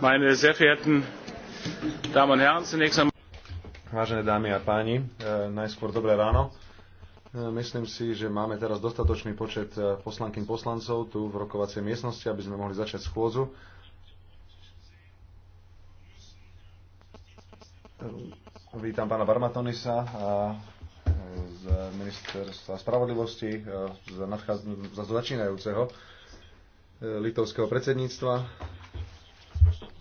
meine sehr verehrten Damen und Herren, zunächst einmal. Vážené dámy a páni, e, najskôr dobré ráno. E, myslím si, že máme teraz dostatočný počet e, poslankyn poslancov tu v rokovacej miestnosti, aby sme mohli začať schôdzu. Vítam pána Barmatonisa z ministerstva spravodlivosti za nadchaz- začínajúceho litovského predsedníctva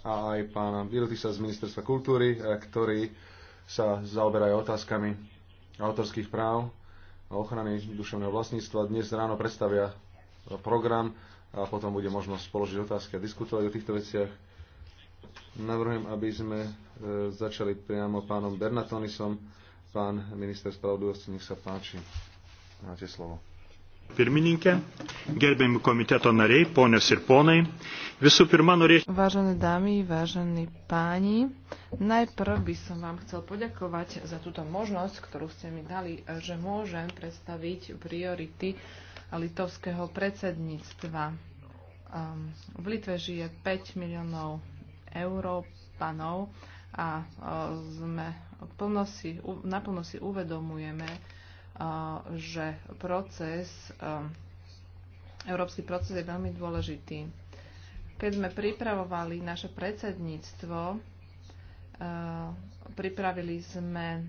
a aj pána Birotisa z Ministerstva kultúry, e, ktorí sa zaoberajú otázkami autorských práv a ochrany duševného vlastníctva. Dnes ráno predstavia program a potom bude možnosť položiť otázky a diskutovať o týchto veciach. Navrhujem, aby sme e, začali priamo pánom Bernatonisom. Pán minister spravodlivosti, nech sa páči. Máte slovo. Pirmininkė, gerbiami komiteto nariai, ponios ir ponai, visų pirma norėčiau. Vážené dámy, vážení páni, najprv by som vám chcel poďakovať za túto možnosť, ktorú ste mi dali, že môžem predstaviť priority litovského predsedníctva. Ehm, v Litve žije 5 miliónov Európanov a e, sme plno si, naplno si uvedomujeme, že proces, európsky proces je veľmi dôležitý. Keď sme pripravovali naše predsedníctvo, pripravili sme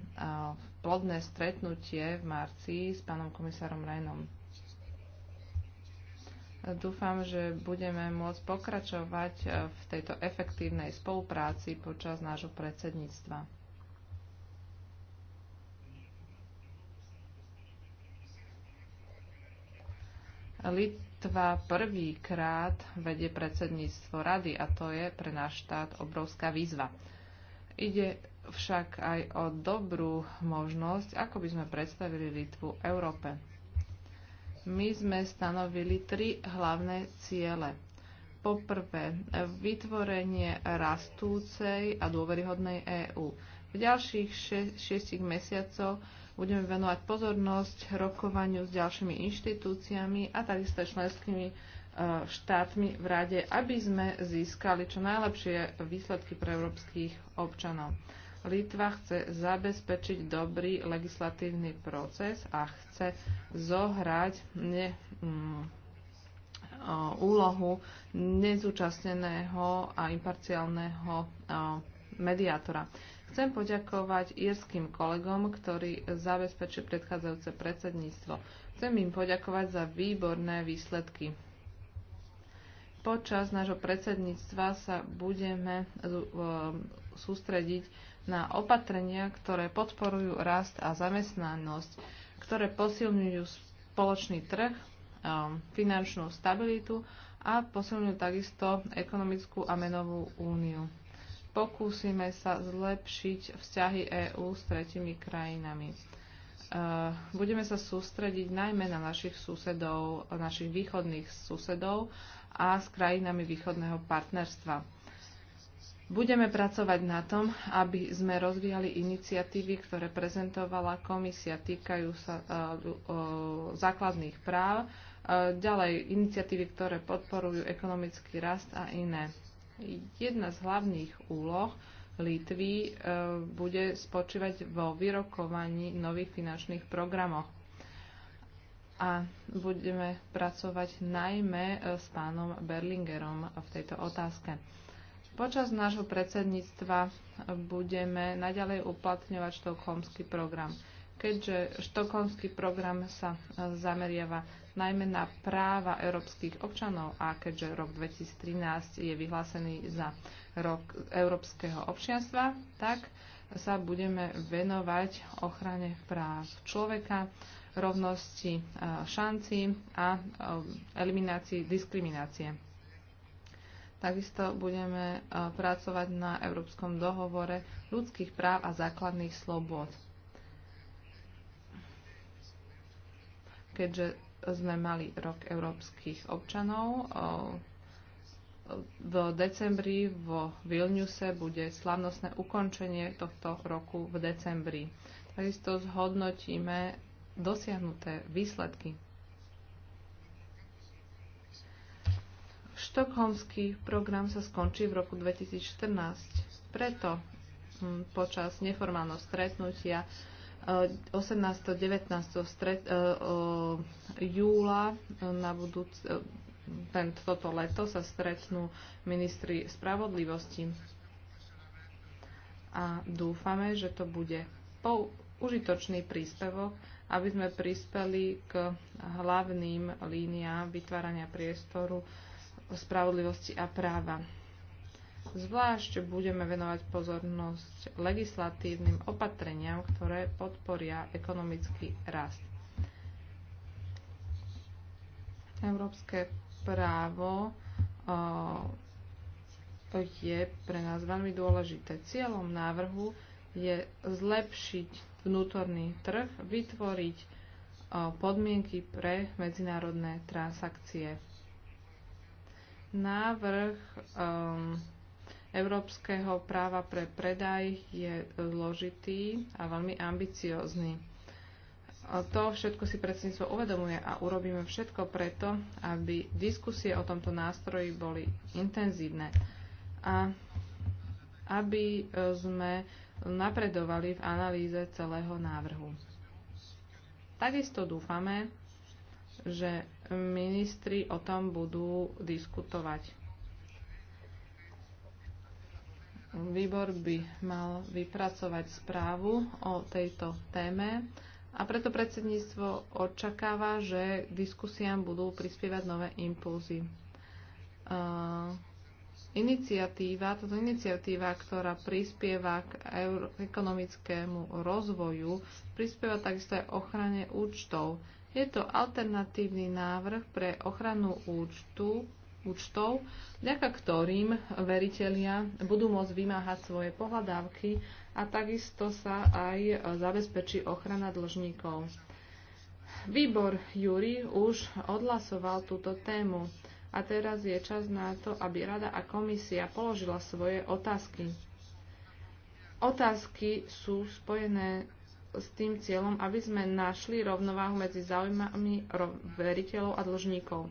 plodné stretnutie v marci s pánom komisárom Rajnom. Dúfam, že budeme môcť pokračovať v tejto efektívnej spolupráci počas nášho predsedníctva. Litva prvýkrát vedie predsedníctvo rady a to je pre náš štát obrovská výzva. Ide však aj o dobrú možnosť, ako by sme predstavili Litvu Európe. My sme stanovili tri hlavné ciele. Poprvé, vytvorenie rastúcej a dôveryhodnej EÚ. V ďalších šestich mesiacoch budeme venovať pozornosť rokovaniu s ďalšími inštitúciami a takisto členskými e, štátmi v rade, aby sme získali čo najlepšie výsledky pre európskych občanov. Litva chce zabezpečiť dobrý legislatívny proces a chce zohrať ne, um, úlohu nezúčastneného a imparciálneho mediátora. Chcem poďakovať írským kolegom, ktorí zabezpečili predchádzajúce predsedníctvo. Chcem im poďakovať za výborné výsledky. Počas nášho predsedníctva sa budeme e, sústrediť na opatrenia, ktoré podporujú rast a zamestnanosť, ktoré posilňujú spoločný trh, e, finančnú stabilitu a posilňujú takisto ekonomickú a menovú úniu pokúsime sa zlepšiť vzťahy EÚ s tretimi krajinami. E, budeme sa sústrediť najmä na našich susedov, našich východných susedov a s krajinami východného partnerstva. Budeme pracovať na tom, aby sme rozvíjali iniciatívy, ktoré prezentovala komisia týkajú sa e, e, základných práv, ďalej iniciatívy, ktoré podporujú ekonomický rast a iné. Jedna z hlavných úloh Litvy e, bude spočívať vo vyrokovaní nových finančných programoch. A budeme pracovať najmä e, s pánom Berlingerom v tejto otázke. Počas nášho predsedníctva budeme naďalej uplatňovať štokholmský program. Keďže štokholmský program sa e, zameriava najmä na práva európskych občanov a keďže rok 2013 je vyhlásený za rok európskeho občianstva, tak sa budeme venovať ochrane práv človeka, rovnosti e, šanci a e, eliminácii diskriminácie. Takisto budeme e, pracovať na Európskom dohovore ľudských práv a základných slobod. keďže sme mali rok európskych občanov. V decembri vo Vilniuse bude slavnostné ukončenie tohto roku v decembri. Takisto zhodnotíme dosiahnuté výsledky. Štokholmský program sa skončí v roku 2014. Preto počas neformálneho stretnutia 18. 19. Stret, e, júla e, na budúc, e, ten, toto leto sa stretnú ministri spravodlivosti a dúfame, že to bude užitočný príspevok, aby sme prispeli k hlavným líniám vytvárania priestoru spravodlivosti a práva. Zvlášť budeme venovať pozornosť legislatívnym opatreniam, ktoré podporia ekonomický rast. Európske právo je pre nás veľmi dôležité. Cieľom návrhu je zlepšiť vnútorný trh, vytvoriť podmienky pre medzinárodné transakcie. Návrh um, európskeho práva pre predaj je zložitý a veľmi ambiciózny. To všetko si predsedníctvo uvedomuje a urobíme všetko preto, aby diskusie o tomto nástroji boli intenzívne a aby e, sme napredovali v analýze celého návrhu. Takisto dúfame, že ministri o tom budú diskutovať. Výbor by mal vypracovať správu o tejto téme a preto predsedníctvo očakáva, že k diskusiám budú prispievať nové impulzy. Uh, iniciatíva, toto iniciatíva, ktorá prispieva k ekonomickému rozvoju, prispieva takisto aj ochrane účtov. Je to alternatívny návrh pre ochranu účtu účtov, vďaka ktorým veritelia budú môcť vymáhať svoje pohľadávky a takisto sa aj zabezpečí ochrana dlžníkov. Výbor Júri už odhlasoval túto tému a teraz je čas na to, aby Rada a komisia položila svoje otázky. Otázky sú spojené s tým cieľom, aby sme našli rovnováhu medzi záujmami veriteľov a dlžníkov.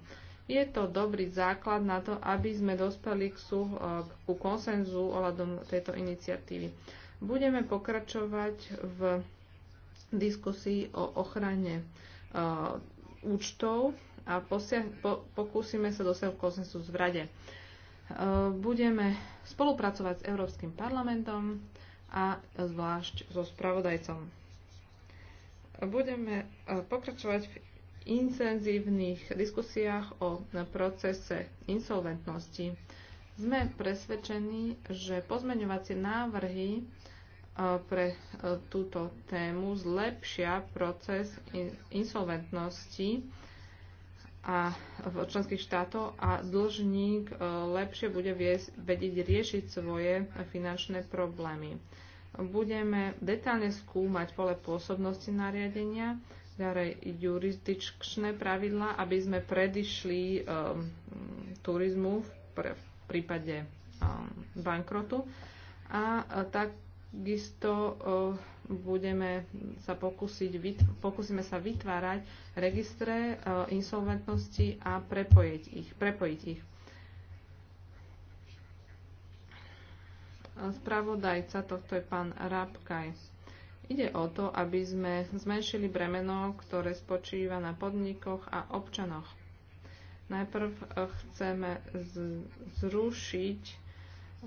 Je to dobrý základ na to, aby sme dospeli k sú, e, k konsenzu ohľadom tejto iniciatívy. Budeme pokračovať v diskusii o ochrane uh, účtov a posia- po- pokúsime sa dosiahnuť konsensu v Rade. Uh, budeme spolupracovať s Európskym parlamentom a zvlášť so spravodajcom. Budeme uh, pokračovať v intenzívnych diskusiách o procese insolventnosti. Sme presvedčení, že pozmeňovacie návrhy e, pre e, túto tému zlepšia proces insolventnosti a v členských štátoch a dlžník e, lepšie bude vedieť riešiť svoje finančné problémy. Budeme detálne skúmať pole pôsobnosti nariadenia staré jurisdikčné pravidlá, aby sme predišli um, turizmu v, pr- v prípade um, bankrotu. A uh, takisto uh, budeme sa pokúsiť, pokúsime sa vytvárať registre uh, insolventnosti a prepojiť ich. Prepojiť ich. Spravodajca tohto je pán Rabkaj. Ide o to, aby sme zmenšili bremeno, ktoré spočíva na podnikoch a občanoch. Najprv eh, chceme zrušiť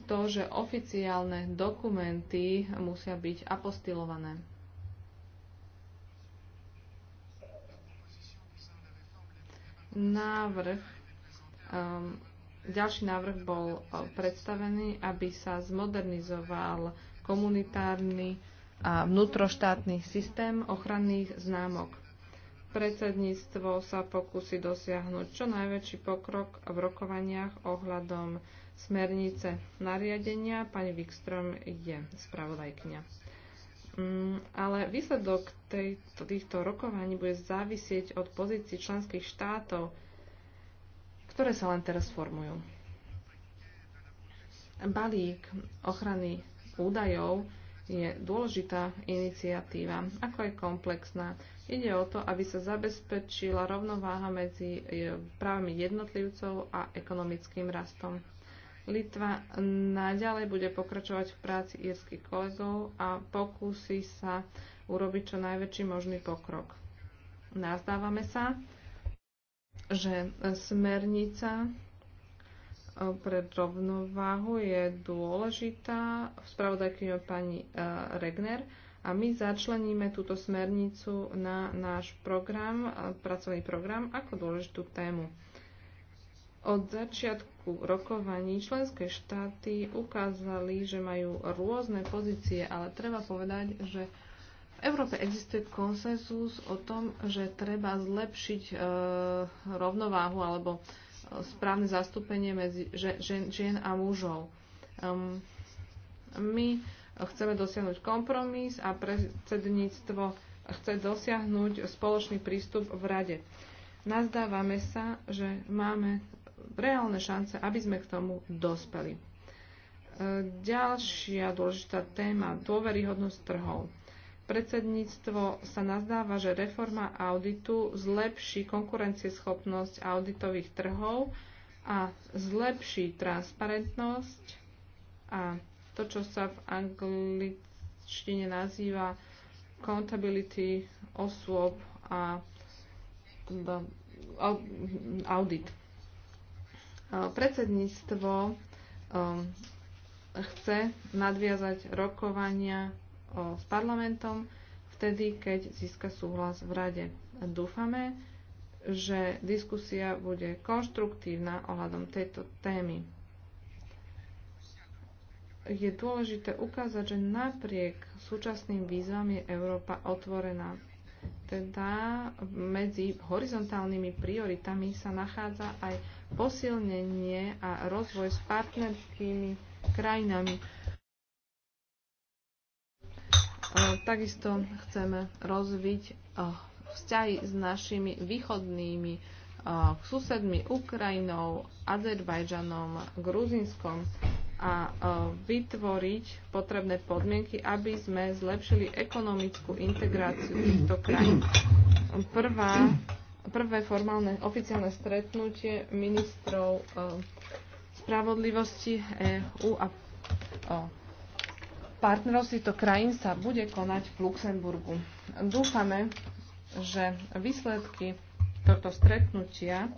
to, že oficiálne dokumenty musia byť apostilované. Návrh, um, ďalší návrh bol eh, predstavený, aby sa zmodernizoval komunitárny a vnútroštátny systém ochranných známok. Predsedníctvo sa pokusí dosiahnuť čo najväčší pokrok v rokovaniach ohľadom smernice nariadenia. Pani Wikström je spravodajkňa. Mm, ale výsledok tejto, týchto rokovaní bude závisieť od pozícií členských štátov, ktoré sa len teraz formujú. Balík ochrany údajov je dôležitá iniciatíva, ako je komplexná. Ide o to, aby sa zabezpečila rovnováha medzi e, právami jednotlivcov a ekonomickým rastom. Litva naďalej bude pokračovať v práci írskych kolegov a pokúsi sa urobiť čo najväčší možný pokrok. Nazdávame sa, že smernica pre rovnováhu je dôležitá spravodajkyňou pani e, Regner a my začleníme túto smernicu na náš program, e, pracovný program ako dôležitú tému. Od začiatku rokovaní členské štáty ukázali, že majú rôzne pozície, ale treba povedať, že v Európe existuje konsenzus o tom, že treba zlepšiť e, rovnováhu alebo e, správne zastúpenie medzi žen, žien a mužov. Um, my chceme dosiahnuť kompromis a predsedníctvo chce dosiahnuť spoločný prístup v rade. Nazdávame sa, že máme reálne šance, aby sme k tomu dospeli. Ehm, ďalšia dôležitá téma, dôveryhodnosť trhov. Predsedníctvo sa nazdáva, že reforma auditu zlepší konkurencieschopnosť auditových trhov a zlepší transparentnosť a to, čo sa v angličtine nazýva accountability osôb a teda, audit. Predsedníctvo um, chce nadviazať rokovania s parlamentom vtedy, keď získa súhlas v rade. Dúfame, že diskusia bude konštruktívna ohľadom tejto témy. Je dôležité ukázať, že napriek súčasným výzvam je Európa otvorená. Teda medzi horizontálnymi prioritami sa nachádza aj posilnenie a rozvoj s partnerskými krajinami. E, takisto chceme rozviť e, vzťahy s našimi východnými e, susedmi Ukrajinou, Azerbajdžanom, Gruzinskom a vytvoriť potrebné podmienky, aby sme zlepšili ekonomickú integráciu týchto krajín. Prvá, prvé formálne oficiálne stretnutie ministrov spravodlivosti EU a partnerov z týchto krajín sa bude konať v Luxemburgu. Dúfame, že výsledky tohto stretnutia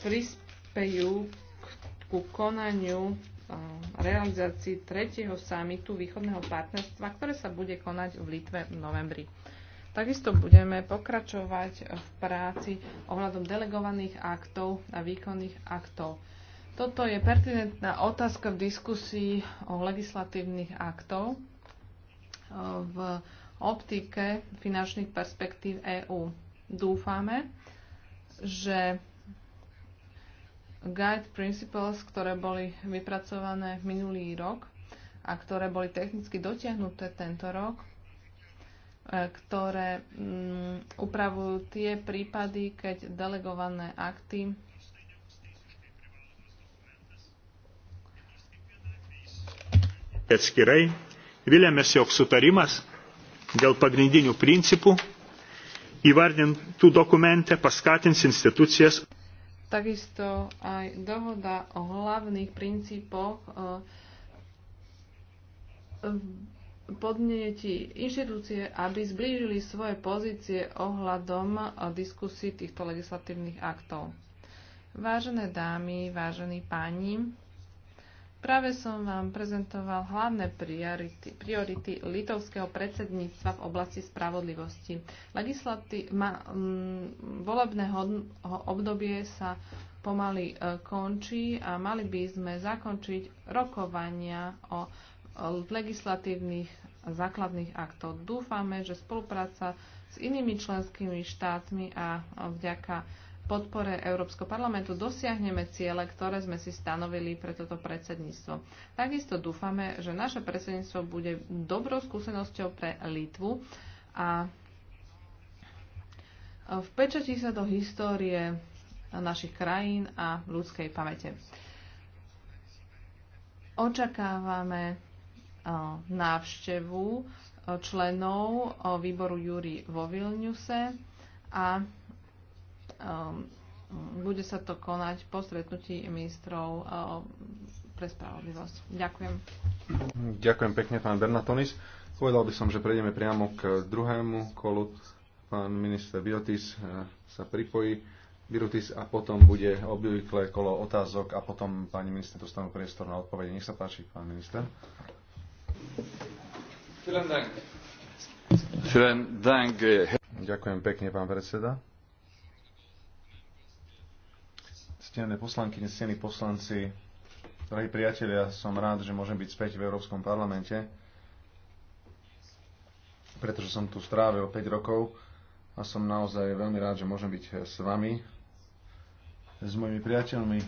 prispejú ku konaniu realizácii tretieho samitu východného partnerstva, ktoré sa bude konať v Litve v novembri. Takisto budeme pokračovať v práci ohľadom delegovaných aktov a výkonných aktov. Toto je pertinentná otázka v diskusii o legislatívnych aktov e, v optike finančných perspektív EÚ. Dúfame, že guide principles, ktoré boli vypracované minulý rok a ktoré boli technicky dotiahnuté tento rok, e, ktoré mm, upravujú tie prípady, keď delegované akty atskirai. Vilėmės, jog sutarimas dėl pagrindinių principų įvardintų dokumente paskatins institucijas. Takisto aj dohoda o hlavných princípoch podnieti inštitúcie, aby zblížili svoje pozície ohľadom diskusí týchto legislatívnych aktov. Vážené dámy, vážení páni, Práve som vám prezentoval hlavné priority, priority litovského predsedníctva v oblasti spravodlivosti. Legislaty, ma, m, mm, volebné hodn, obdobie sa pomaly e, končí a mali by sme zakončiť rokovania o, o legislatívnych základných aktov. Dúfame, že spolupráca s inými členskými štátmi a vďaka podpore Európskeho parlamentu dosiahneme ciele, ktoré sme si stanovili pre toto predsedníctvo. Takisto dúfame, že naše predsedníctvo bude dobrou skúsenosťou pre Litvu a vpečatí sa do histórie našich krajín a ľudskej pamäte. Očakávame návštevu členov výboru Júri vo Vilniuse a Um, bude sa to konať po stretnutí ministrov uh, pre spravodlivosť. Ďakujem. Ďakujem pekne, pán Bernatonis. Povedal by som, že prejdeme priamo k druhému kolu. Pán minister Biotis uh, sa pripojí. Birutis a potom bude obvykle kolo otázok a potom pani minister dostanú priestor na odpovede. Nech sa páči, pán minister. Ďakujem pekne, pán predseda. Ctené poslanky, ctení poslanci, drahí priatelia, som rád, že môžem byť späť v Európskom parlamente, pretože som tu strávil 5 rokov a som naozaj veľmi rád, že môžem byť s vami, s mojimi priateľmi.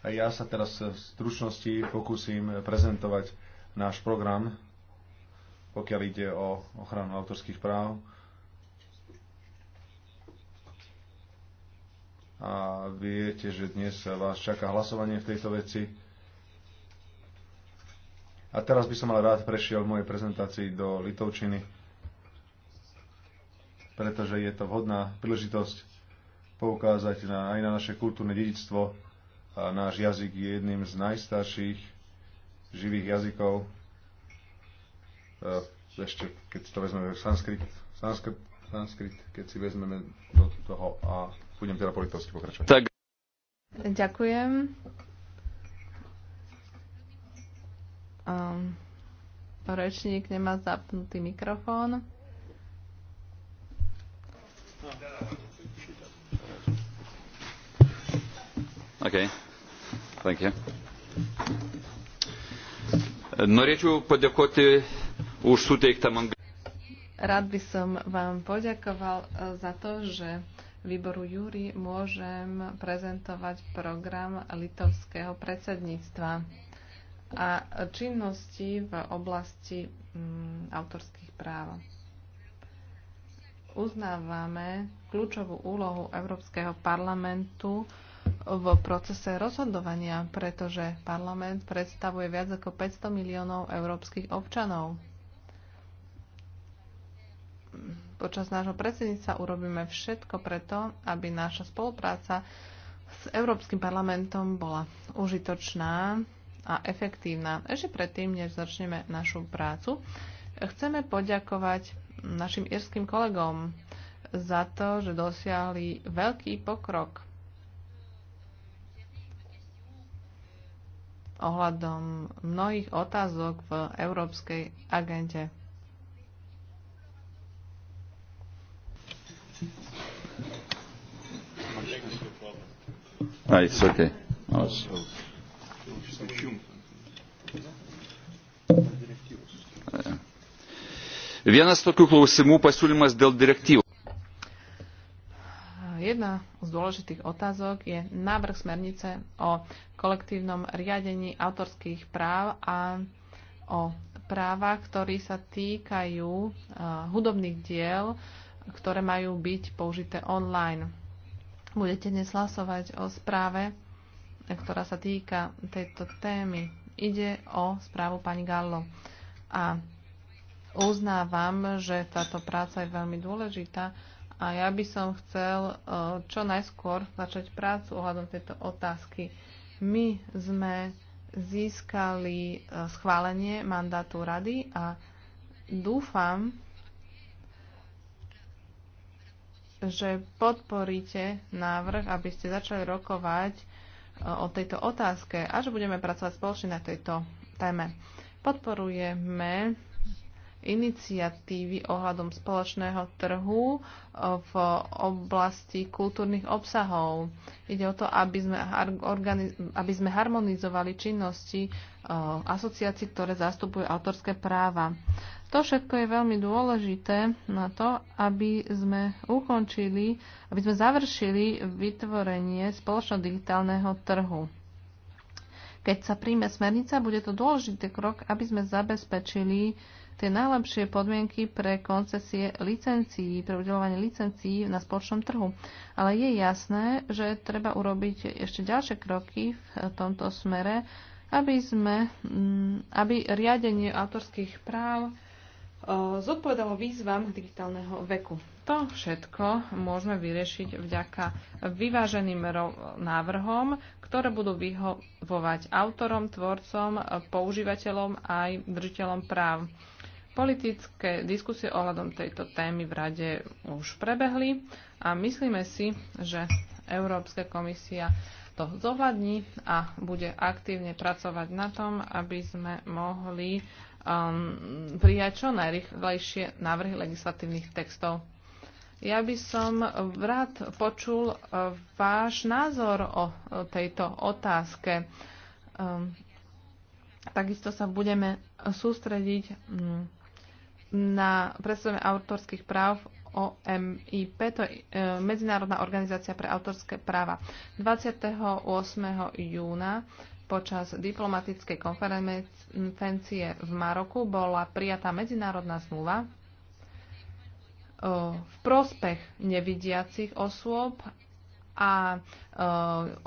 A ja sa teraz v stručnosti pokúsim prezentovať náš program, pokiaľ ide o ochranu autorských práv a viete, že dnes vás čaká hlasovanie v tejto veci. A teraz by som ale rád prešiel v mojej prezentácii do Litovčiny, pretože je to vhodná príležitosť poukázať na, aj na naše kultúrne dedictvo. A náš jazyk je jedným z najstarších živých jazykov. Ešte, keď to vezmeme sanskrit, sanskrit, sanskrit keď si vezmeme do toho a budem teda po pokračovať. Tak. Ďakujem. Um, rečník nemá zapnutý mikrofón. OK. Thank you. Norėčiau padėkoti eh, už suteiktą man. Rád by som vám poďakoval eh, za to, že výboru Júri môžem prezentovať program litovského predsedníctva a činnosti v oblasti mm, autorských práv. Uznávame kľúčovú úlohu Európskeho parlamentu v procese rozhodovania, pretože parlament predstavuje viac ako 500 miliónov európskych občanov počas nášho predsedníctva urobíme všetko preto, aby naša spolupráca s Európskym parlamentom bola užitočná a efektívna. Ešte predtým, než začneme našu prácu, chceme poďakovať našim irským kolegom za to, že dosiahli veľký pokrok ohľadom mnohých otázok v Európskej agente. Ah, it's okay. No, it's... Vienas tokių klausimų pasiūlymas dėl direktyvų. Jedna z dôležitých otázok je návrh smernice o kolektívnom riadení autorských práv a o právach, ktorí sa týkajú eh, hudobných diel, ktoré majú byť použité online. Budete dnes hlasovať o správe, ktorá sa týka tejto témy. Ide o správu pani Gallo. A uznávam, že táto práca je veľmi dôležitá a ja by som chcel e, čo najskôr začať prácu ohľadom tejto otázky. My sme získali e, schválenie mandátu rady a dúfam, že podporíte návrh, aby ste začali rokovať e, o tejto otázke a že budeme pracovať spoločne na tejto téme. Podporujeme iniciatívy ohľadom spoločného trhu e, v oblasti kultúrnych obsahov. Ide o to, aby sme, aby sme harmonizovali činnosti e, asociácií, ktoré zastupujú autorské práva. To všetko je veľmi dôležité na to, aby sme ukončili, aby sme završili vytvorenie spoločno-digitálneho trhu. Keď sa príjme smernica, bude to dôležitý krok, aby sme zabezpečili tie najlepšie podmienky pre koncesie licencií, pre udelovanie licencií na spoločnom trhu. Ale je jasné, že treba urobiť ešte ďalšie kroky v tomto smere, aby, sme, mm, aby riadenie autorských práv zodpovedalo výzvam digitálneho veku. To všetko môžeme vyriešiť vďaka vyváženým návrhom, ktoré budú vyhovovať autorom, tvorcom, používateľom aj držiteľom práv. Politické diskusie ohľadom tejto témy v Rade už prebehli a myslíme si, že Európska komisia to zohľadní a bude aktívne pracovať na tom, aby sme mohli um, prijať čo najrychlejšie návrhy legislatívnych textov. Ja by som rád počul uh, váš názor o uh, tejto otázke. Um, takisto sa budeme sústrediť mm, na predstavenie autorských práv OMIP, to je e, Medzinárodná organizácia pre autorské práva. 28. júna Počas diplomatickej konferencie v Maroku bola prijatá medzinárodná zmluva e, v prospech nevidiacich osôb a e,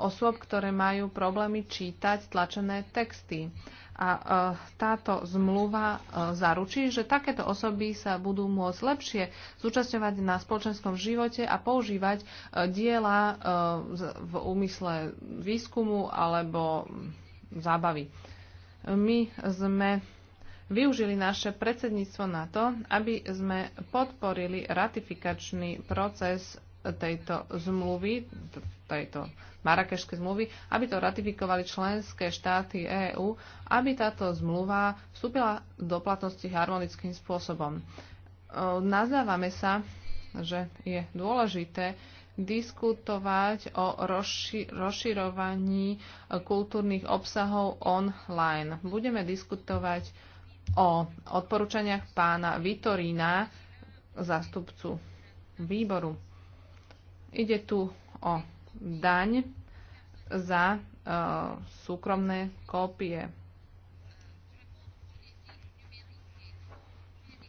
osôb, ktoré majú problémy čítať tlačené texty. A e, táto zmluva e, zaručí, že takéto osoby sa budú môcť lepšie zúčastňovať na spoločenskom živote a používať e, diela v úmysle výskumu alebo zábavy. My sme využili naše predsedníctvo na to, aby sme podporili ratifikačný proces tejto zmluvy, tejto marakešskej zmluvy, aby to ratifikovali členské štáty EÚ, aby táto zmluva vstúpila do platnosti harmonickým spôsobom. E, Nazdávame sa, že je dôležité diskutovať o rozširovaní kultúrnych obsahov online. Budeme diskutovať o odporúčaniach pána Vitorína, zástupcu výboru Ide tu o daň za e, súkromné kópie.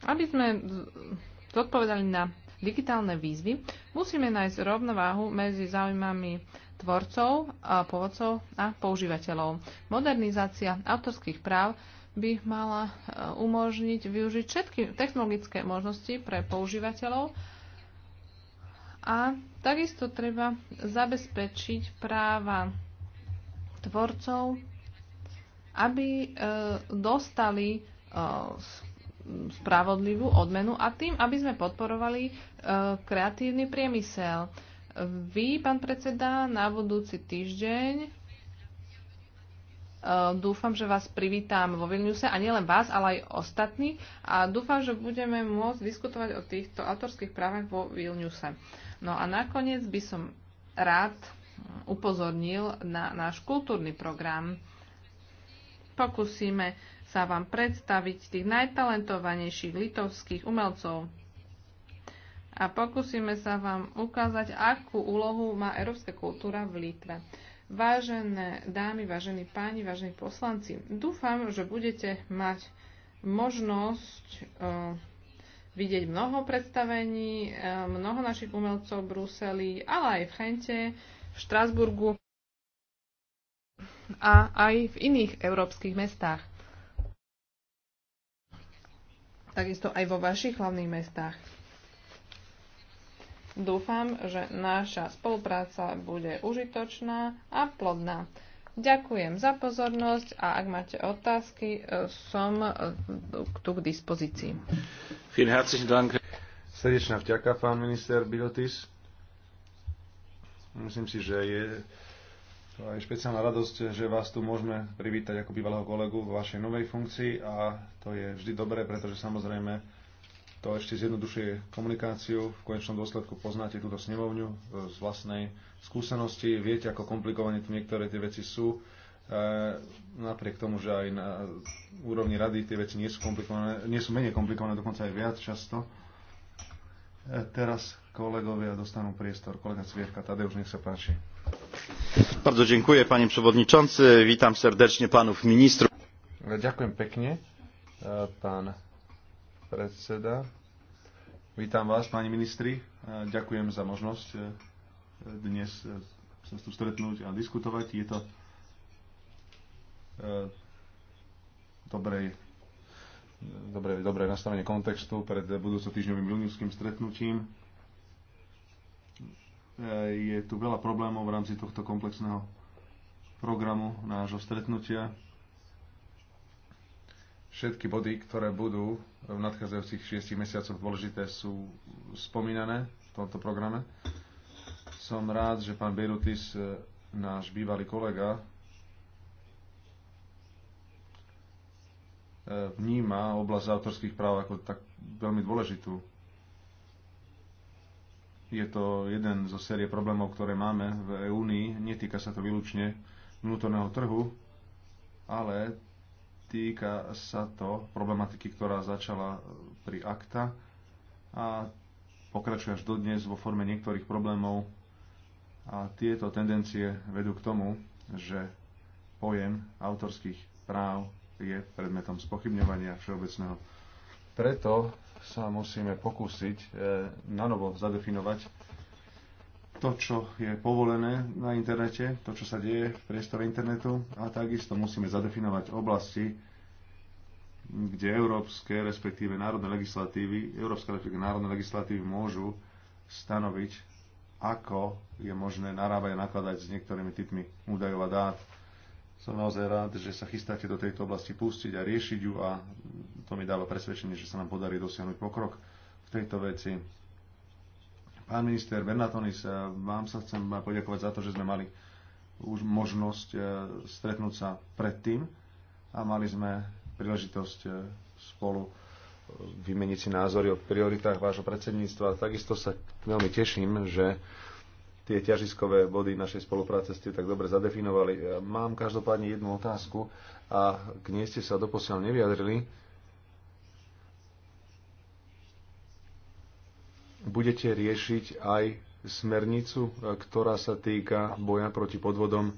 Aby sme zodpovedali na digitálne výzvy, musíme nájsť rovnováhu medzi záujmami tvorcov, a povodcov a používateľov. Modernizácia autorských práv by mala e, umožniť využiť všetky technologické možnosti pre používateľov a takisto treba zabezpečiť práva tvorcov, aby e, dostali e, spravodlivú odmenu a tým, aby sme podporovali e, kreatívny priemysel. Vy, pán predseda, na budúci týždeň Dúfam, že vás privítam vo Vilniuse a nielen vás, ale aj ostatní a dúfam, že budeme môcť diskutovať o týchto autorských právach vo Vilniuse. No a nakoniec by som rád upozornil na náš kultúrny program. Pokúsime sa vám predstaviť tých najtalentovanejších litovských umelcov a pokúsime sa vám ukázať, akú úlohu má európska kultúra v Litve. Vážené dámy, vážení páni, vážení poslanci, dúfam, že budete mať možnosť uh, vidieť mnoho predstavení, e, mnoho našich umelcov v Bruseli, ale aj v Chente, v Štrasburgu a aj v iných európskych mestách. Takisto aj vo vašich hlavných mestách. Dúfam, že naša spolupráca bude užitočná a plodná. Ďakujem za pozornosť a ak máte otázky, e, som e, tu k dispozícii. Srdečná vďaka, pán minister Bilotis. Myslím si, že je to aj špeciálna radosť, že vás tu môžeme privítať ako bývalého kolegu v vašej novej funkcii a to je vždy dobré, pretože samozrejme to ešte zjednodušuje komunikáciu. V konečnom dôsledku poznáte túto snemovňu e, z vlastnej skúsenosti. Viete, ako komplikované tu niektoré tie veci sú. E, napriek tomu, že aj na úrovni rady tie veci nie sú, komplikované, nie sú menej komplikované, dokonca aj viac často. E, teraz kolegovia dostanú priestor. Kolega Cvierka, už nech sa páči. Bardzo dziękuję, panie przewodniczący. Witam serdecznie panów ministrów. Ďakujem pekne, pán predseda. Vítam vás, páni ministri. Ďakujem za možnosť e, dnes e, sa tu stretnúť a diskutovať. Je to e, dobrej, dobré, dobré nastavenie kontextu pred budúco týždňovým vilniuským stretnutím. Je tu veľa problémov v rámci tohto komplexného programu nášho stretnutia. Všetky body, ktoré budú v nadchádzajúcich šiestich mesiacoch dôležité sú spomínané v tomto programe. Som rád, že pán Beirutis, e, náš bývalý kolega, e, vníma oblasť autorských práv ako tak veľmi dôležitú. Je to jeden zo série problémov, ktoré máme v Únii. Netýka sa to výlučne vnútorného trhu, ale Týka sa to problematiky, ktorá začala pri akta a pokračuje až dodnes vo forme niektorých problémov a tieto tendencie vedú k tomu, že pojem autorských práv je predmetom spochybňovania všeobecného. Preto sa musíme pokúsiť e, eh, nanovo zadefinovať to, čo je povolené na internete, to, čo sa deje v priestore internetu a takisto musíme zadefinovať oblasti, kde európske, respektíve národné legislatívy, európske respektíve národné legislatívy môžu stanoviť, ako je možné narábať a nakladať s niektorými typmi údajov a dát. Som naozaj rád, že sa chystáte do tejto oblasti pustiť a riešiť ju a to mi dáva presvedčenie, že sa nám podarí dosiahnuť pokrok v tejto veci Pán minister Bernatonis, eh, vám sa chcem poďakovať za to, že sme mali už možnosť eh, stretnúť sa predtým a mali sme príležitosť eh, spolu vymeniť si názory o prioritách vášho predsedníctva. Takisto sa veľmi teším, že tie ťažiskové body našej spolupráce ste tak dobre zadefinovali. Mám každopádne jednu otázku a k nej ste sa doposiaľ neviadrili. budete riešiť aj smernicu, e, ktorá sa týka boja proti podvodom e,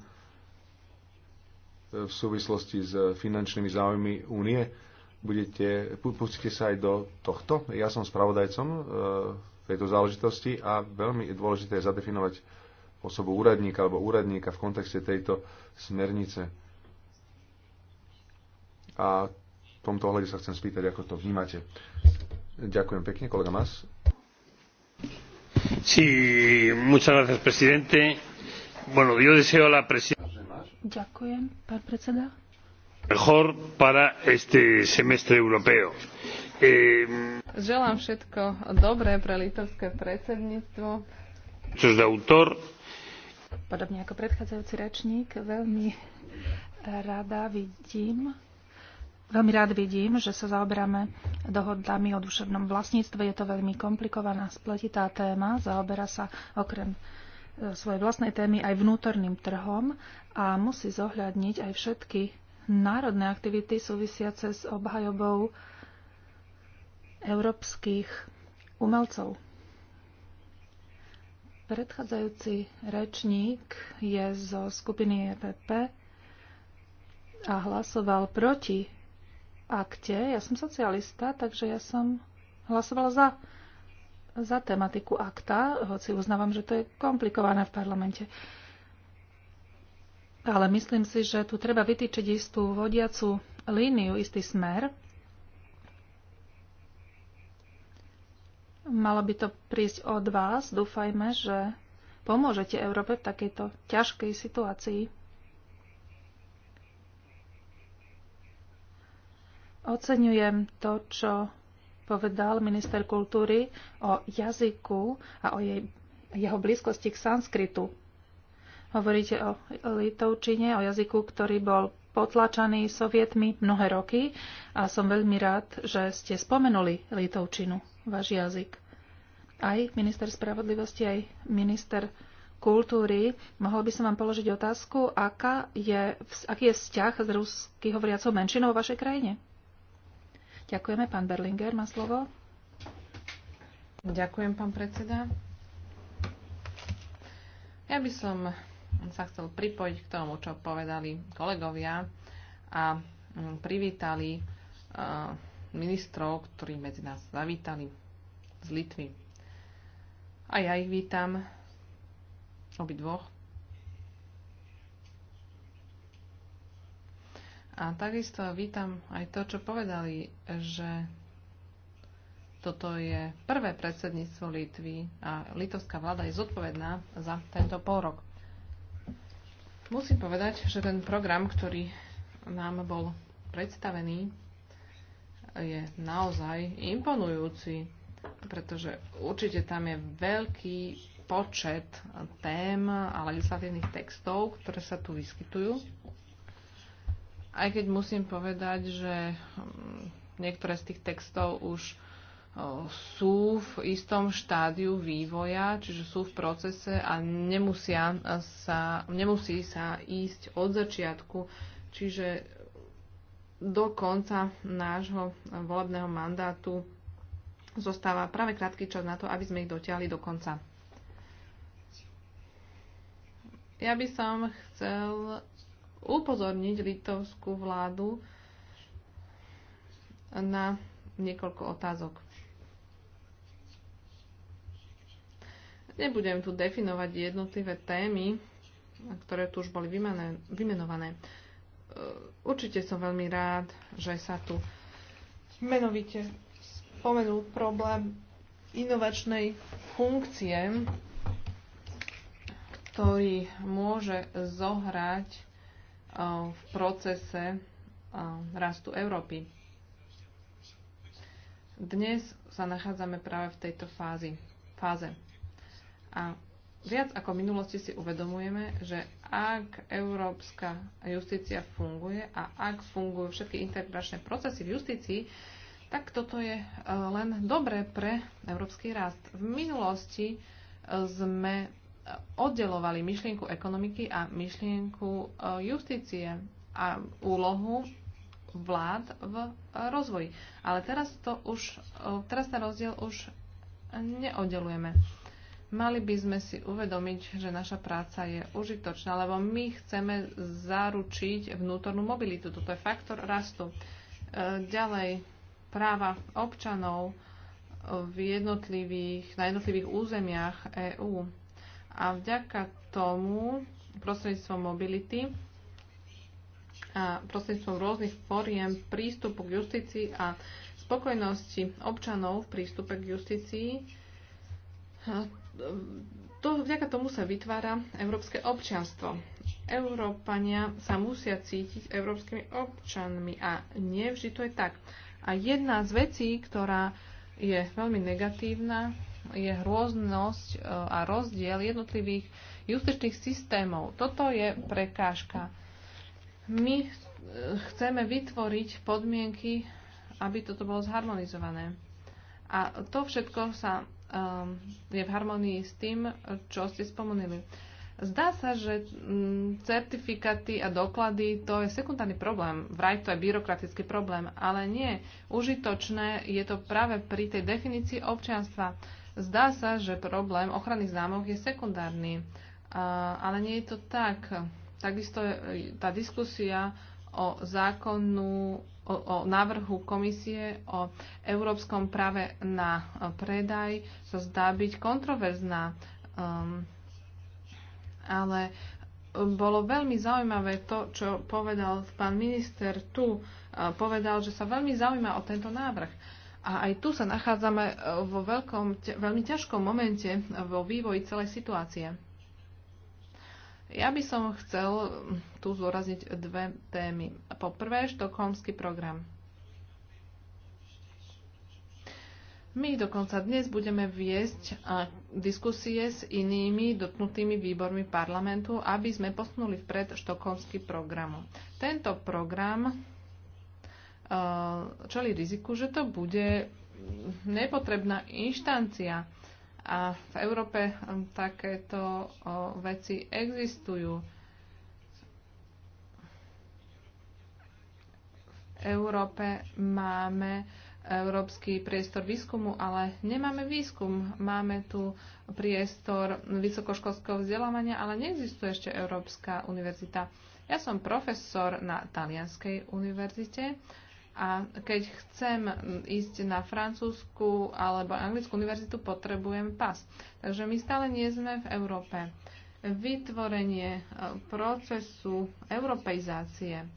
v súvislosti s finančnými záujmy únie. Budete, pustite sa aj do tohto. Ja som spravodajcom e, v tejto záležitosti a veľmi je dôležité zadefinovať osobu úradníka alebo úradníka v kontexte tejto smernice. A v tomto ohľade sa chcem spýtať, ako to vnímate. Ďakujem pekne, kolega Mas señor presidente yo deseo a la presidencia lo mejor para este semestre europeo. Eh, želám všetko dobré pre litovské predsedníctvo. podobne ako predchádzajúci rečník veľmi rada vidím Veľmi rád vidím, že sa zaoberáme dohodami o duševnom vlastníctve. Je to veľmi komplikovaná, spletitá téma. Zaoberá sa okrem e, svojej vlastnej témy aj vnútorným trhom a musí zohľadniť aj všetky národné aktivity súvisiace s obhajobou európskych umelcov. Predchádzajúci rečník je zo skupiny EPP a hlasoval proti akte. Ja som socialista, takže ja som hlasovala za, za tematiku akta, hoci uznávam, že to je komplikované v parlamente. Ale myslím si, že tu treba vytýčiť istú vodiacu líniu, istý smer. Malo by to prísť od vás. Dúfajme, že pomôžete Európe v takejto ťažkej situácii. Oceňujem to, čo povedal minister kultúry o jazyku a o jej, jeho blízkosti k sanskritu. Hovoríte o litovčine, o jazyku, ktorý bol potlačaný sovietmi mnohé roky a som veľmi rád, že ste spomenuli litovčinu, váš jazyk. Aj minister spravodlivosti, aj minister kultúry. Mohol by som vám položiť otázku, aká je, aký je vzťah s rusky hovoriacou menšinou vo vašej krajine? Ďakujeme. Pán Berlinger má slovo. Ďakujem, pán predseda. Ja by som sa chcel pripojiť k tomu, čo povedali kolegovia a mm, privítali ministrov, ktorí medzi nás zavítali z Litvy. A ja ich vítam obidvoch. A takisto vítam aj to, čo povedali, že toto je prvé predsedníctvo Litvy a litovská vláda je zodpovedná za tento pôrok. Musím povedať, že ten program, ktorý nám bol predstavený, je naozaj imponujúci, pretože určite tam je veľký počet tém a legislatívnych textov, ktoré sa tu vyskytujú. Aj keď musím povedať, že hm, niektoré z tých textov už sú v istom štádiu vývoja, čiže sú v procese a nemusia sa, nemusí sa ísť od začiatku, čiže do konca nášho volebného mandátu zostáva práve krátky čas na to, aby sme ich dotiahli do konca. Ja by som chcel upozorniť litovskú vládu na niekoľko otázok. Nebudem tu definovať jednotlivé témy, ktoré tu už boli vymenované. E, určite som veľmi rád, že sa tu menovite spomenul problém inovačnej funkcie, ktorý môže zohrať v procese rastu Európy. Dnes sa nachádzame práve v tejto fázi, fáze. A viac ako v minulosti si uvedomujeme, že ak európska justícia funguje a ak fungujú všetky integračné procesy v justícii, tak toto je e, len dobré pre európsky rast. V minulosti e, sme oddelovali myšlienku ekonomiky a myšlienku e, justície a úlohu vlád v e, rozvoji. Ale teraz, to už, e, teraz ten rozdiel už neoddelujeme. Mali by sme si uvedomiť, že naša práca je užitočná, lebo my chceme zaručiť vnútornú mobilitu. Toto je faktor rastu. Ďalej, práva občanov v jednotlivých, na jednotlivých územiach EÚ a vďaka tomu prostredníctvom mobility a prostredníctvom rôznych fóriem prístupu k justícii a spokojnosti občanov v prístupe k justícii. To, vďaka tomu sa vytvára európske občianstvo. Európania sa musia cítiť európskymi občanmi a nevždy to je tak. A jedna z vecí, ktorá je veľmi negatívna, je hrôznosť e, a rozdiel jednotlivých justičných systémov. Toto je prekážka. My e, chceme vytvoriť podmienky, aby toto bolo zharmonizované. A to všetko sa um, je v harmonii s tým, čo ste spomenuli. Zdá sa, že certifikáty a doklady to je sekundárny problém. Vraj to je byrokratický problém, ale nie. Užitočné je to práve pri tej definícii občianstva. Zdá sa, že problém ochrany známok je sekundárny, ale nie je to tak. Takisto e, tá diskusia o zákonu, o, o návrhu komisie o európskom práve na predaj sa zdá byť kontroverzná. Um, ale bolo veľmi zaujímavé to, čo povedal pán minister tu. Povedal, že sa veľmi zaujíma o tento návrh. A aj tu sa nachádzame e, vo veľkom, veľmi ťažkom momente e, vo vývoji celej situácie. Ja by som chcel tu zdôrazniť dve témy. Po prvé, štokholmský program. My dokonca dnes budeme viesť diskusie s inými dotknutými výbormi parlamentu, aby sme posunuli vpred štokholmský program. Tento program Eh, čeli riziku, že to bude nepotrebná inštancia. A v Európe eh, takéto eh, veci existujú. V Európe máme európsky priestor výskumu, ale nemáme výskum. Máme tu priestor vysokoškolského vzdelávania, ale neexistuje ešte Európska univerzita. Ja som profesor na Talianskej univerzite a keď chcem ísť na francúzsku alebo anglickú univerzitu, potrebujem pas. Takže my stále nie sme v Európe. Vytvorenie e, procesu europeizácie e,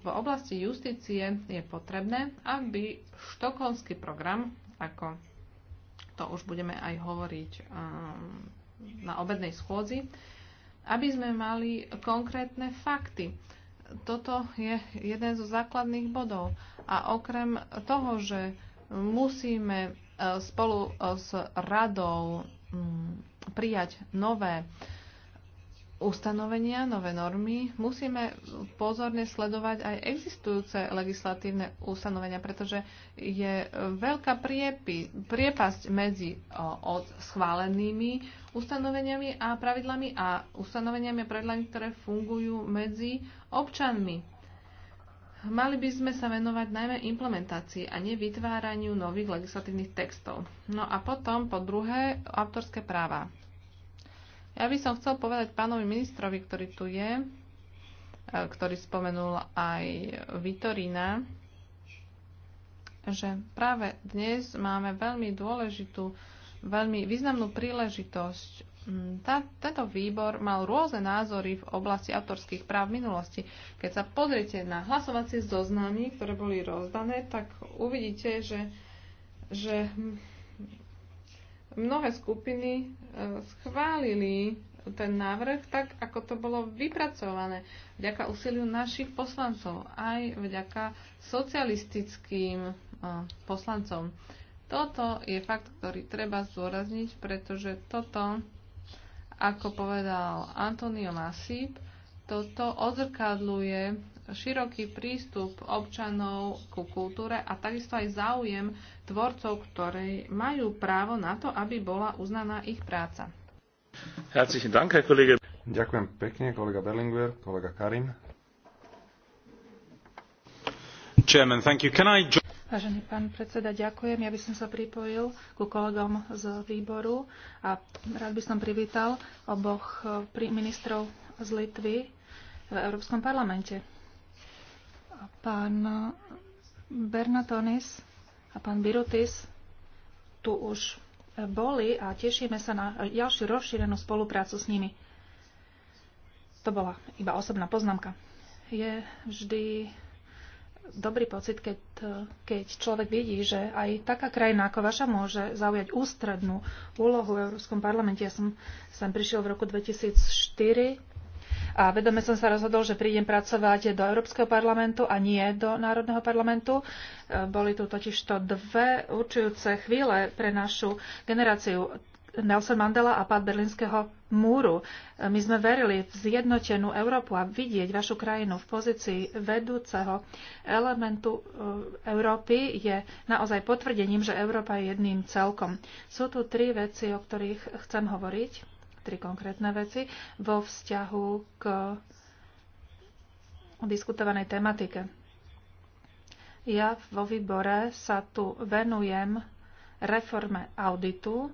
v oblasti justície je potrebné, aby štokholmský program, ako to už budeme aj hovoriť e, na obednej schôdzi, aby sme mali konkrétne fakty toto je jeden zo základných bodov. A okrem toho, že musíme e, spolu e, s radou mm, prijať nové ustanovenia, nové normy, musíme pozorne sledovať aj existujúce legislatívne ustanovenia, pretože je veľká priepy, priepasť medzi o, schválenými ustanoveniami a pravidlami a ustanoveniami a pravidlami, ktoré fungujú medzi občanmi. Mali by sme sa venovať najmä implementácii a nie vytváraniu nových legislatívnych textov. No a potom, po druhé, autorské práva. Ja by som chcel povedať pánovi ministrovi, ktorý tu je, e, ktorý spomenul aj Vitorína, že práve dnes máme veľmi dôležitú veľmi významnú príležitosť. Mm, tá, tento výbor mal rôzne názory v oblasti autorských práv v minulosti. Keď sa pozriete na hlasovacie zoznamy, ktoré boli rozdané, tak uvidíte, že, že mnohé skupiny e, schválili ten návrh tak, ako to bolo vypracované. Vďaka úsiliu našich poslancov, aj vďaka socialistickým e, poslancom. Toto je fakt, ktorý treba zdôrazniť, pretože toto, ako povedal Antonio Masip, toto odzrkadluje široký prístup občanov ku kultúre a takisto aj záujem tvorcov, ktorí majú právo na to, aby bola uznaná ich práca. Ďakujem pekne, kolega Berlinguer, kolega Karim. Chairman, thank you. Can I Vážený pán predseda, ďakujem. Ja by som sa pripojil ku kolegom z výboru a rád by som privítal oboch eh, ministrov z Litvy v Európskom parlamente. Pán Bernatonis a pán Birutis tu už boli a tešíme sa na ďalšiu rozšírenú spoluprácu s nimi. To bola iba osobná poznámka. Je vždy dobrý pocit, keď, keď človek vidí, že aj taká krajina ako vaša môže zaujať ústrednú úlohu v Európskom parlamente. Ja som sem prišiel v roku 2004 a vedome som sa rozhodol, že prídem pracovať do Európskeho parlamentu a nie do Národného parlamentu. E, boli tu totiž to dve určujúce chvíle pre našu generáciu. Nelson Mandela a pád berlínskeho múru. My sme verili v zjednotenú Európu a vidieť vašu krajinu v pozícii vedúceho elementu e, Európy je naozaj potvrdením, že Európa je jedným celkom. Sú tu tri veci, o ktorých chcem hovoriť, tri konkrétne veci, vo vzťahu k diskutovanej tematike. Ja vo výbore sa tu venujem reforme auditu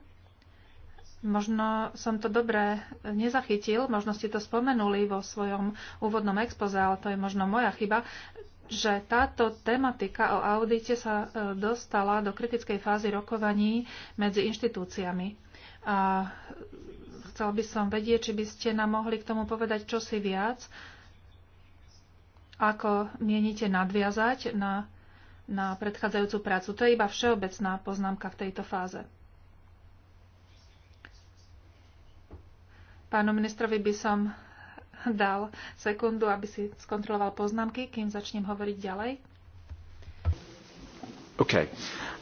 Možno som to dobre nezachytil, možno ste to spomenuli vo svojom úvodnom expoze, ale to je možno moja chyba, že táto tematika o audite sa e, dostala do kritickej fázy rokovaní medzi inštitúciami. A chcel by som vedieť, či by ste nám mohli k tomu povedať čosi viac, ako mienite nadviazať na, na predchádzajúcu prácu. To je iba všeobecná poznámka v tejto fáze. Pánu ministrovi by som dal sekundu, aby si skontroloval poznámky, kým začnem hovoriť ďalej. OK.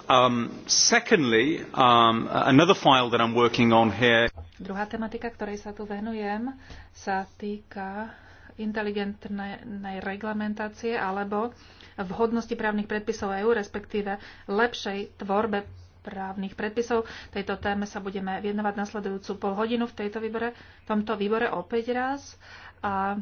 Um, secondly, um, another file that I'm working on here. Druhá tematika, ktorej sa tu venujem, sa týka inteligentnej reglamentácie alebo vhodnosti právnych predpisov EÚ, respektíve lepšej tvorbe právnych predpisov. Tejto téme sa budeme vienovať nasledujúcu pol hodinu v tejto výbore, v tomto výbore opäť raz. A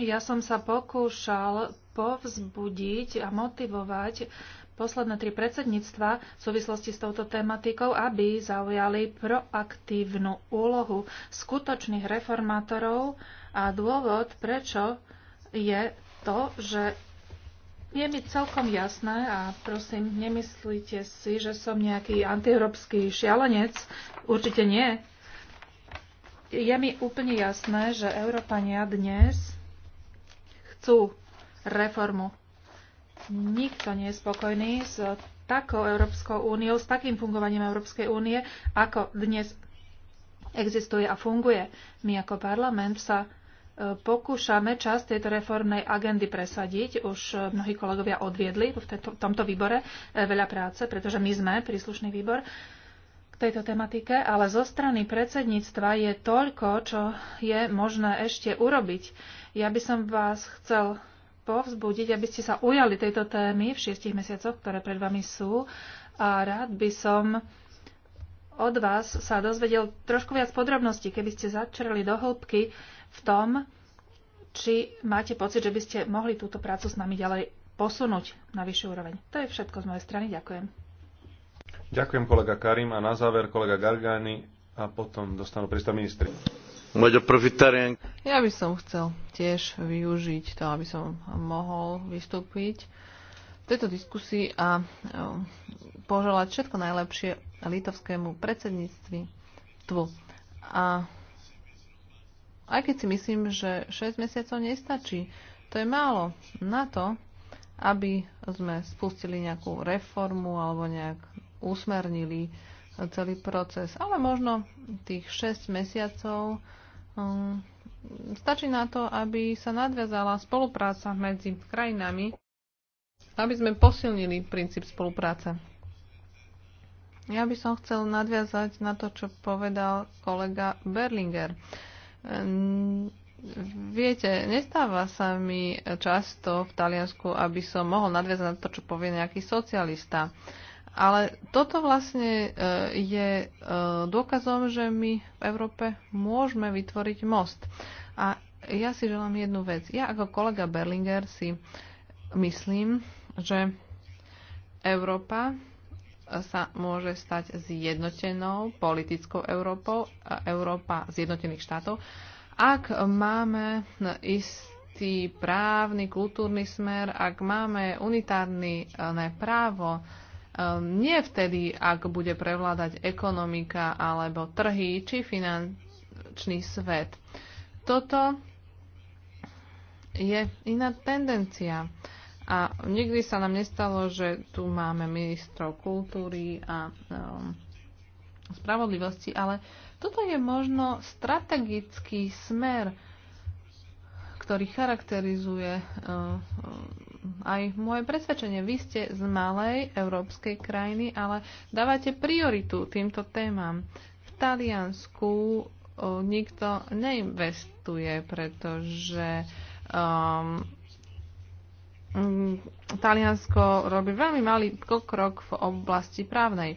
ja som sa pokúšal povzbudiť a motivovať posledné tri predsedníctva v súvislosti s touto tematikou, aby zaujali proaktívnu úlohu skutočných reformátorov a dôvod, prečo je to, že je mi celkom jasné a prosím, nemyslíte si, že som nejaký antieurópsky šialenec. Určite nie. Je mi úplne jasné, že Európania dnes chcú reformu. Nikto nie je spokojný s takou Európskou úniou, s takým fungovaním Európskej únie, ako dnes existuje a funguje. My ako parlament sa pokúšame časť tejto reformnej agendy presadiť. Už eh, mnohí kolegovia odviedli v tomto výbore eh, veľa práce, pretože my sme príslušný výbor k tejto tematike, ale zo strany predsedníctva je toľko, čo je možné ešte urobiť. Ja by som vás chcel povzbudiť, aby ste sa ujali tejto témy v šiestich mesiacoch, ktoré pred vami sú. A rád by som od vás sa dozvedel trošku viac podrobností, keby ste začerali do hĺbky v tom, či máte pocit, že by ste mohli túto prácu s nami ďalej posunúť na vyššiu úroveň. To je všetko z mojej strany. Ďakujem. Ďakujem kolega Karim a na záver kolega Gargani a potom dostanú prístav ministri. Ja by som chcel tiež využiť to, aby som mohol vystúpiť v tejto diskusii a e, poželať všetko najlepšie litovskému predsedníctvu. A aj keď si myslím, že 6 mesiacov nestačí. To je málo na to, aby sme spustili nejakú reformu alebo nejak usmernili celý proces. Ale možno tých 6 mesiacov um, stačí na to, aby sa nadviazala spolupráca medzi krajinami, aby sme posilnili princíp spolupráce. Ja by som chcel nadviazať na to, čo povedal kolega Berlinger. Uh, Viete, nestáva sa mi často v Taliansku, aby som mohol nadviazať na to, čo povie nejaký socialista. Ale toto vlastne e, je e, dôkazom, že my v Európe môžeme vytvoriť most. A ja si želám jednu vec. Ja ako kolega Berlinger si myslím, že Európa sa môže stať zjednotenou politickou Európou, Európa zjednotených štátov, ak máme istý právny, kultúrny smer, ak máme unitárne právo, e, nie vtedy, ak bude prevládať ekonomika alebo trhy či finančný svet. Toto je iná tendencia. A nikdy sa nám nestalo, že tu máme ministrov kultúry a um, spravodlivosti, ale toto je možno strategický smer, ktorý charakterizuje uh, aj moje presvedčenie. Vy ste z malej európskej krajiny, ale dávate prioritu týmto témam. V Taliansku uh, nikto neinvestuje, pretože um, Mm, Taliansko robí veľmi malý krok v oblasti právnej.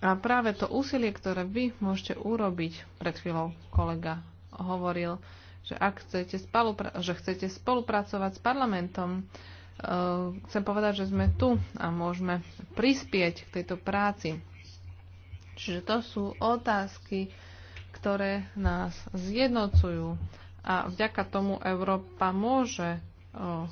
A práve to úsilie, ktoré vy môžete urobiť, pred chvíľou kolega hovoril, že ak chcete, spolupra- že chcete spolupracovať s parlamentom, uh, chcem povedať, že sme tu a môžeme prispieť k tejto práci. Čiže to sú otázky, ktoré nás zjednocujú a vďaka tomu Európa môže uh,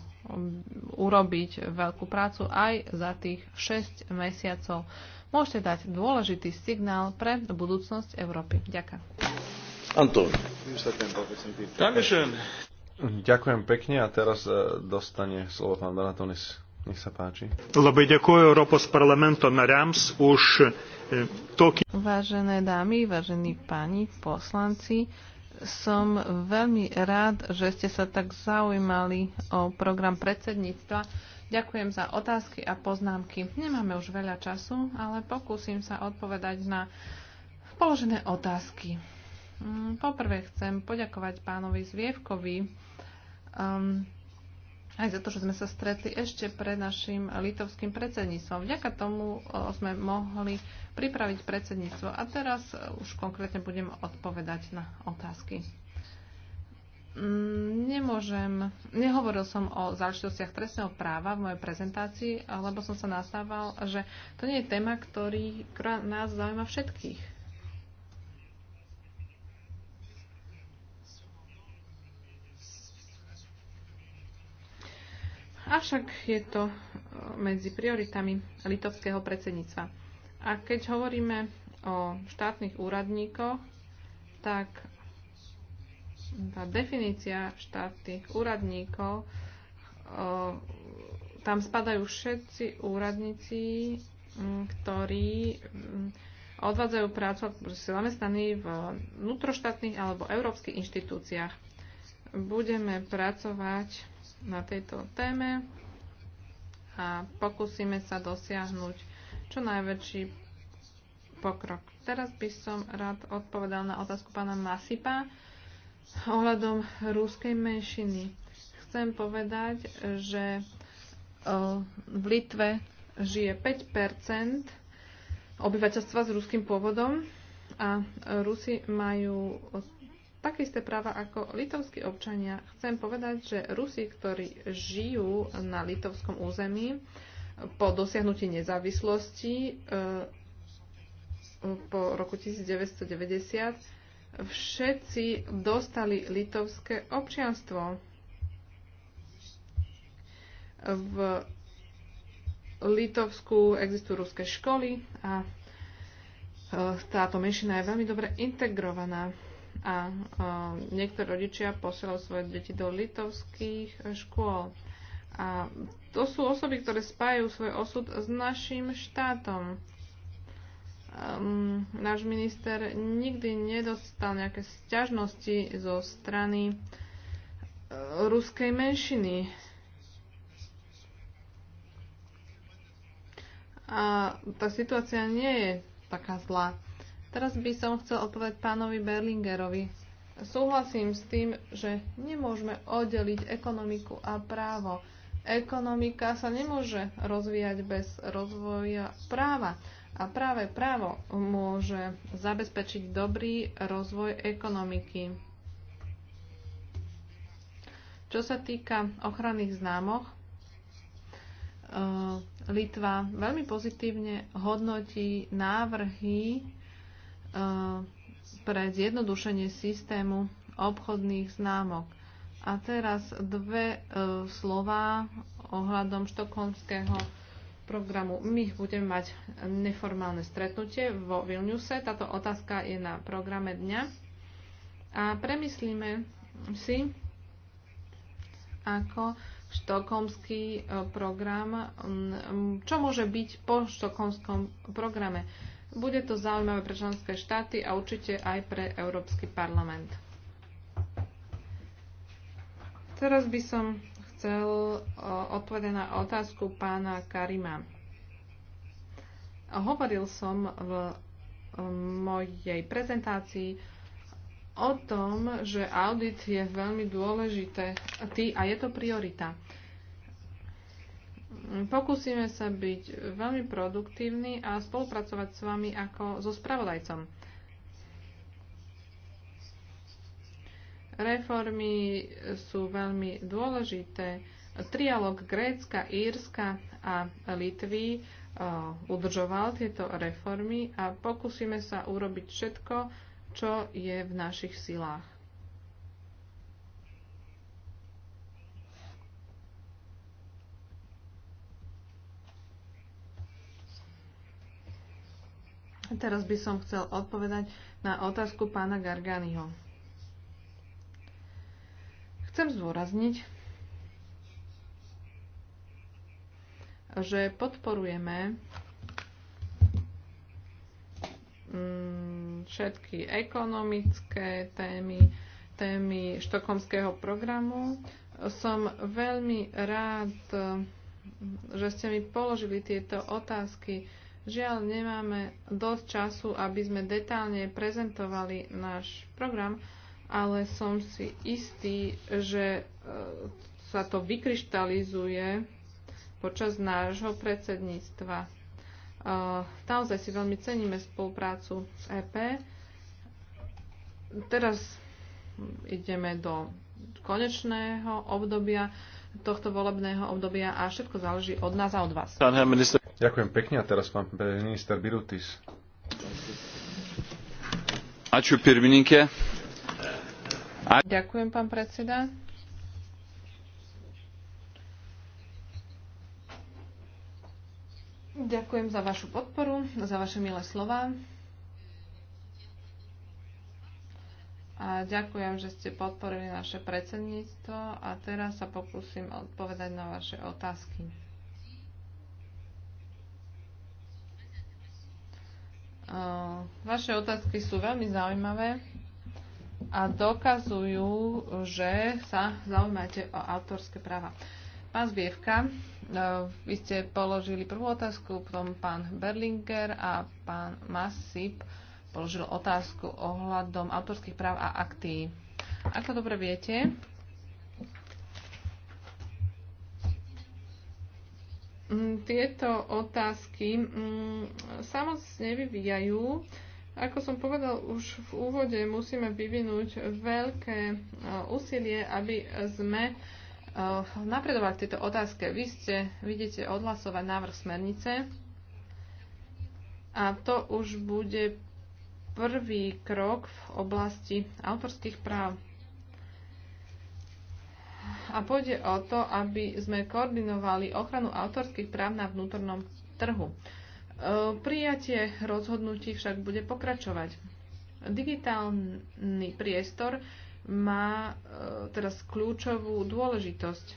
urobiť veľkú prácu aj za tých 6 mesiacov. Môžete dať dôležitý signál pre budúcnosť Európy. Ďakujem. Anton. Ďakujem pekne a teraz e, dostane slovo pán Donatonis, Nech sa páči. Lebo ďakujem Európos parlamento RAMS už e, toky. Vážené dámy, vážení páni poslanci, som veľmi rád, že ste sa tak zaujímali o program predsedníctva. Ďakujem za otázky a poznámky. Nemáme už veľa času, ale pokúsim sa odpovedať na položené otázky. Mm, poprvé chcem poďakovať pánovi Zvievkovi. Um, aj za to, že sme sa stretli ešte pred našim litovským predsedníctvom. Vďaka tomu e, sme mohli pripraviť predsedníctvo. A teraz e, už konkrétne budem odpovedať na otázky. Mm, nemôžem, nehovoril som o záležitostiach trestného práva v mojej prezentácii, lebo som sa nastával, že to nie je téma, ktorý, ktorá nás zaujíma všetkých. Avšak je to e, medzi prioritami litovského predsedníctva. A keď hovoríme o štátnych úradníkoch, tak tá definícia štátnych úradníkov, e, tam spadajú všetci úradníci, ktorí odvádzajú prácu, sú zamestnaní v vnútroštátnych alebo európskych inštitúciách. Budeme pracovať na tejto téme a pokúsime sa dosiahnuť čo najväčší pokrok. Teraz by som rád odpovedal na otázku pána Masipa ohľadom rúskej menšiny. Chcem povedať, že e, v Litve žije 5 obyvateľstva s ruským pôvodom a Rusi majú také isté práva ako litovskí občania. Chcem povedať, že Rusi, ktorí žijú na litovskom území po dosiahnutí nezávislosti eh, po roku 1990, všetci dostali litovské občianstvo. V Litovsku existujú ruské školy a eh, táto menšina je veľmi dobre integrovaná a niektorí rodičia posielajú svoje deti do litovských škôl. A to sú osoby, ktoré spájajú svoj osud s našim štátom. Um, náš minister nikdy nedostal nejaké sťažnosti zo strany uh, ruskej menšiny. A tá situácia nie je taká zlá. Teraz by som chcel odpovedať pánovi Berlingerovi. Súhlasím s tým, že nemôžeme oddeliť ekonomiku a právo. Ekonomika sa nemôže rozvíjať bez rozvoja práva. A práve právo môže zabezpečiť dobrý rozvoj ekonomiky. Čo sa týka ochranných známoch, eh, Litva veľmi pozitívne hodnotí návrhy Eh, pre zjednodušenie systému obchodných známok. A teraz dve eh, slova ohľadom štokholmského programu. My budeme mať neformálne stretnutie vo Vilniuse. Táto otázka je na programe dňa. A premyslíme si, ako štokholmský eh, program, mm, čo môže byť po štokholmskom programe bude to zaujímavé pre členské štáty a určite aj pre Európsky parlament. Teraz by som chcel odpovedať na otázku pána Karima. Hovoril som v mojej prezentácii o tom, že audit je veľmi dôležité a je to priorita. Pokúsime sa byť veľmi produktívni a spolupracovať s vami ako so spravodajcom. Reformy sú veľmi dôležité. Trialog Grécka, Írska a Litvy eh, udržoval tieto reformy a pokúsime sa urobiť všetko, čo je v našich silách. Teraz by som chcel odpovedať na otázku pána Garganiho. Chcem zdôrazniť, že podporujeme mm, všetky ekonomické témy, témy štokomského programu. Som veľmi rád, že ste mi položili tieto otázky Žiaľ, nemáme dosť času, aby sme detálne prezentovali náš program, ale som si istý, že e, sa to vykryštalizuje počas nášho predsedníctva. E, naozaj si veľmi ceníme spoluprácu s EP. Teraz ideme do konečného obdobia tohto volebného obdobia a všetko záleží od nás a od vás. Ďakujem pekne a teraz pán minister Birutis. Ačiū pirmininke. A... Ďakujem, pán predseda. Ďakujem za vašu podporu, za vaše milé slova. A ďakujem, že ste podporili naše predsedníctvo a teraz sa pokúsim odpovedať na vaše otázky. Eh, vaše otázky sú veľmi zaujímavé a dokazujú, že sa zaujímate o autorské práva. Pán Zbievka, eh, vy ste položili prvú otázku, potom pán Berlinger a pán Masip položil otázku ohľadom autorských práv a aktív. Ako dobre viete, Mm, tieto otázky mm, sa nevyvíjajú. Ako som povedal už v úvode, musíme vyvinúť veľké e, úsilie, aby sme e, napredovali tieto otázky. otázke. Vy ste, vidíte, odhlasovať návrh smernice a to už bude prvý krok v oblasti autorských práv a pôjde o to, aby sme koordinovali ochranu autorských práv na vnútornom trhu. E, prijatie rozhodnutí však bude pokračovať. Digitálny priestor má e, teraz kľúčovú dôležitosť.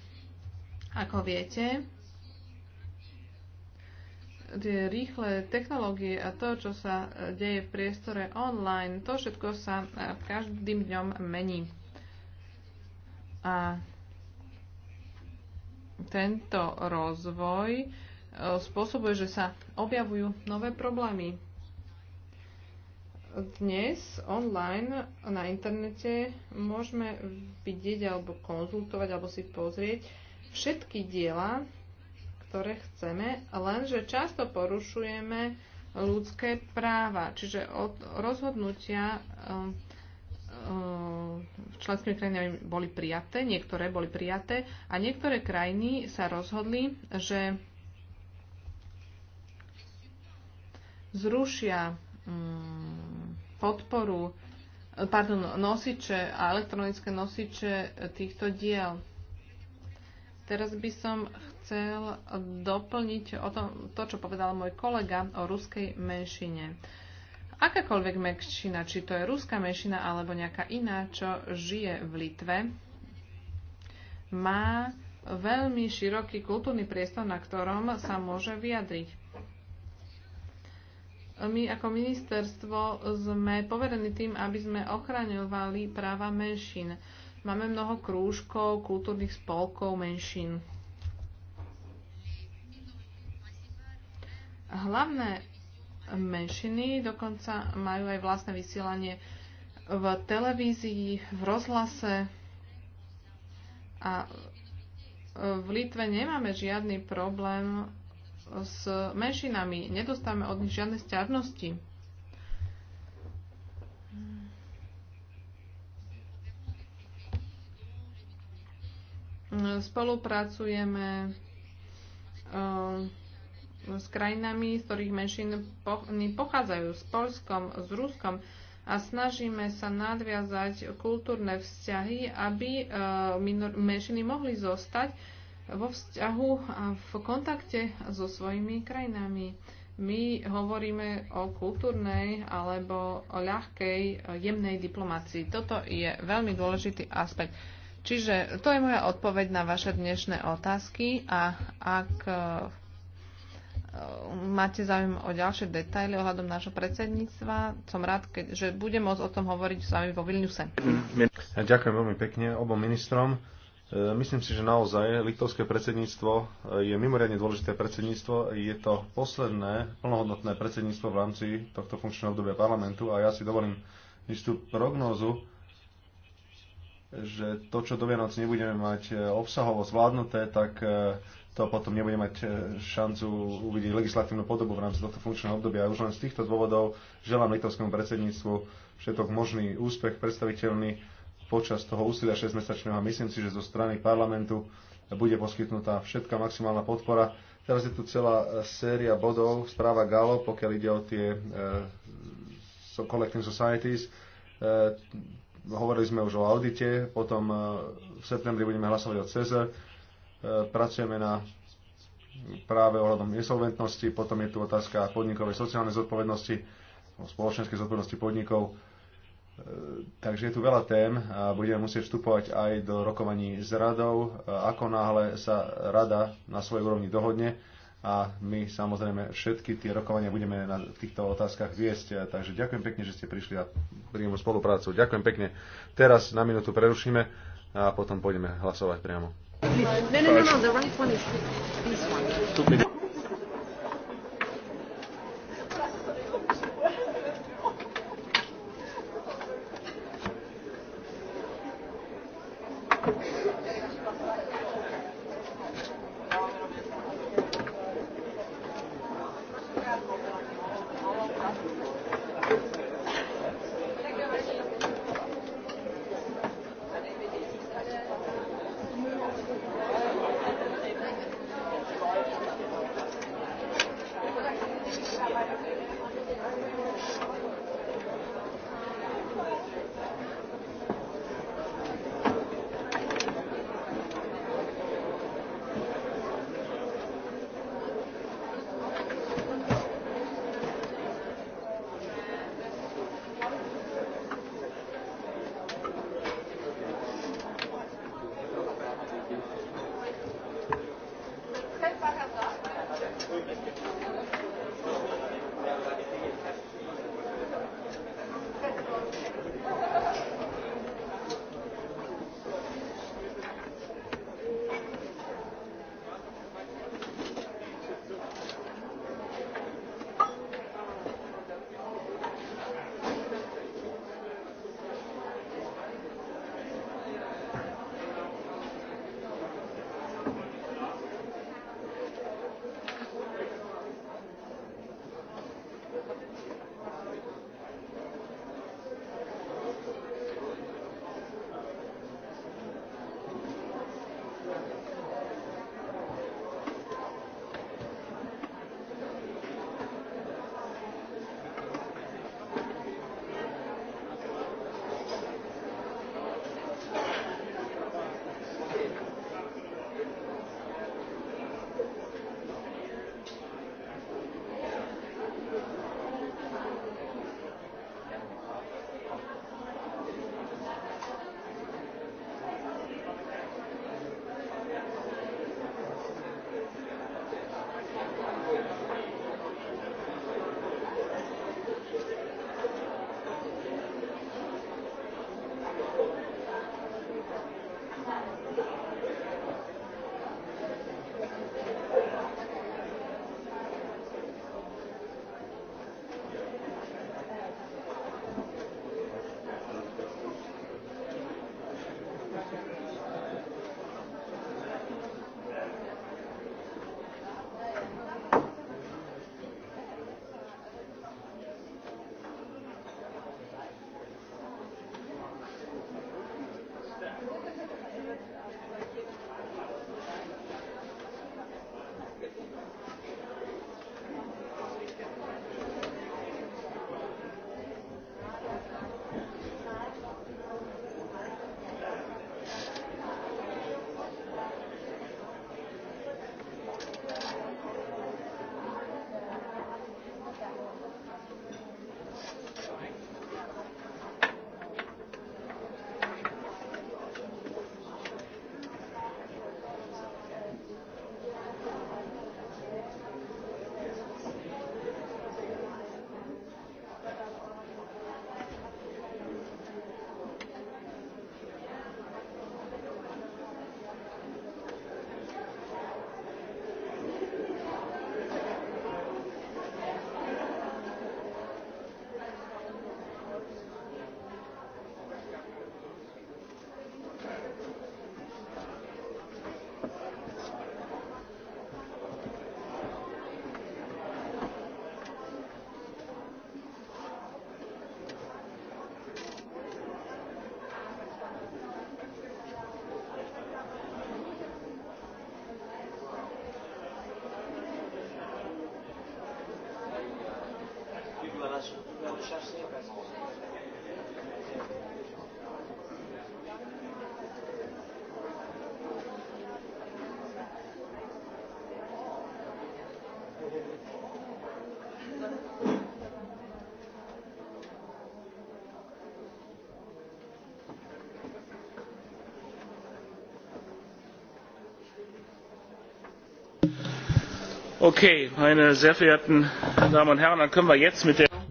Ako viete, tie rýchle technológie a to, čo sa deje v priestore online, to všetko sa e, každým dňom mení. A tento rozvoj e, spôsobuje, že sa objavujú nové problémy. Dnes online na internete môžeme vidieť alebo konzultovať alebo si pozrieť všetky diela, ktoré chceme, lenže často porušujeme ľudské práva, čiže od rozhodnutia e, Eh, členskými krajinami boli prijaté, niektoré boli prijaté a niektoré krajiny sa rozhodli, že zrušia mm, podporu eh, pardon, nosiče a elektronické nosiče týchto diel. Teraz by som chcel doplniť o tom, to, čo povedal môj kolega o ruskej menšine akákoľvek menšina, či to je ruská menšina alebo nejaká iná, čo žije v Litve, má veľmi široký kultúrny priestor, na ktorom sa môže vyjadriť. My ako ministerstvo sme poverení tým, aby sme ochraňovali práva menšín. Máme mnoho krúžkov, kultúrnych spolkov menšín. Hlavné menšiny, dokonca majú aj vlastné vysielanie v televízii, v rozhlase a v Litve nemáme žiadny problém s menšinami. Nedostávame od nich žiadne stiažnosti. Spolupracujeme ehm, s krajinami, z ktorých menšiny pochádzajú, s Polskom, s Ruskom a snažíme sa nadviazať kultúrne vzťahy, aby e, menšiny mohli zostať vo vzťahu a v kontakte so svojimi krajinami. My hovoríme o kultúrnej alebo o ľahkej, e, jemnej diplomácii. Toto je veľmi dôležitý aspekt. Čiže to je moja odpoveď na vaše dnešné otázky a ak e, máte záujem o ďalšie detaily ohľadom nášho predsedníctva, som rád, keď, že budem môcť o tom hovoriť s vami vo Vilniuse. Ja ďakujem veľmi pekne obom ministrom. E, myslím si, že naozaj litovské predsedníctvo e, je mimoriadne dôležité predsedníctvo. Je to posledné plnohodnotné predsedníctvo v rámci tohto funkčného obdobia parlamentu a ja si dovolím istú prognózu, že to, čo do Vianoc nebudeme mať e, obsahovo zvládnuté, tak to potom nebude mať e, šancu uvidieť legislatívnu podobu v rámci tohto funkčného obdobia. A už len z týchto dôvodov želám litovskému predsedníctvu všetok možný úspech predstaviteľný počas toho úsilia 6-mesačného a myslím si, že zo strany parlamentu bude poskytnutá všetká maximálna podpora. Teraz je tu celá e, séria bodov, správa Galo, pokiaľ ide o tie e, so collecting societies. Hovorili sme už o audite, potom v septembri budeme hlasovať o CESR E, pracujeme na práve ohľadom insolventnosti, potom je tu otázka podnikovej sociálnej zodpovednosti, spoločenskej zodpovednosti podnikov. E, takže je tu veľa tém a budeme musieť vstupovať aj do rokovaní s radou, e, ako náhle sa rada na svojej úrovni dohodne a my samozrejme všetky tie rokovania budeme na týchto otázkach viesť. Takže ďakujem pekne, že ste prišli a príjemnú spoluprácu. Ďakujem pekne. Teraz na minútu prerušíme a potom pôjdeme hlasovať priamo. No, no, no, no, the right one is this one.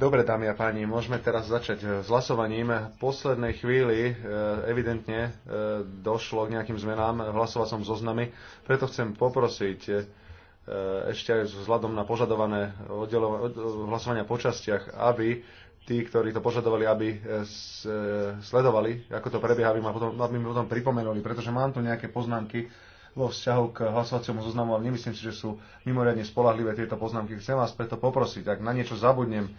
Dobre dámy a páni, môžeme teraz začať eh, s hlasovaním. V poslednej chvíli eh, evidentne eh, došlo k nejakým zmenám v hlasovacom zozname, preto chcem poprosiť ešte aj vzhľadom na požadované hlasovania po častiach, aby tí, ktorí to požadovali, aby sledovali, ako to prebieha, aby potom, aby mi potom pripomenuli, pretože mám tu nejaké poznámky vo vzťahu k hlasovaciemu zoznamu, ale nemyslím si, že sú mimoriadne spolahlivé tieto poznámky. Chcem vás preto poprosiť, ak na niečo zabudnem,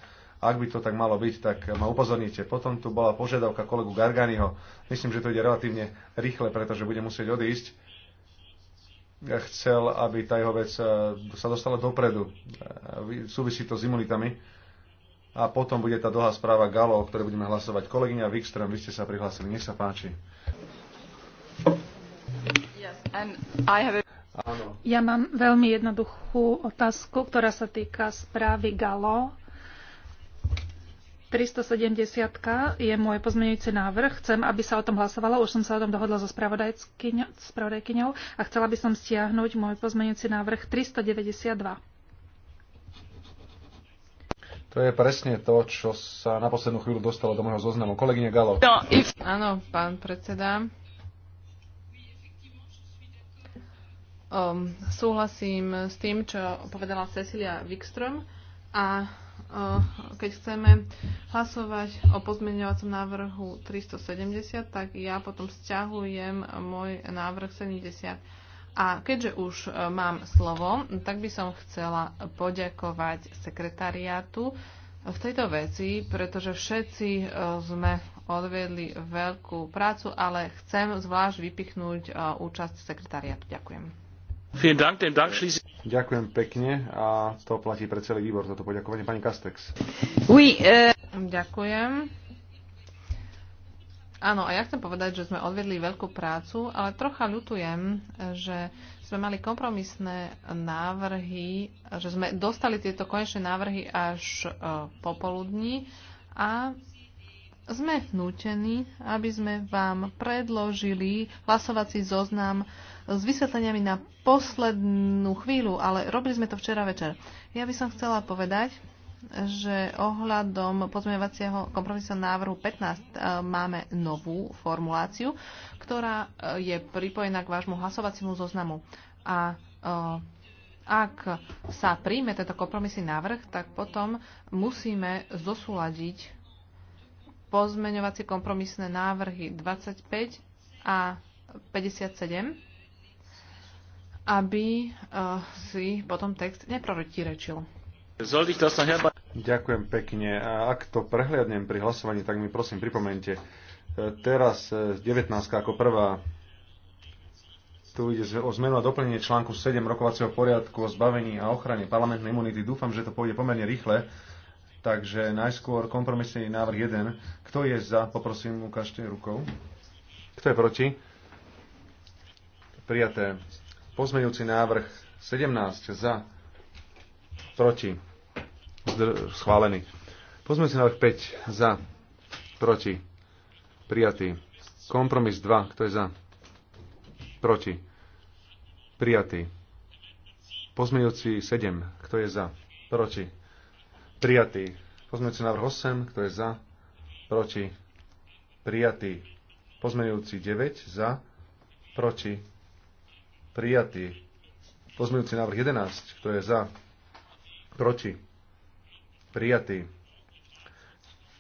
ak by to tak malo byť, tak ma upozorníte. Potom tu bola požiadavka kolegu Garganiho. Myslím, že to ide relatívne rýchle, pretože bude musieť odísť. Ja Chcel, aby tá jeho vec eh, sa dostala dopredu. Eh, súvisí to s imunitami. A potom bude tá dlhá správa Galo, o ktorej budeme hlasovať. Kolegyňa Wikström, vy ste sa prihlásili. Nech sa páči. Ja mám veľmi jednoduchú otázku, ktorá sa týka správy Galo. 370 je môj pozmeňujúci návrh. Chcem, aby sa o tom hlasovalo. Už som sa o tom dohodla so spravodajkyňou a chcela by som stiahnuť môj pozmeňujúci návrh 392. To je presne to, čo sa na poslednú chvíľu dostalo do môjho zoznamu. Kolegyne Galo. No, Áno, pán predseda. Um, súhlasím s tým, čo povedala Cecilia Wikström a eh, keď chceme hlasovať o pozmeňovacom návrhu 370, tak ja potom stiahujem môj návrh 70. A keďže už eh, mám slovo, tak by som chcela poďakovať sekretariátu v tejto veci, pretože všetci eh, sme odvedli veľkú prácu, ale chcem zvlášť vypichnúť účasť sekretariátu. Ďakujem. Ďakujem pekne a to platí pre celý výbor, toto poďakovanie. Pani Kastex. Oui, uh... Ďakujem. Áno, a ja chcem povedať, že sme odvedli veľkú prácu, ale trocha ľutujem, že sme mali kompromisné návrhy, že sme dostali tieto konečné návrhy až uh, popoludní a sme nútení, aby sme vám predložili hlasovací zoznam s vysvetleniami na poslednú chvíľu, ale robili sme to včera večer. Ja by som chcela povedať, že ohľadom pozmeňovacieho kompromisného návrhu 15 e, máme novú formuláciu, ktorá e, je pripojená k vášmu hlasovaciemu zoznamu. A e, ak sa príjme tento kompromisný návrh, tak potom musíme zosúľadiť pozmeňovacie kompromisné návrhy 25 a 57, aby eh, si potom text neprotirečil. Ďakujem pekne. A ak to prehliadnem pri hlasovaní, tak mi prosím pripomente. Eh, teraz 19 eh, ako prvá. Tu ide o zmenu a doplnenie článku 7 rokovacieho poriadku o zbavení a ochrane parlamentnej imunity. Dúfam, že to pôjde pomerne rýchle Takže najskôr kompromisný návrh 1. Kto je za, poprosím, ukážte rukou. Kto je proti? Prijaté. Pozmeňujúci návrh 17 za, proti, Zdr- schválený. Pozmeňujúci návrh 5 za, proti, prijatý. Kompromis 2, kto je za? Proti. Prijatý. Pozmeňujúci 7, kto je za? Proti Prijatý. Pozmeňujúci návrh 8, kto je za? Proti. Prijatý. Pozmeňujúci 9, za? Proti. Prijatý. Pozmeňujúci návrh 11, kto je za? Proti. Prijatý.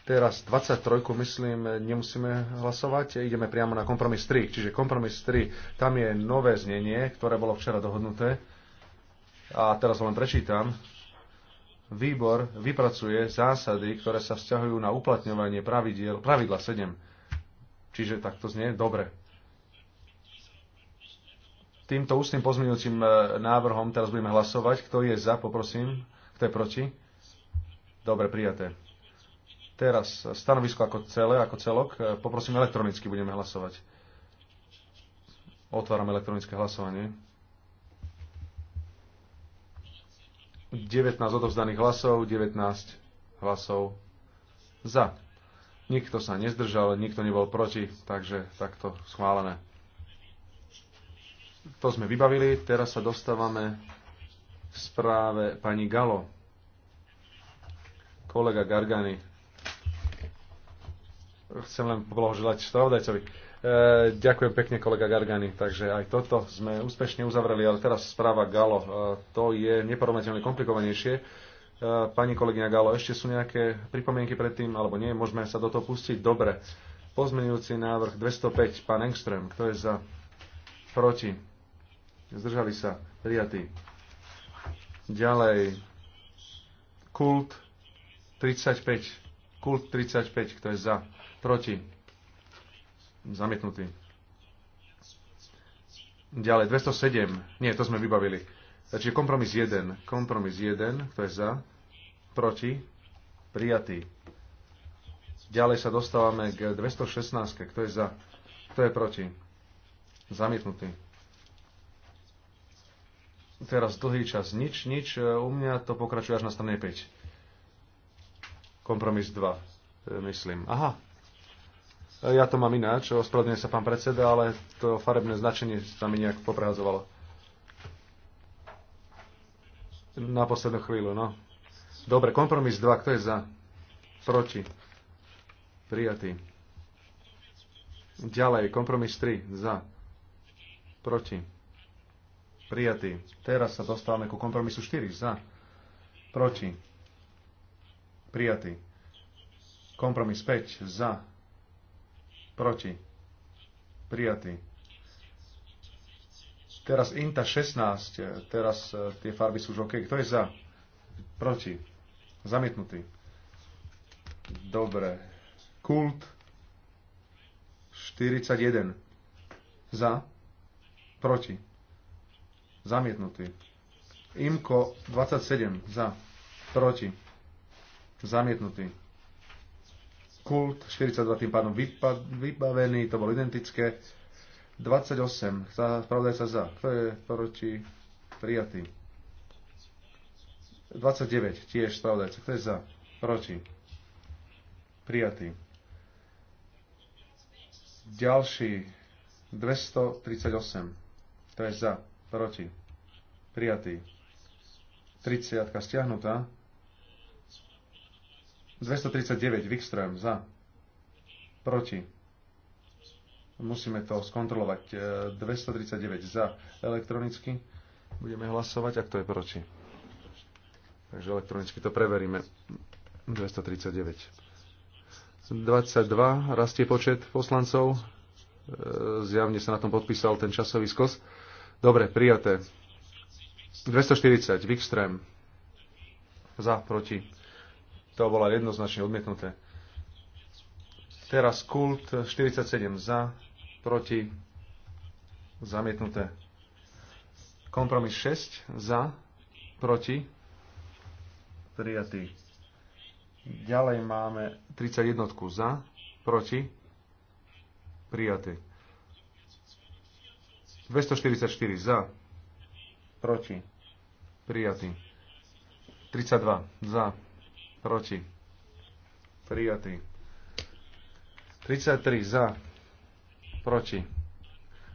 Teraz 23, myslím, nemusíme hlasovať. Ideme priamo na kompromis 3. Čiže kompromis 3, tam je nové znenie, ktoré bolo včera dohodnuté. A teraz ho len prečítam výbor vypracuje zásady, ktoré sa vzťahujú na uplatňovanie pravidiel, pravidla 7. Čiže takto znie dobre. Týmto ústnym pozmeňujúcim e, návrhom teraz budeme hlasovať. Kto je za, poprosím. Kto je proti? Dobre, prijaté. Teraz stanovisko ako celé, ako celok. E, poprosím, elektronicky budeme hlasovať. Otváram elektronické hlasovanie. 19 odovzdaných hlasov, 19 hlasov za. Nikto sa nezdržal, nikto nebol proti, takže takto schválené. To sme vybavili, teraz sa dostávame k správe pani Galo. Kolega Gargani. Chcem len poblahoželať spravodajcovi. Eh, ďakujem pekne, kolega Gargani. Takže aj toto sme úspešne uzavreli, ale teraz správa Galo. Eh, to je neporovnateľne komplikovanejšie. Eh, pani kolegyňa Galo, ešte sú nejaké pripomienky predtým, alebo nie? Môžeme sa do toho pustiť? Dobre. Pozmenujúci návrh 205, pán Engström. Kto je za? Proti? Zdržali sa? Prijatý. Ďalej. Kult 35. Kult 35, kto je za? Proti? Zamietnutý. Ďalej, 207. Nie, to sme vybavili. Čiže kompromis 1. Kompromis 1, kto je za? Proti? Prijatý. Ďalej sa dostávame k 216. Kto je za? Kto je proti? Zamietnutý. Teraz dlhý čas. Nič, nič. U mňa to pokračuje až na strane 5. Kompromis 2, e, myslím. Aha, ja to mám ináč, ospravedlňujem sa pán predseda, ale to farebné značenie sa mi nejak poprehazovalo. Na poslednú chvíľu, no. Dobre, kompromis 2, kto je za? Proti. Prijatý. Ďalej, kompromis 3, za. Proti. Prijatý. Teraz sa dostávame ku kompromisu 4, za. Proti. Prijatý. Kompromis 5, za proti, prijatý. Teraz INTA 16, e, teraz e, tie farby sú už OK. Kto je za? Proti. Zamietnutý. Dobre. Kult 41. Za. Proti. Zamietnutý. Imko 27. Za. Proti. Zamietnutý. Kult 42 tým pádom vypa- vybavený, to bolo identické. 28, za, spravodaj sa za, kto je proti prijatý. 29, tiež sa, kto je za, proti, prijatý. Ďalší, 238, kto je za, proti, prijatý. 30 stiahnutá, 239 Wikström za. Proti. Musíme to skontrolovať. 239 e, za elektronicky. Budeme hlasovať, ak to je proti. Takže elektronicky to preveríme. 239. 22 rastie počet poslancov. E, zjavne sa na tom podpísal ten časový skos. Dobre, prijaté. 240, Wikström. Za, proti to bolo jednoznačne odmietnuté. Teraz kult 47 za, proti, zamietnuté. Kompromis 6 za, proti, prijatý. Ďalej máme 31 za, proti, prijatý. 244 za, proti, prijatý. 32 za, proti, prijatý. 33 za, proti,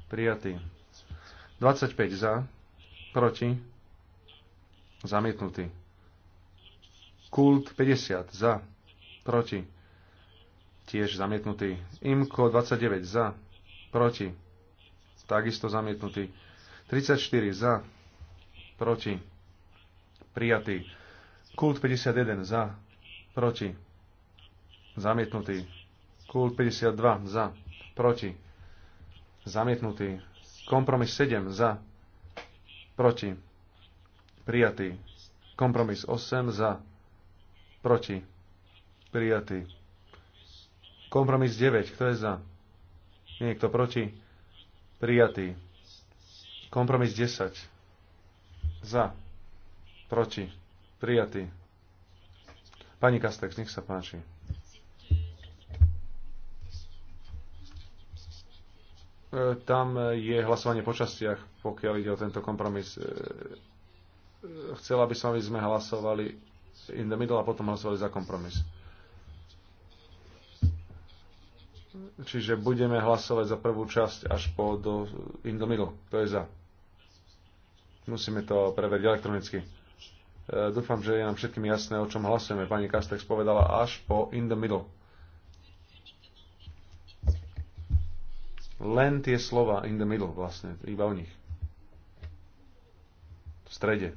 prijatý. 25 za, proti, zamietnutý. Kult 50 za, proti, tiež zamietnutý. Imko 29 za, proti, takisto zamietnutý. 34 za, proti, prijatý. Kult 51 za, proti, zamietnutý. Kult 52 za, proti, zamietnutý. Kompromis 7 za, proti, prijatý. Kompromis 8 za, proti, prijatý. Kompromis 9, kto je za? Niekto proti? Prijatý. Kompromis 10. Za. Proti. Prijatý. Pani Kastex, nech sa páči. E, tam je hlasovanie po častiach, pokiaľ ide o tento kompromis. E, e, chcela by som, aby sme hlasovali in the middle a potom hlasovali za kompromis. Čiže budeme hlasovať za prvú časť až po do, in the middle. To je za. Musíme to preveriť elektronicky. E, dúfam, že je nám všetkým jasné, o čom hlasujeme. Pani Kastex povedala až po in the middle. Len tie slova in the middle vlastne, iba o nich. V strede.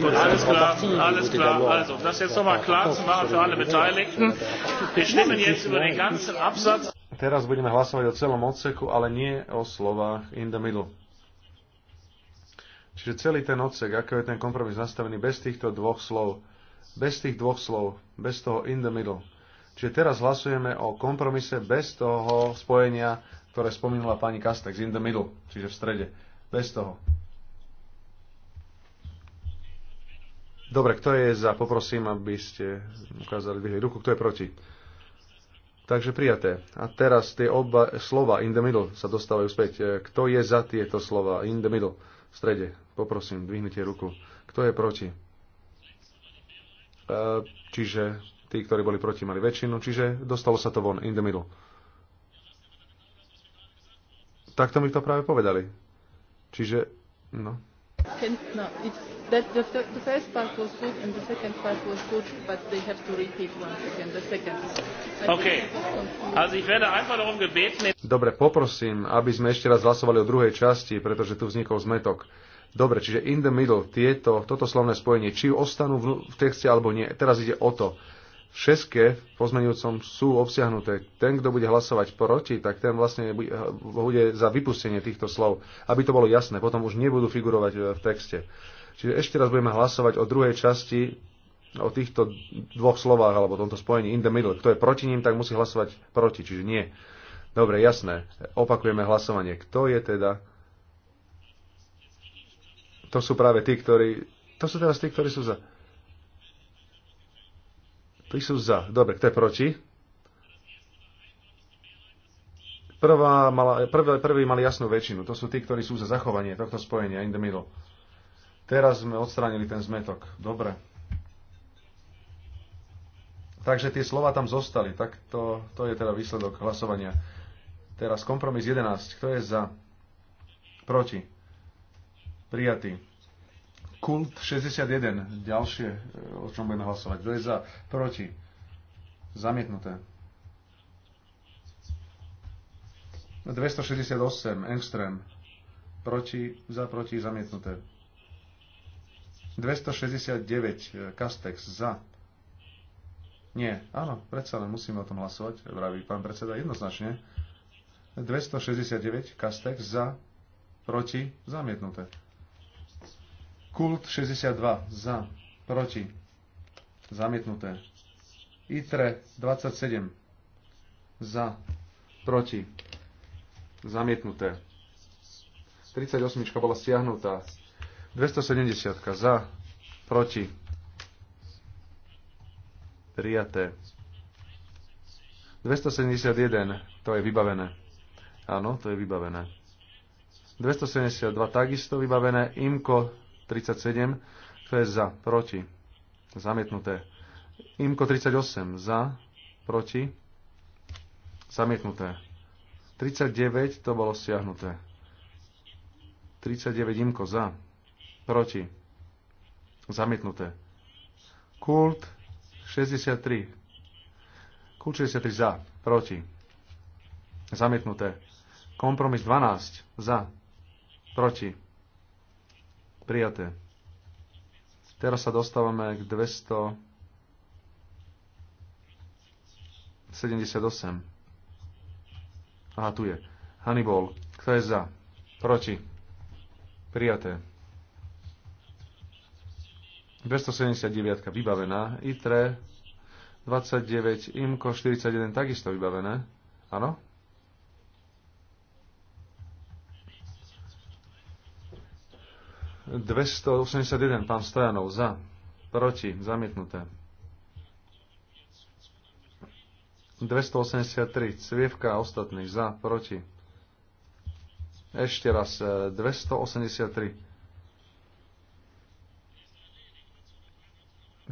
Alles klar, alles klar. Also, das jetzt nochmal klar zu machen für alle Beteiligten. Wir stimmen jetzt über den ganzen Absatz teraz budeme hlasovať o celom odseku, ale nie o slovách in the middle. Čiže celý ten odsek, ako je ten kompromis nastavený bez týchto dvoch slov, bez tých dvoch slov, bez toho in the middle. Čiže teraz hlasujeme o kompromise bez toho spojenia, ktoré spomínala pani Kastex, in the middle, čiže v strede. Bez toho. Dobre, kto je za, poprosím, aby ste ukázali vyhli ruku, kto je proti. Takže prijaté. A teraz tie oba slova in the middle sa dostávajú späť. E, kto je za tieto slova in the middle? V strede. Poprosím, dvihnite ruku. Kto je proti? E, čiže tí, ktorí boli proti, mali väčšinu. Čiže dostalo sa to von in the middle. Takto mi to práve povedali. Čiže, no, No, it's that the, the first part was good and the second part was good, but they have to repeat once again the second. okay. Also ich werde einfach darum gebeten. Dobre, poprosím, aby sme ešte raz hlasovali o druhej časti, pretože tu vznikol zmetok. Dobre, čiže in the middle, tieto, toto slovné spojenie, či ostanú v, v texte alebo nie. Teraz ide o to všetké v pozmeňujúcom sú obsiahnuté. Ten, kto bude hlasovať proti, tak ten vlastne bude za vypustenie týchto slov, aby to bolo jasné. Potom už nebudú figurovať e, v texte. Čiže ešte raz budeme hlasovať o druhej časti, o týchto dvoch slovách, alebo tomto spojení in the middle. Kto je proti ním, tak musí hlasovať proti, čiže nie. Dobre, jasné. Opakujeme hlasovanie. Kto je teda... To sú práve tí, ktorí... To sú teraz tí, ktorí sú za... Tí sú za. Dobre, kto je proti? Prvá mala, prvé, prví mali jasnú väčšinu. To sú tí, ktorí sú za zachovanie tohto spojenia in the middle. Teraz sme odstránili ten zmetok. Dobre. Takže tie slova tam zostali. Tak to, to je teda výsledok hlasovania. Teraz kompromis 11. Kto je za? Proti? Prijatý. Kult 61, ďalšie, e, o čom budeme hlasovať. Kto je za? Proti? Zamietnuté. 268, Engström. Proti, za, proti, zamietnuté. 269, e, Castex, za. Nie, áno, predsa len musíme o tom hlasovať, vraví pán predseda jednoznačne. 269, Castex, za, proti, zamietnuté. Kult 62 za, proti, zamietnuté. ITRE 27 za, proti, zamietnuté. 38 bola stiahnutá. 270 za, proti, prijaté. 271, to je vybavené. Áno, to je vybavené. 272 takisto vybavené. IMKO 37, kto je za, proti, zamietnuté. Imko 38, za, proti, zamietnuté. 39, to bolo stiahnuté. 39, Imko, za, proti, zamietnuté. Kult 63, kult 63, za, proti, zamietnuté. Kompromis 12, za, proti, Prijaté. Teraz sa dostávame k 278. Aha, tu je. Hannibal. Kto je za? Proti. Prijaté. 279 vybavená. ITRE 29, IMKO 41 takisto vybavené. Áno? 281, pán Stojanov, za, proti, zamietnuté. 283, Cvievka a ostatní, za, proti. Ešte raz, 283. E,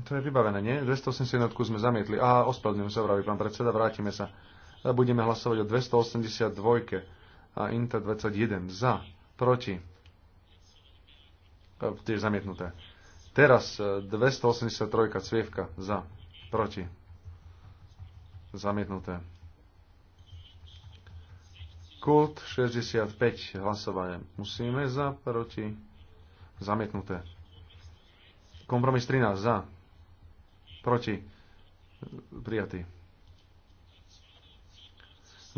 to je vybavené, nie? 281 sme zamietli. A ospravedlňujem sa, vraví pán predseda, vrátime sa. E, budeme hlasovať o 282 a Inter 21 za, proti E, tiež zamietnuté. Teraz 283 e, cvievka za, proti, zamietnuté. Kult 65 hlasovanie. Musíme za, proti, zamietnuté. Kompromis 13 za, proti, prijatý.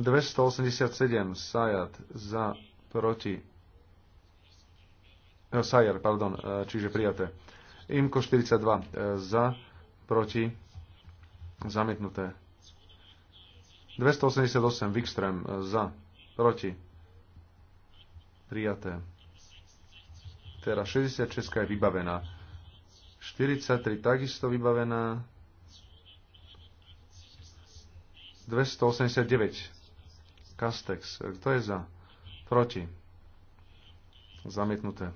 287 Sajat za, proti, no, Sajer, pardon, e, čiže prijaté. Imko 42 e, za, proti, zamietnuté. 288 Wikström za, proti, prijaté. Teraz 66 je vybavená. 43 takisto vybavená. 289 Castex. Kto je za? Proti. Zamietnuté.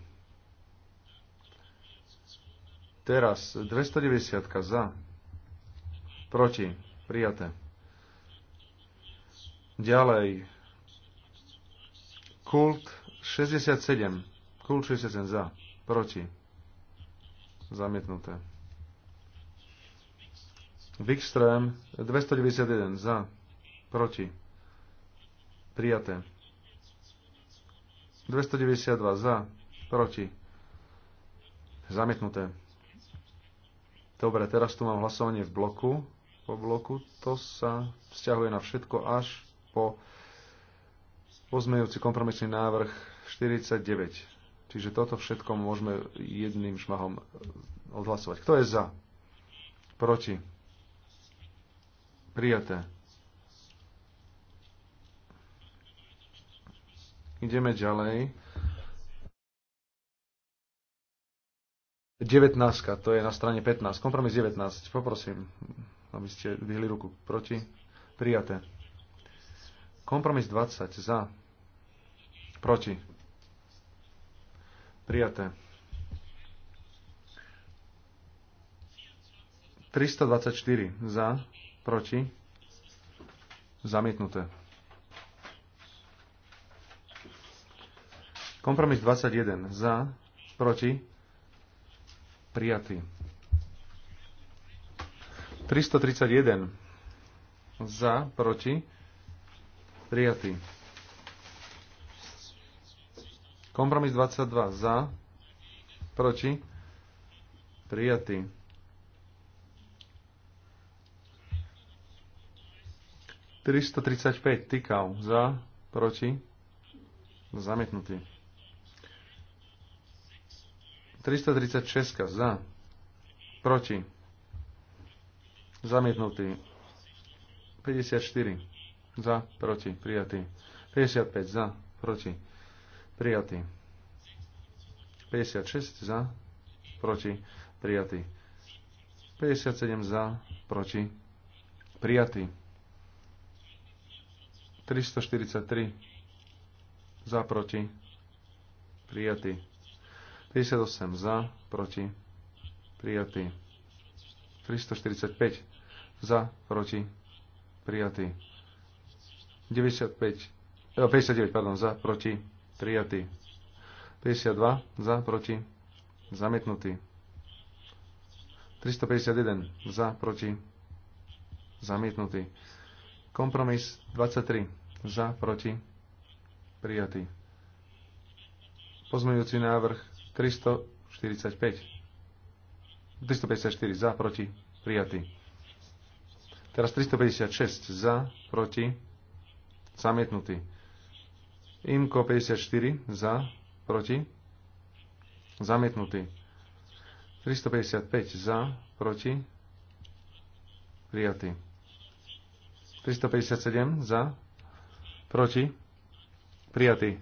Teraz 290 za. Proti. Prijaté. Ďalej. Kult 67. Kult 67 za. Proti. Zamietnuté. Wikström 291 za. Proti. Prijaté. 292 za. Proti. Zamietnuté. Dobre, teraz tu mám hlasovanie v bloku. Po bloku to sa vzťahuje na všetko až po pozmejúci kompromisný návrh 49. Čiže toto všetko môžeme jedným šmahom odhlasovať. Kto je za? Proti? Prijaté. Ideme ďalej. 19, to je na strane 15. Kompromis 19, poprosím, aby ste vyhli ruku proti. Prijaté. Kompromis 20, za. Proti. Prijaté. 324 za, proti, zamietnuté. Kompromis 21 za, proti, prijatý. 331 za, proti, prijatý. Kompromis 22 za, proti, prijatý. Tristotridsaťpäť tykal za, proti, zamietnutý. 336 za, proti, zamietnutý, 54 za, proti, prijatý, 55 za, proti, prijatý, 56 za, proti, prijatý, 57 za, proti, prijatý, 343 za, proti, prijatý, 58 za, proti, prijatý. 345 za, proti, prijatý. 95, 59, e, pardon, za, proti, prijatý. 52 za, proti, zamietnutý. 351 za, proti, zamietnutý. Kompromis 23 za, proti, prijatý. Pozmeňujúci návrh 345. 354 za, proti, prijatý. Teraz 356 za, proti, zamietnutý. Imko 54 za, proti, zamietnutý. 355 za, proti, prijatý. 357 za, proti, prijatý.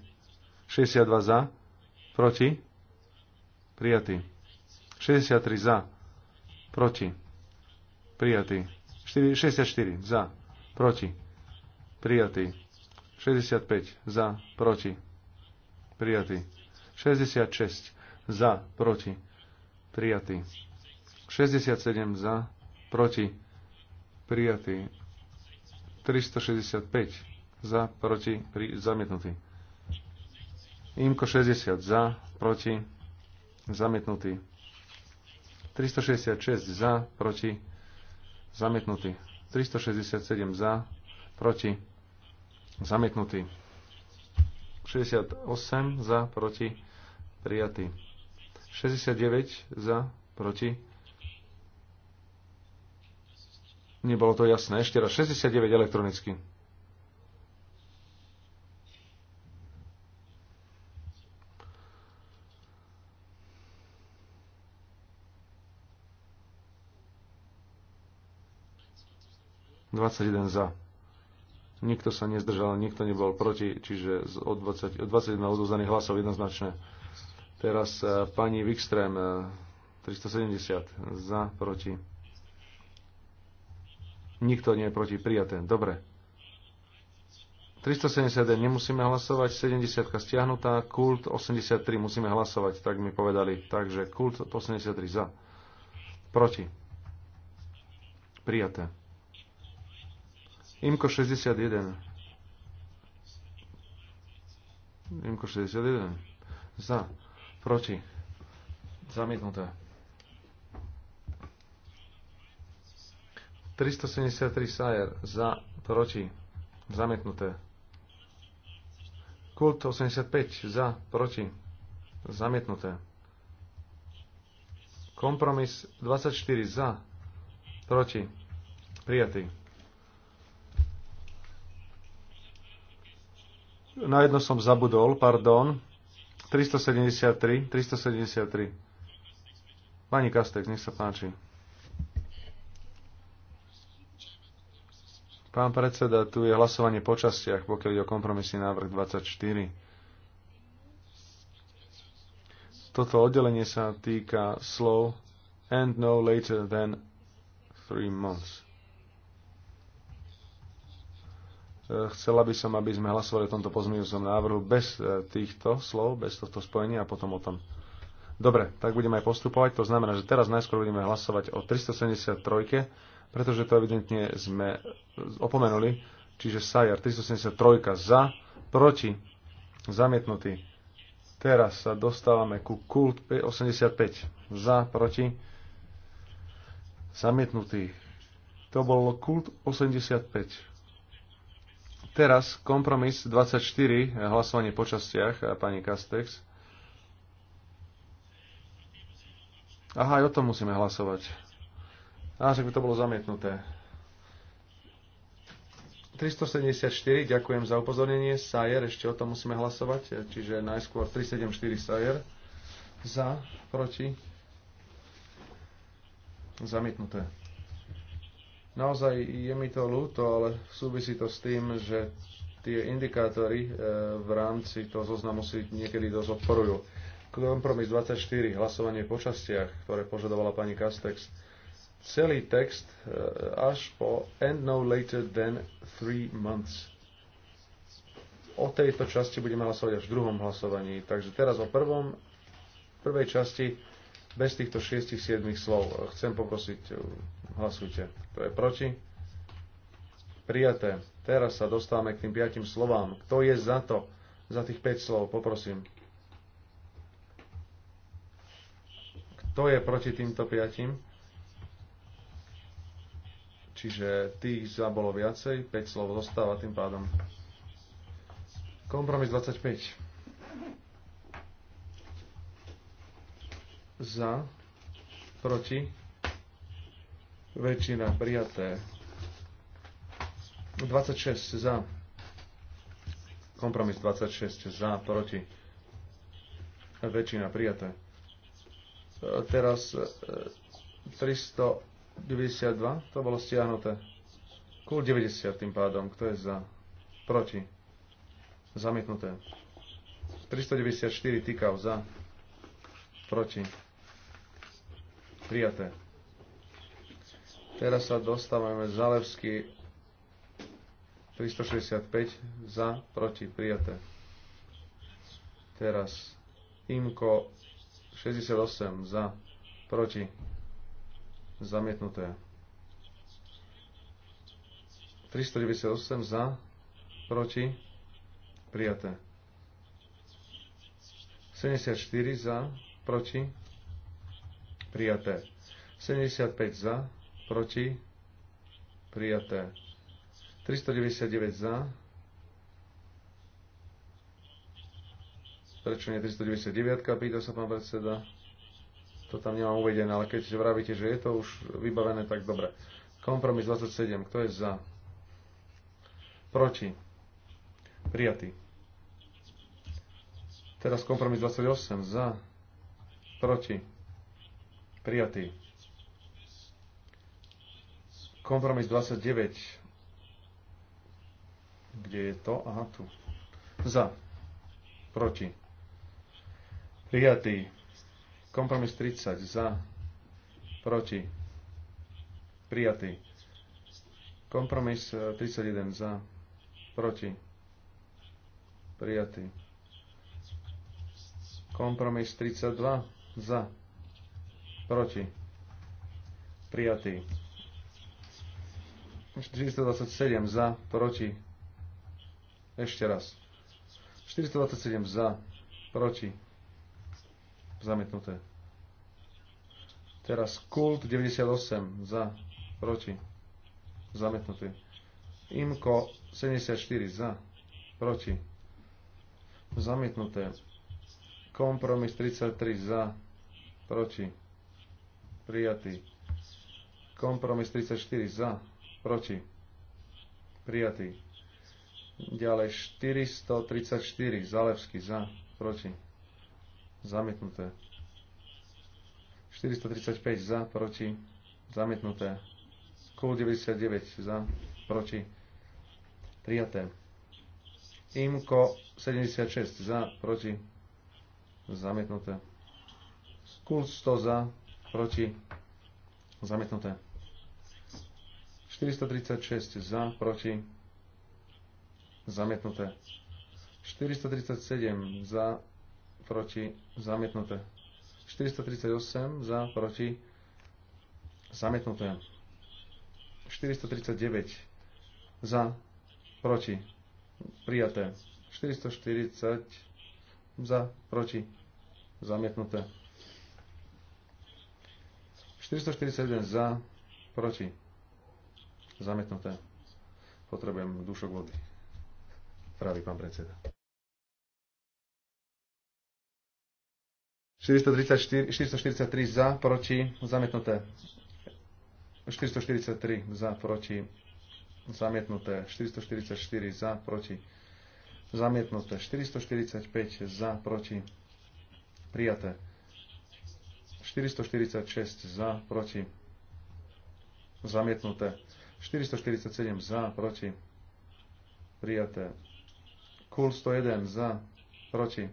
62 za, proti, prijatý. Prijatý. 63 za. Proti. Prijatý. 64 za. Proti. Prijatý. 65 za. Proti. Prijatý. 66 za. Proti. Prijatý. 67 za. Proti. Prijatý. 365 za. Proti. Pri, zamietnutý. Imko 60 za. Proti Zamietnutý. 366 za, proti. Zamietnutý. 367 za, proti. Zamietnutý. 68 za, proti. Prijatý. 69 za, proti. Nebolo to jasné. Ešte raz. 69 elektronicky. 21 za. Nikto sa nezdržal, nikto nebol proti, čiže od, 20, od 21 odvozaných hlasov jednoznačne. Teraz e, pani Wikström, 370 e, za, proti. Nikto nie je proti, prijaté. Dobre. 371 nemusíme hlasovať, 70 stiahnutá, kult 83 musíme hlasovať, tak mi povedali. Takže kult 83 za. Proti. Prijaté. Imko 61. Imko 61. Za. Proti. Zamietnuté. 373 Sajer. Za. Proti. Zamietnuté. Kult 85. Za. Proti. Zamietnuté. Kompromis 24. Za. Proti. Prijatý. Na jedno som zabudol, pardon. 373, 373. Pani Kastek, nech sa páči. Pán predseda, tu je hlasovanie po častiach, pokiaľ ide o kompromisný návrh 24. Toto oddelenie sa týka slov and no later than three months. Chcela by som, aby sme hlasovali o tomto pozmeňujúcom návrhu bez e, týchto slov, bez tohto spojenia a potom o tom. Dobre, tak budeme aj postupovať. To znamená, že teraz najskôr budeme hlasovať o 373, pretože to evidentne sme opomenuli. Čiže Sajar 373 za, proti, zamietnutý. Teraz sa dostávame ku Kult 85 za, proti, zamietnutý. To bol Kult 85. Teraz kompromis 24, hlasovanie po častiach, pani Kastex. Aha, aj o tom musíme hlasovať. Á, že by to bolo zamietnuté. 374, ďakujem za upozornenie. Sajer, ešte o tom musíme hlasovať. Čiže najskôr 374 Sajer. Za, proti. Zamietnuté. Naozaj je mi to ľúto, ale súvisí to s tým, že tie indikátory e, v rámci toho zoznamu si niekedy dosť odporujú. Kompromis 24, hlasovanie po častiach, ktoré požadovala pani Castex. Celý text e, až po end no later than three months. O tejto časti budeme hlasovať až v druhom hlasovaní. Takže teraz o prvom, prvej časti bez týchto šiestich, siedmých slov. E, chcem poprosiť, e, hlasujte. To je proti. Prijaté. Teraz sa dostávame k tým piatim slovám. Kto je za to? Za tých 5 slov, poprosím. Kto je proti týmto piatim? Čiže tých za bolo viacej, 5 slov zostáva tým pádom. Kompromis 25. za, proti, väčšina prijaté. 26 za, kompromis 26 za, proti, väčšina prijaté. Teraz 392, e, to bolo stiahnuté. Kul 90 tým pádom, kto je za, proti, zamietnuté. 394 týkav za, proti prijaté. Teraz sa dostávame Zalevský 365 za, proti, prijaté. Teraz Imko 68 za, proti, zamietnuté. 398 za, proti, prijaté. 74 za, proti, prijaté. 75 za, proti, prijaté. 399 za, prečo nie 399, pýta sa pán predseda. To tam nemám uvedené, ale keď vravíte, že je to už vybavené, tak dobre. Kompromis 27, kto je za? Proti. Prijatý. Teraz kompromis 28, za. Proti Prijatý. Kompromis 29. Kde je to? Aha, tu. Za. Proti. Prijatý. Kompromis 30. Za. Proti. Prijatý. Kompromis 31. E, Za. Proti. Prijatý. Kompromis 32. Za Proti. Prijatý. 427 za. Proti. Ešte raz. 427 za. Proti. Zamietnuté. Teraz kult 98 za. Proti. Zamietnutý. Imko 74 za. Proti. Zamietnuté. Kompromis 33 za. Proti prijatý. Kompromis 34 za, proti, prijatý. Ďalej 434, Zalevský za, proti, zamietnuté. 435 za, proti, zamietnuté. Kul 99 za, proti, prijaté. IMKO 76 za, proti, zamietnuté. Kult 100 za, proti, zamietnuté. 436 za, proti, zamietnuté. 437 za, proti, zamietnuté. 438 za, proti, zamietnuté. 439 za, proti, prijaté. 440 za, proti, zamietnuté. 441 za, proti. Zametnuté. Potrebujem dušok vody. Pravý pán predseda. 434, 443 za, proti, zametnuté 443 za, proti, zamietnuté. 444 za, proti, zamietnuté. 445 za, proti, prijaté. 446 za, proti, zamietnuté. 447 za, proti, prijaté. Kul 101 za, proti,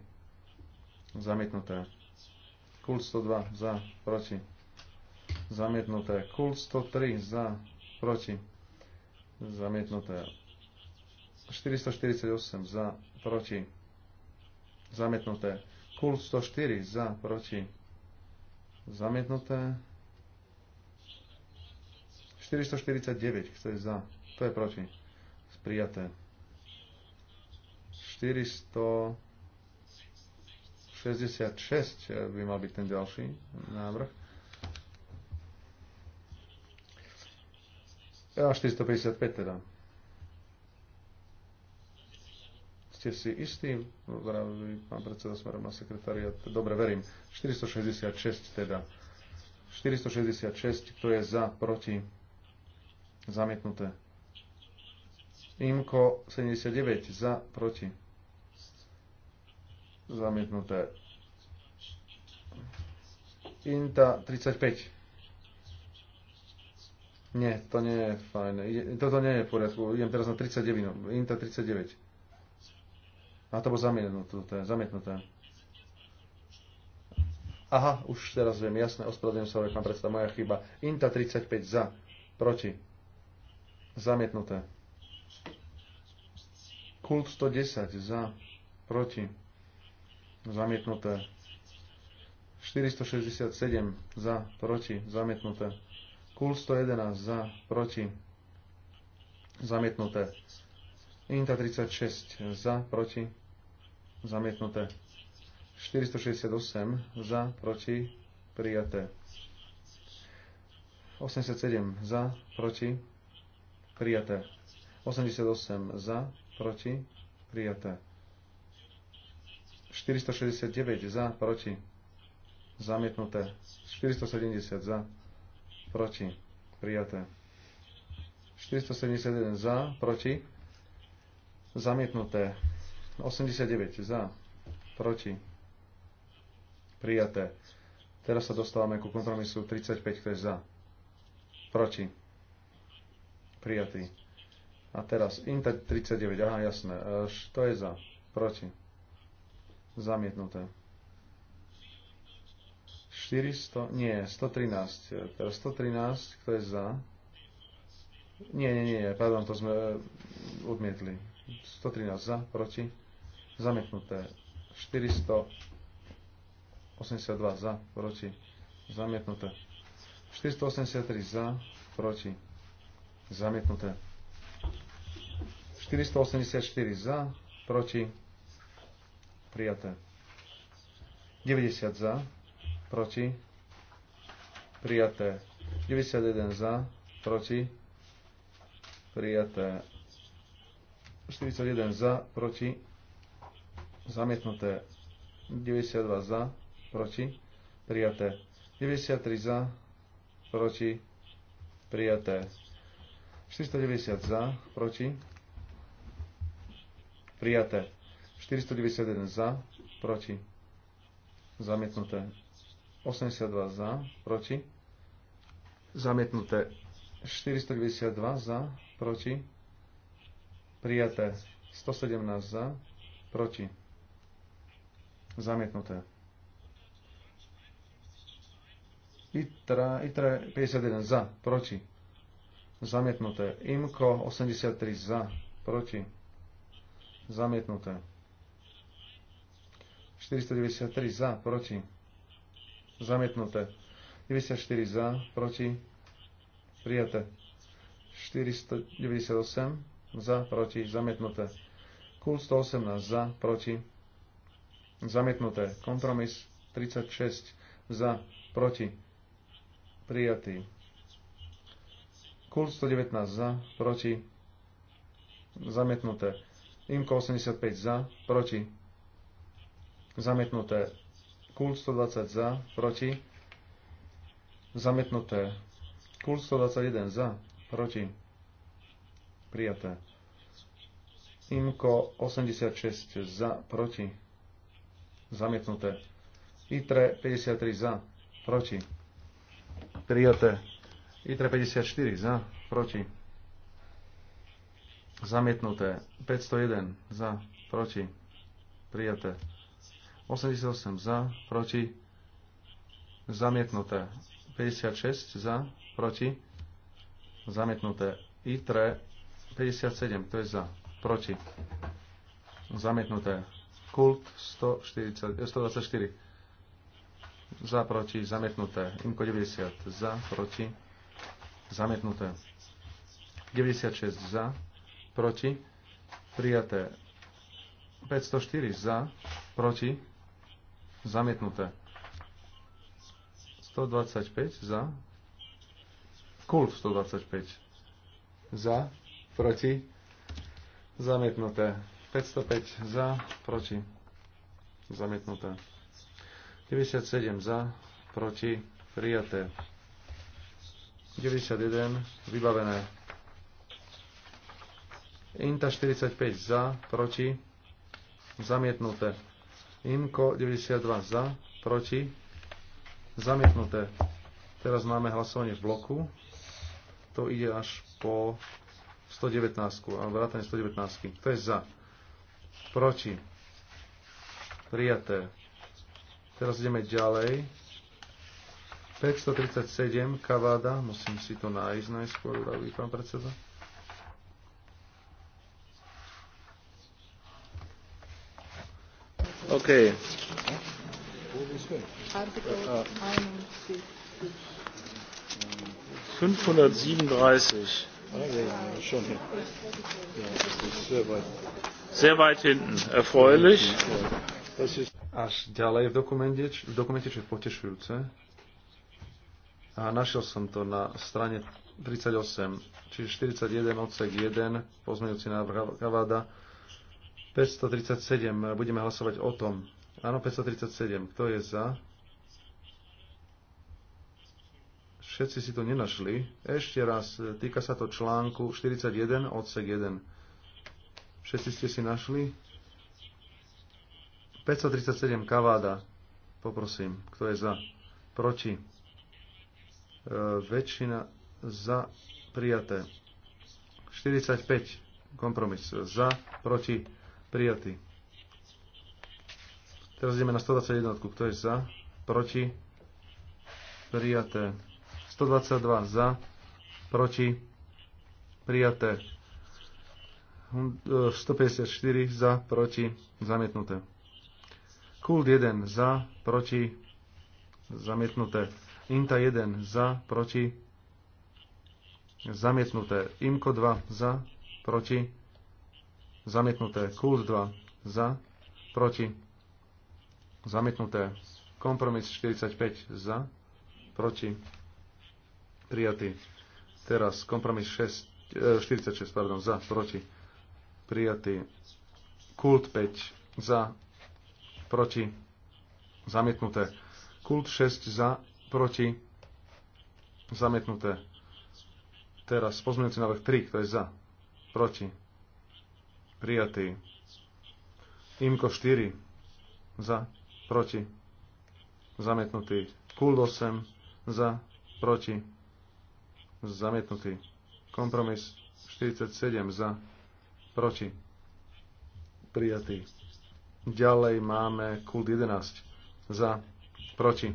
zamietnuté. Kul 102 za, proti, zamietnuté. Kul 103 za, proti, zamietnuté. 448 za, proti, zamietnuté. Kult 104 za, proti, Zamietnuté. 449, kto je za, kto je proti. Prijaté. 466 eh, by mal byť ten ďalší návrh. Eh, A 455 teda. Ste si istí? No, zdravý pán predseda smerom na sekretariat. Dobre, verím. 466 teda. 466, kto je za, proti, zamietnuté. Imko 79, za, proti, zamietnuté. Inta 35. Nie, to nie je fajn. Toto nie je v poriadku. Idem teraz na 39. No, Inta 39. A to bolo zamietnuté. zamietnuté. Aha, už teraz viem, jasné, ospravedlňujem sa, pán predseda, moja chyba. Inta 35 za, proti. Zamietnuté. Kult 110 za, proti. Zamietnuté. 467 za, proti, zamietnuté. Kult 111 za, proti, zamietnuté. Inta 36 za, proti, zamietnuté. 468 za, proti, prijaté. 87 za, proti, prijaté. 88 za, proti, prijaté. 469 za, proti, zamietnuté. 470 za, proti, prijaté. 471 za, proti, Zamietnuté. 89 za. Proti. Prijaté. Teraz sa dostávame ku kompromisu 35, kto je za. Proti. Prijatý. A teraz Inter 39, aha, jasné. E, to je za. Proti. Zamietnuté. 400, nie, 113. E, teraz 113, kto je za? Nie, nie, nie, pardon, to sme e, odmietli. 113 za, proti, zamietnuté. 482 za, proti, zamietnuté. 483 za, proti, zamietnuté. 484 za, proti, prijaté. 90 za, proti, prijaté. 91 za, proti, prijaté. 41 za, proti, zamietnuté. 92 za, proti, prijaté. 93 za, proti, prijaté. 490 za, proti, prijaté. 491 za, proti, zamietnuté. 82 za, proti, zamietnuté. 492 za, proti, Prijaté. 117 za. Proti. Zamietnuté. ITRA, ITRA 51 za. Proti. Zamietnuté. IMKO 83 za. Proti. Zamietnuté. 493 za. Proti. Zamietnuté. 94 za. Proti. Prijaté. 498 za, proti, zamietnuté. Kult 118 za, proti, zamietnuté. Kompromis 36 za, proti, prijatý. Kul 119 za, proti, zamietnuté. Imko 85 za, proti, zamietnuté. Kult 120 za, proti, zamietnuté. Kult 121 za, proti, Prijaté. Imko 86 za, proti. Zamietnuté. ITRE 53 za, proti. Prijaté. ITRE 54 za, proti. Zamietnuté. 501 za, proti. Prijaté. 88 za, proti. Zamietnuté. 56 za, proti. Zamietnuté. ITRE 57, to je za? Proti. Zamietnuté. Kult 140, 124. Eh, za, proti, zamietnuté. Imko 90. Za, proti, zamietnuté. 96 za, proti, prijaté. 504 za, proti, zamietnuté. 125 za, kult 125 za, proti, zamietnuté. 505 za, proti, zamietnuté. 97 za, proti, prijaté. 91 vybavené. Inta 45 za, proti, zamietnuté. Inko 92 za, proti, zamietnuté. Teraz máme hlasovanie v bloku. To ide až po 119, alebo vrátane 119. Kto je za? Proti? Prijaté. Teraz ideme ďalej. 537 Kavada, musím si to nájsť najskôr, uľaví pán predseda. OK. Artikel 537. Äh, äh. Sehr weit hinten. Erfreulich. Až ďalej v dokumente, v dokumente čo je potešujúce. A našiel som to na strane 38, čiže 41 odsek 1, pozmeňujúci návrh Kavada. 537, budeme hlasovať o tom. Áno, 537, kto je za? Všetci si to nenašli. Ešte raz, e, týka sa to článku 41, odsek 1. Všetci ste si našli? 537 Kaváda. Poprosím, kto je za? Proti? E, väčšina za prijaté. 45 kompromis za, proti, prijatý. Teraz ideme na 121. Kto je za? Proti? Prijaté. 122 za, proti, prijaté. 154 e, za, proti, zamietnuté. Kult 1 za, proti, zamietnuté. Inta 1 za, proti, zamietnuté. Imko 2 za, proti, zamietnuté. Kult 2 za, proti, zamietnuté. Kompromis 45 za, proti, prijatý. Teraz kompromis 6, 46, e, pardon, za, proti, prijatý. Kult 5, za, proti, zamietnuté. Kult 6, za, proti, zamietnuté. Teraz pozmeňujúci návrh 3, kto je za, proti, prijatý. Imko 4, za, proti, zamietnutý. Kult 8, za, proti, zamietnutý. Kompromis 47 za, proti, prijatý. Ďalej máme kult 11 za, proti,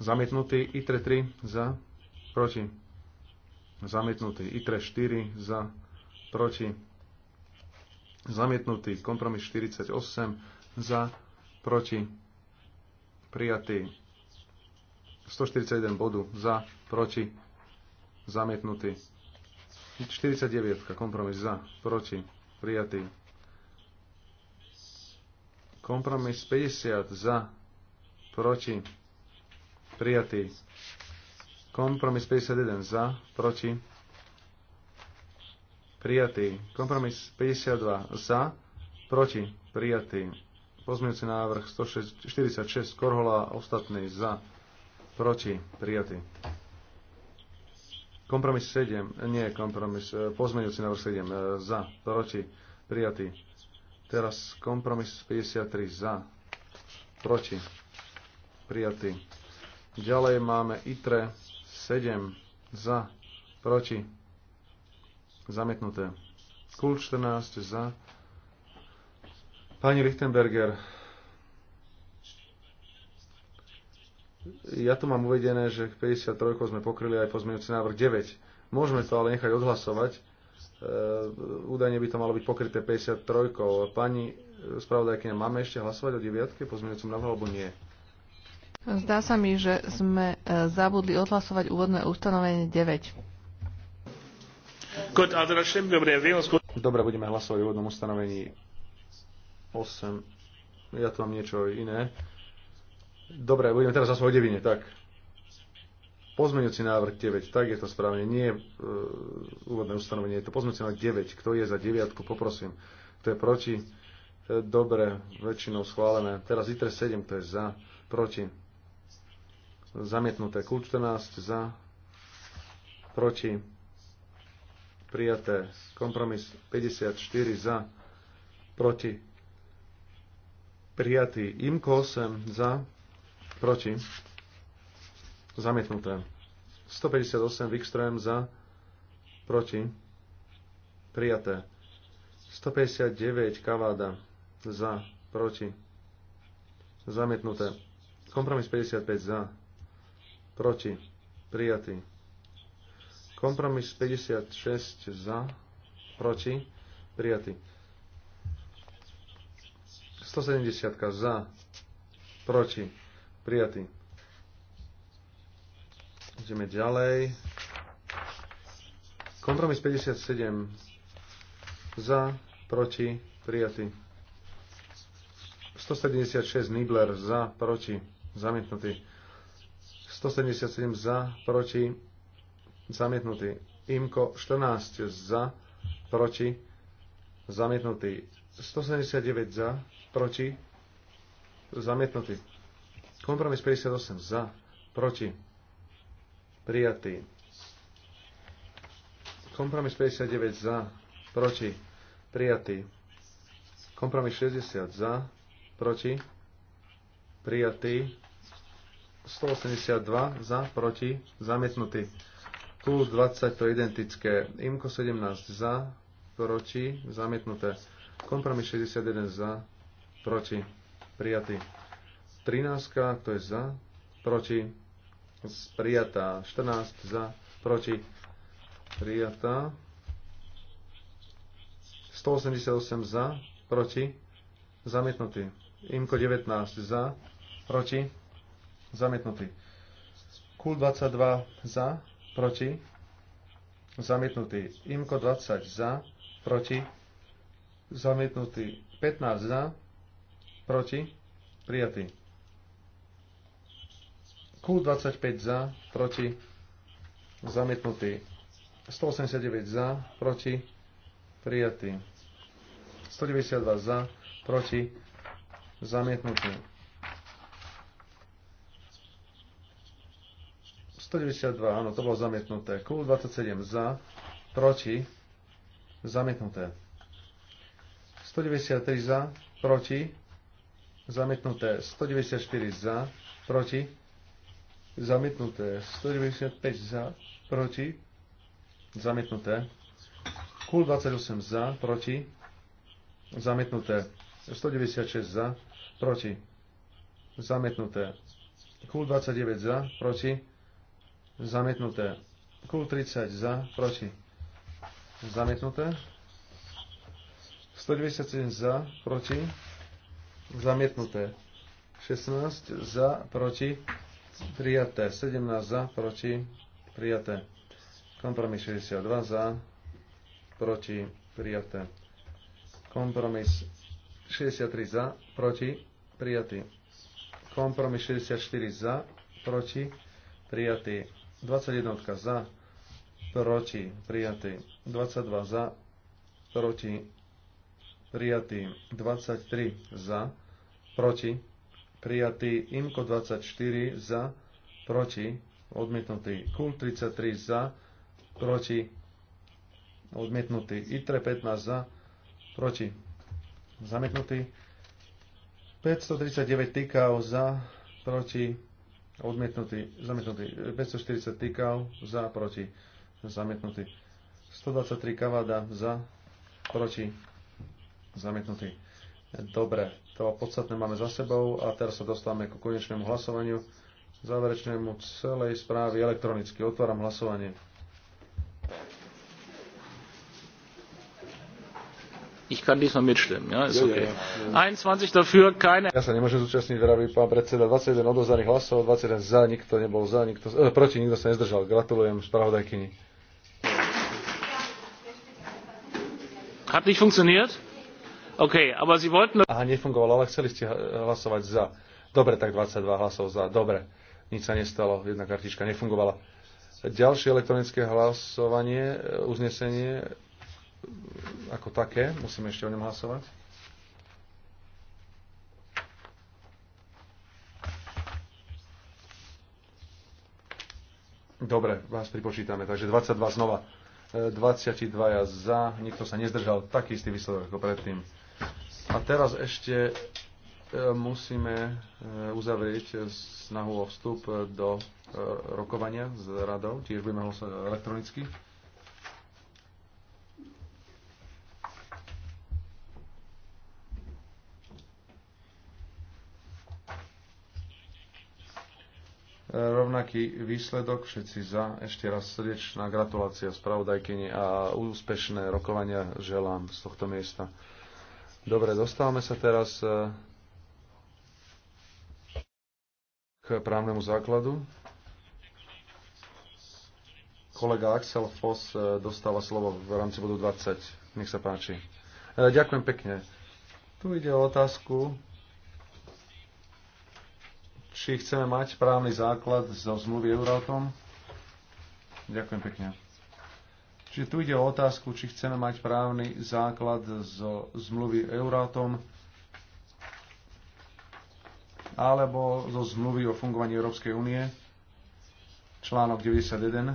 zamietnutý. ITRE 3 za, proti, zamietnutý. ITRE 4 za, proti, zamietnutý. Kompromis 48 za, proti, prijatý. 141 bodu za, proti, zamietnutý. 49. Kompromis za, proti, prijatý. Kompromis 50 za, proti, prijatý. Kompromis 51 za, proti, prijatý. Kompromis 52 za, proti, prijatý. Pozmeňujúci návrh 146 Korhola, ostatný za, proti, prijatý. Kompromis 7, nie kompromis, e, pozmeňujúci návrh 7, e, za, proti, prijatý. Teraz kompromis 53, za, proti, prijatý. Ďalej máme ITRE 7, za, proti, zamietnuté. KUL 14, za. Pani Lichtenberger, Ja tu mám uvedené, že 53 sme pokryli aj pozmeňujúci návrh 9. Môžeme to ale nechať odhlasovať. E, údajne by to malo byť pokryté 53. Pani spravodajkyňa, máme ešte hlasovať o 9. pozmeňujúcom návrhu alebo nie? Zdá sa mi, že sme e, zabudli odhlasovať úvodné ustanovenie 9. Dobre, budeme hlasovať o úvodnom ustanovení 8. Ja tu mám niečo iné. Dobre, budeme teraz zase o devine, tak. Pozmeňujúci návrh 9, tak je to správne, nie je úvodné ustanovenie, je to pozmeňujúci návrh 9. Kto je za 9, poprosím. Kto je proti? E, dobre, väčšinou schválené. Teraz ITRE 7, kto je za, proti. Zamietnuté. Kult 14, za, proti. Prijaté. Kompromis 54, za, proti. Prijatý. IMKO 8, za, proti, zamietnuté. 158 Wikström za, proti, prijaté. 159 Kavada za, proti, zamietnuté. Kompromis 55 za, proti, prijatý. Kompromis 56 za, proti, prijatý. 170 za, proti, Prijatý. Ideme ďalej. Kompromis 57. Za, proti, prijatý. 176 Nibler za, proti, zamietnutý. 177 za, proti, zamietnutý. Imko 14 za, proti, zamietnutý. 179 za, proti, zamietnutý. Kompromis 58 za, proti, prijatý. Kompromis 59 za, proti, prijatý. Kompromis 60 za, proti, prijatý. 182 za, proti, zamietnutý. Plus 20 to identické. Imko 17 za, proti, zamietnuté. Kompromis 61 za, proti, prijatý. 13, to je za, proti, prijatá. 14 za, proti, prijatá. 188 za, proti, zamietnutý. Imko 19 za, proti, zamietnutý. Kul 22 za, proti, zamietnutý. Imko 20 za, proti, zamietnutý. 15 za, proti, prijatý. Q25 za, proti, zamietnutý. 189 za, proti, prijatý. 192 za, proti, zamietnutý. 192, áno, to bolo zamietnuté. Q27 za, proti, zamietnuté. 193 za, proti, zamietnuté. 194 za, proti, Zamietnuté. 195 za, proti. Zamietnuté. Kul 28 za, proti. Zamietnuté. 196 za, proti. Zamietnuté. Kul 29 za, proti. Zamietnuté. Kul 30 za, proti. Zamietnuté. 197 za, proti. Zamietnuté. 16 za, proti Prijaté 17 za, proti, prijaté. Kompromis 62 za, proti, prijaté. Kompromis 63 za, proti, prijatý. Kompromis 64 za, proti, prijatý. 21 za, proti, prijatý. 22 za, proti, prijatý. 23 za, proti, prijatý, IMKO 24 za, proti, odmietnutý, KUL 33 za, proti, odmietnutý, ITRE 15 za, proti, zamietnutý, 539 týkal za, proti, odmietnutý, zamietnutý, 540 týkal za, proti, zamietnutý, 123 kavada za, proti, zamietnutý. Dobre, to podstatné máme za sebou a teraz sa dostávame ku konečnému hlasovaniu, záverečnému celej správy elektronicky. Otváram hlasovanie. Ich kann noch mitstimmen, ja, ist okay. 21 dafür, keine... Ja sa nemôžem zúčastniť, vraví pán predseda, 21 odovzdaných hlasov, 21 za, nikto nebol za, nikto, eh, proti, nikto sa nezdržal. Gratulujem spravodajkyni. Hat nicht funktioniert? aber Sie wollten... Aha, nefungovalo, ale chceli ste eh, hlasovať za. Dobre, tak 22 hlasov za. Dobre, nič sa nestalo, jedna kartička nefungovala. Ďalšie elektronické hlasovanie, eh, uznesenie eh, ako také, musíme ešte o ňom hlasovať. Dobre, vás pripočítame, takže 22 znova. 22 za, nikto sa nezdržal, taký istý výsledok ako predtým. A teraz ešte e, musíme e, uzavrieť snahu o vstup do e, rokovania s radou. Tiež budeme hlasovať elektronicky. Rovnaký výsledok, všetci za. Ešte raz srdečná gratulácia spravodajkyni a úspešné rokovania želám z tohto miesta. Dobre, dostávame sa teraz e, k právnemu základu. Kolega Axel Foss e, dostáva slovo v rámci bodu 20. Nech sa páči. E, ďakujem pekne. Tu ide o otázku, či chceme mať právny základ zo zmluvy Euratom. Ďakujem pekne. Čiže tu ide o otázku, či chceme mať právny základ z zmluvy Euratom alebo zo zmluvy o fungovaní Európskej únie, článok 91,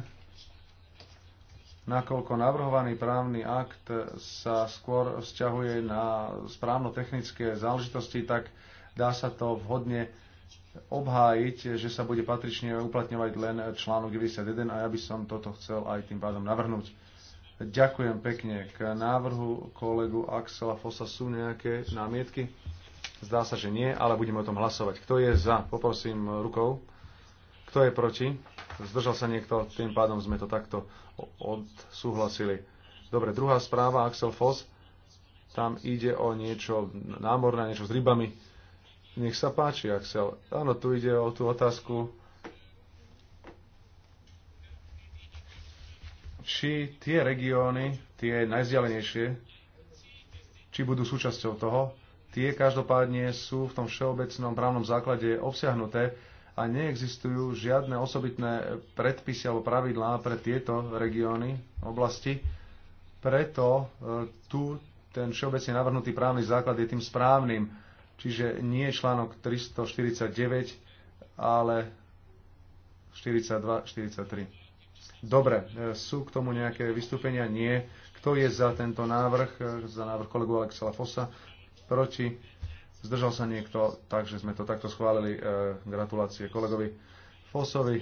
nakoľko navrhovaný právny akt sa skôr vzťahuje na správno-technické záležitosti, tak dá sa to vhodne obhájiť, že sa bude patrične uplatňovať len článok 91 a ja by som toto chcel aj tým pádom navrhnúť. Ďakujem pekne. K návrhu kolegu Axela Fossa sú nejaké námietky? Zdá sa, že nie, ale budeme o tom hlasovať. Kto je za? Poprosím rukou. Kto je proti? Zdržal sa niekto, tým pádom sme to takto odsúhlasili. Dobre, druhá správa, Axel Foss. Tam ide o niečo námorné, niečo s rybami. Nech sa páči, Axel. Áno, tu ide o tú otázku či tie regióny, tie najzdialenejšie, či budú súčasťou toho, tie každopádne sú v tom všeobecnom právnom základe obsiahnuté a neexistujú žiadne osobitné predpisy alebo pravidlá pre tieto regióny, oblasti. Preto e, tu ten všeobecne navrhnutý právny základ je tým správnym, čiže nie článok 349, ale 42, 43. Dobre, e, sú k tomu nejaké vystúpenia? Nie. Kto je za tento návrh, e, za návrh kolegu Alexa Fosa? Proti? Zdržal sa niekto, takže sme to takto schválili. E, gratulácie kolegovi Fosovi.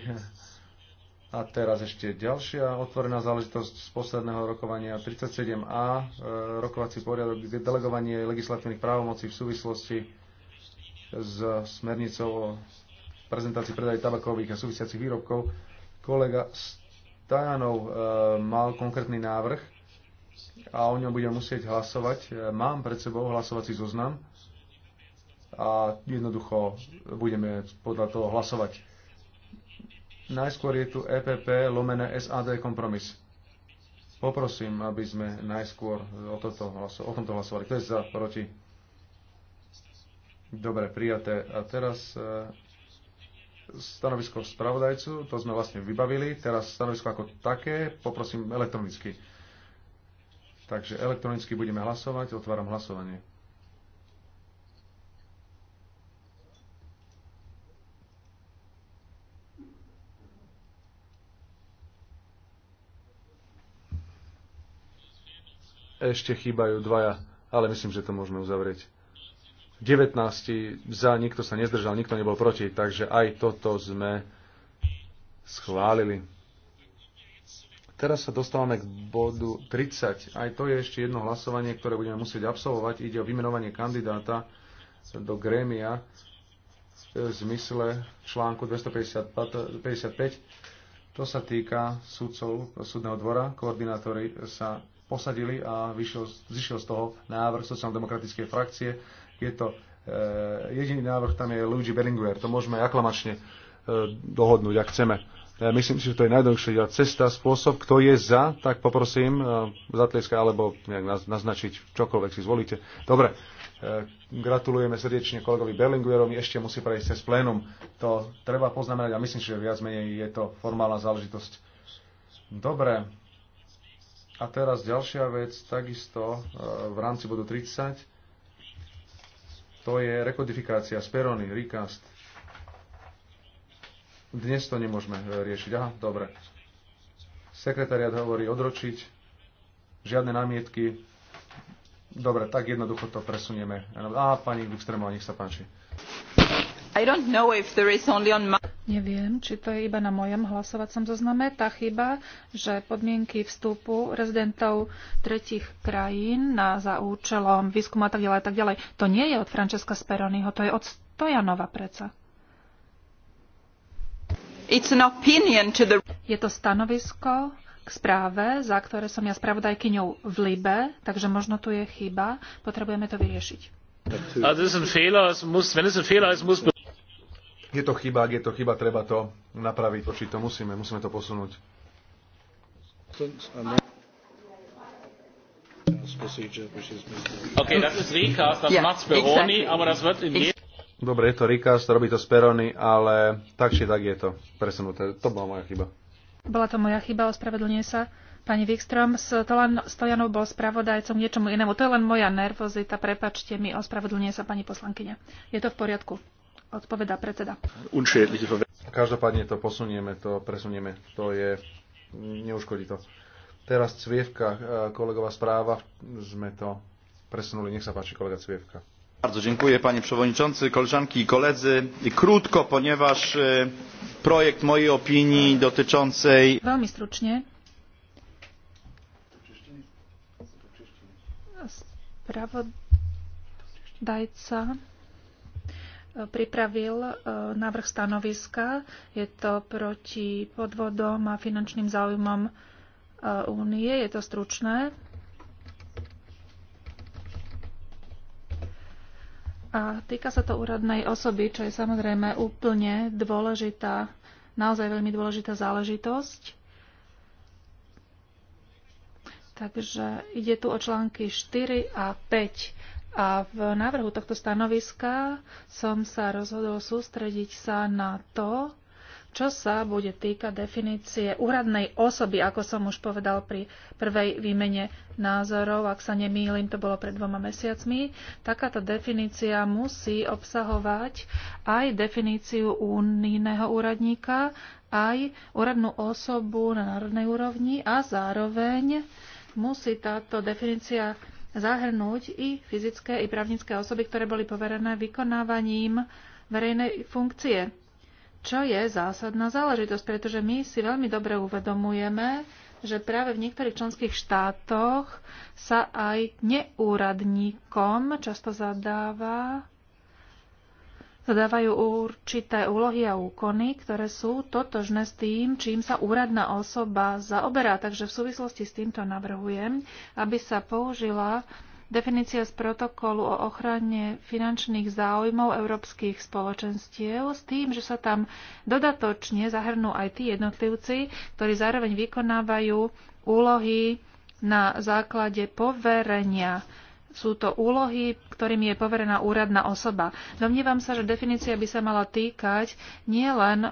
A teraz ešte ďalšia otvorená záležitosť z posledného rokovania 37a, rokovací poriadok, delegovanie legislatívnych právomocí v súvislosti s smernicou o prezentácii predaj tabakových a súvisiacich výrobkov. Kolega Tajanov eh, mal konkrétny návrh a o ňom budem musieť hlasovať. Eh, mám pred sebou hlasovací zoznam a jednoducho budeme podľa toho hlasovať. Najskôr je tu EPP lomené SAD kompromis. Poprosím, aby sme najskôr o, toto hlaso- o tomto hlasovali. Kto je za, proti? Dobre, prijaté. A teraz eh, stanovisko spravodajcu, to sme vlastne vybavili. Teraz stanovisko ako také poprosím elektronicky. Takže elektronicky budeme hlasovať, otváram hlasovanie. Ešte chýbajú dvaja, ale myslím, že to môžeme uzavrieť. 19 za, nikto sa nezdržal, nikto nebol proti, takže aj toto sme schválili. Teraz sa dostávame k bodu 30. Aj to je ešte jedno hlasovanie, ktoré budeme musieť absolvovať. Ide o vymenovanie kandidáta do grémia v zmysle článku 255. To sa týka súdcov súdneho dvora. Koordinátori sa posadili a vyšiel, zišiel z toho návrh sociálno-demokratickej frakcie je to e, jediný návrh tam je Luigi Berlinguer. To môžeme aklamačne e, dohodnúť, ak chceme. Ja e, myslím si, že to je najdôležitejšia cesta, spôsob. Kto je za, tak poprosím, zatlieska alebo nejak naznačiť čokoľvek si zvolíte. Dobre, gratulujeme srdečne kolegovi Berlinguerovi, ešte musí prejsť cez plénum. To treba poznamenať a myslím si, že viac menej je to formálna záležitosť. Dobre, a teraz ďalšia vec, takisto v rámci bodu 30 to je rekodifikácia Sperony, Recast. Dnes to nemôžeme e, riešiť. Aha, dobre. Sekretariat hovorí odročiť. Žiadne námietky. Dobre, tak jednoducho to presunieme. A pani Lukstremová, nech sa páči. I don't know if there is only on my Neviem, či to je iba na mojom hlasovacom zozname. Tá chyba, že podmienky vstupu rezidentov tretich krajín na, za účelom výskumu a tak ďalej, tak ďalej, to nie je od Francesca Speroniho, to je od Stojanova preca. It's an opinion to the... Je to stanovisko k správe, za ktoré som ja spravodajkyňou v Libe, takže možno tu je chyba, potrebujeme to vyriešiť. Also, es ist ein Fehler, es je to chyba, ak je to chyba, treba to napraviť. Počiť to musíme, musíme to posunúť. das ist das yeah, macht Speroni, exactly. aber das wird in Dobre, je to Recast, robí to Speroni, ale tak či tak je to presunuté. To bola moja chyba. Bola to moja chyba, ospravedlňuje sa. Pani Wikström, Stojanov bol spravodajcom niečomu inému. To je len moja nervozita, prepačte mi, ospravedlňuje sa pani poslankyňa. Je to v poriadku odpoveda predseda. Každopádne to posunieme, to presunieme, to je, neuškodí to. Teraz Cvievka, e, kolegová správa, sme to presunuli. Nech sa páči, kolega Cvievka. Bardzo dziękuję panie przewodniczący, koleżanki i koledzy. I Krótko, ponieważ e, projekt mojej opinii dotyczącej... Bardzo stručnie. Sprawodajca pripravil e, návrh stanoviska. Je to proti podvodom a finančným záujmom e, únie. Je to stručné. A týka sa to úradnej osoby, čo je samozrejme úplne dôležitá, naozaj veľmi dôležitá záležitosť. Takže ide tu o články 4 a 5 a v návrhu tohto stanoviska som sa rozhodol sústrediť sa na to, čo sa bude týka definície úradnej osoby, ako som už povedal pri prvej výmene názorov, ak sa nemýlim, to bolo pred dvoma mesiacmi. Takáto definícia musí obsahovať aj definíciu unijného úradníka, aj úradnú osobu na národnej úrovni a zároveň musí táto definícia zahrnúť i fyzické, i právnické osoby, ktoré boli poverené vykonávaním verejnej funkcie. Čo je zásadná záležitosť, pretože my si veľmi dobre uvedomujeme, že práve v niektorých členských štátoch sa aj neúradníkom často zadáva zadávajú určité úlohy a úkony, ktoré sú totožné s tým, čím sa úradná osoba zaoberá. Takže v súvislosti s týmto navrhujem, aby sa použila definícia z protokolu o ochrane finančných záujmov európskych spoločenstiev s tým, že sa tam dodatočne zahrnú aj tí jednotlivci, ktorí zároveň vykonávajú úlohy na základe poverenia sú to úlohy, ktorým je poverená úradná osoba. Domnívam sa, že definícia by sa mala týkať nielen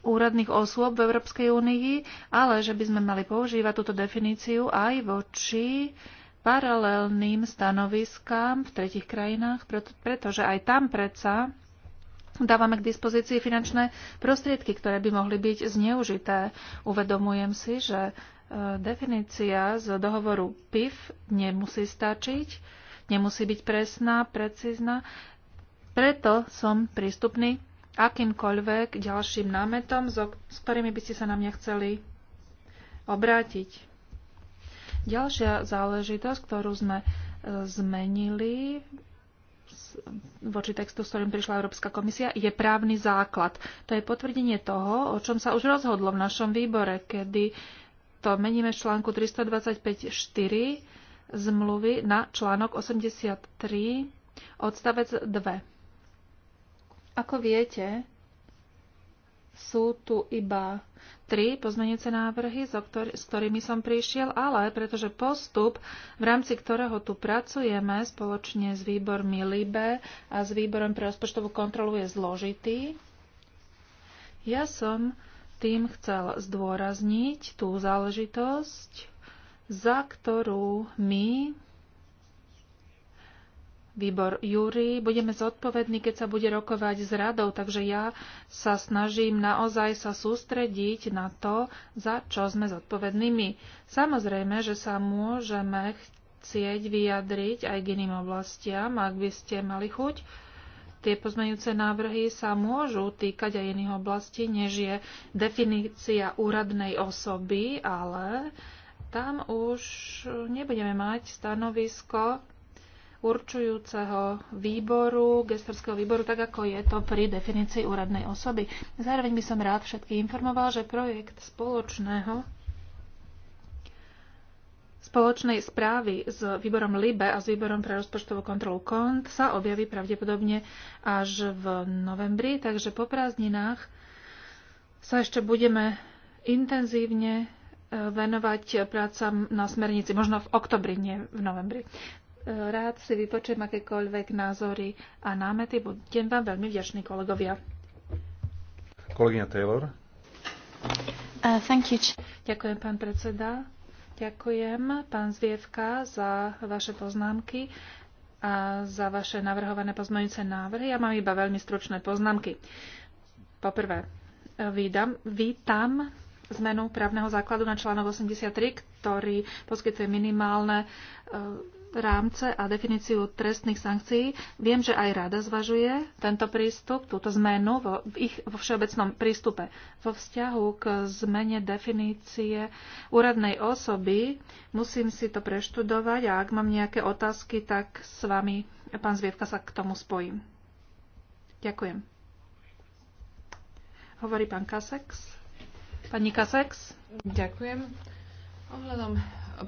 úradných osôb v Európskej únii, ale že by sme mali používať túto definíciu aj voči paralelným stanoviskám v tretich krajinách, pretože aj tam predsa dávame k dispozícii finančné prostriedky, ktoré by mohli byť zneužité. Uvedomujem si, že Definícia z dohovoru PIF nemusí stačiť, nemusí byť presná, precízna. Preto som prístupný akýmkoľvek ďalším námetom, s ktorými by ste sa na mňa chceli obrátiť. Ďalšia záležitosť, ktorú sme e, zmenili voči textu, s ktorým prišla Európska komisia, je právny základ. To je potvrdenie toho, o čom sa už rozhodlo v našom výbore, kedy to meníme z článku 325.4 zmluvy na článok 83 odstavec 2. Ako viete, sú tu iba tri pozmenujúce návrhy, so ktorý, s ktorými som prišiel, ale pretože postup, v rámci ktorého tu pracujeme spoločne s výbormi LIBE a s výborom pre rozpočtovú kontrolu je zložitý, ja som tým chcel zdôrazniť tú záležitosť, za ktorú my, výbor Júri, budeme zodpovední, keď sa bude rokovať s radou. Takže ja sa snažím naozaj sa sústrediť na to, za čo sme zodpovednými. Samozrejme, že sa môžeme chcieť vyjadriť aj k iným oblastiam, ak by ste mali chuť tie pozmeňujúce návrhy sa môžu týkať aj iných oblastí, než je definícia úradnej osoby, ale tam už nebudeme mať stanovisko určujúceho výboru, gestorského výboru, tak ako je to pri definícii úradnej osoby. Zároveň by som rád všetky informoval, že projekt spoločného spoločnej správy s výborom LIBE a s výborom pre rozpočtovú kontrolu KONT sa objaví pravdepodobne až v novembri, takže po prázdninách sa ešte budeme intenzívne e, venovať prácam na smernici, možno v oktobri, nie v novembri. E, rád si vypočujem akékoľvek názory a námety. Budem vám veľmi vďačný, kolegovia. Kolegyňa Taylor. Uh, thank you. Ďakujem, pán predseda. Ďakujem, pán Zvievka, za vaše poznámky a za vaše navrhované pozmeňujúce návrhy. Ja mám iba veľmi stručné poznámky. Poprvé, vítam, vítam zmenu právneho základu na článok 83, ktorý poskytuje minimálne rámce a definíciu trestných sankcií. Viem, že aj rada zvažuje tento prístup, túto zmenu vo, v ich vo všeobecnom prístupe. Vo vzťahu k zmene definície úradnej osoby musím si to preštudovať a ak mám nejaké otázky, tak s vami, pán Zvievka, sa k tomu spojím. Ďakujem. Hovorí pán Kasex. Pani Kasex. Ďakujem. Ohľadom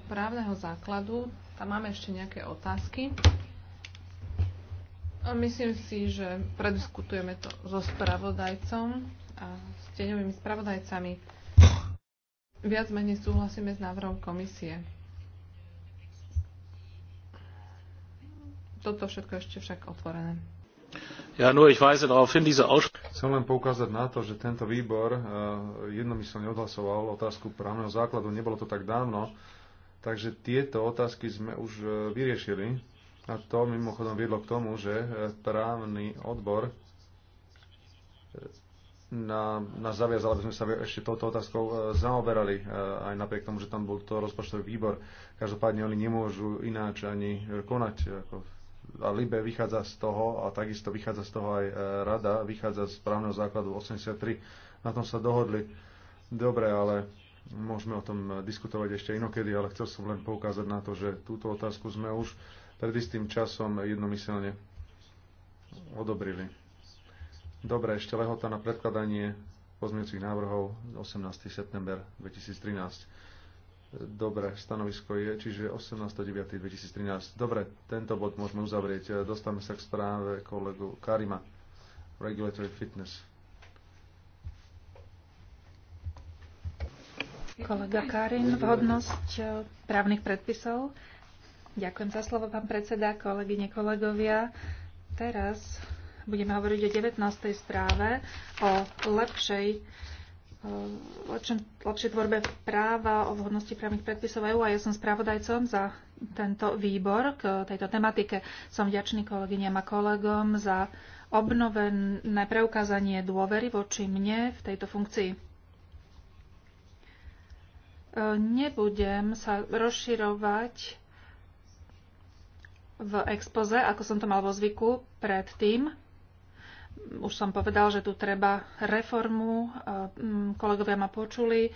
právneho základu tam máme ešte nejaké otázky. Myslím si, že prediskutujeme to so spravodajcom a s tieňovými spravodajcami. Viac menej súhlasíme s návrhom komisie. Toto všetko ešte však otvorené. Ja nur ich weise darauf hin, diese Chcem len poukázať na to, že tento výbor eh, jednomyselne odhlasoval otázku právneho základu. Nebolo to tak dávno Takže tieto otázky sme už e, vyriešili a to mimochodom viedlo k tomu, že e, právny odbor e, na, nás zaviazal, aby sme sa ešte touto otázkou zaoberali, aj napriek tomu, že tam bol to rozpočtový výbor. Každopádne oni nemôžu ináč ani konať. A Libe vychádza z toho, a takisto vychádza z toho aj Rada, vychádza z právneho základu 83. Na tom sa dohodli. Dobre, ale Môžeme o tom diskutovať ešte inokedy, ale chcel som len poukázať na to, že túto otázku sme už pred istým časom jednomyselne odobrili. Dobre, ešte lehota na predkladanie pozmeňujúcich návrhov 18. september 2013. Dobre, stanovisko je, čiže 18.9.2013. Dobre, tento bod môžeme uzavrieť. Dostame sa k správe kolegu Karima. Regulatory Fitness. Kolega Karin, vhodnosť eh, právnych predpisov. Ďakujem za slovo, pán predseda, kolegyne, kolegovia. Teraz budeme hovoriť o 19. správe, o lepšej eh, lepšie tvorbe práva, o vhodnosti právnych predpisov EU a ja som spravodajcom za tento výbor k tejto tematike. Som vďačný kolegyňam a kolegom za obnovené preukázanie dôvery voči mne v tejto funkcii. E, nebudem sa rozširovať v expoze, ako som to mal vo zvyku predtým. Už som povedal, že tu treba reformu. E, kolegovia ma počuli.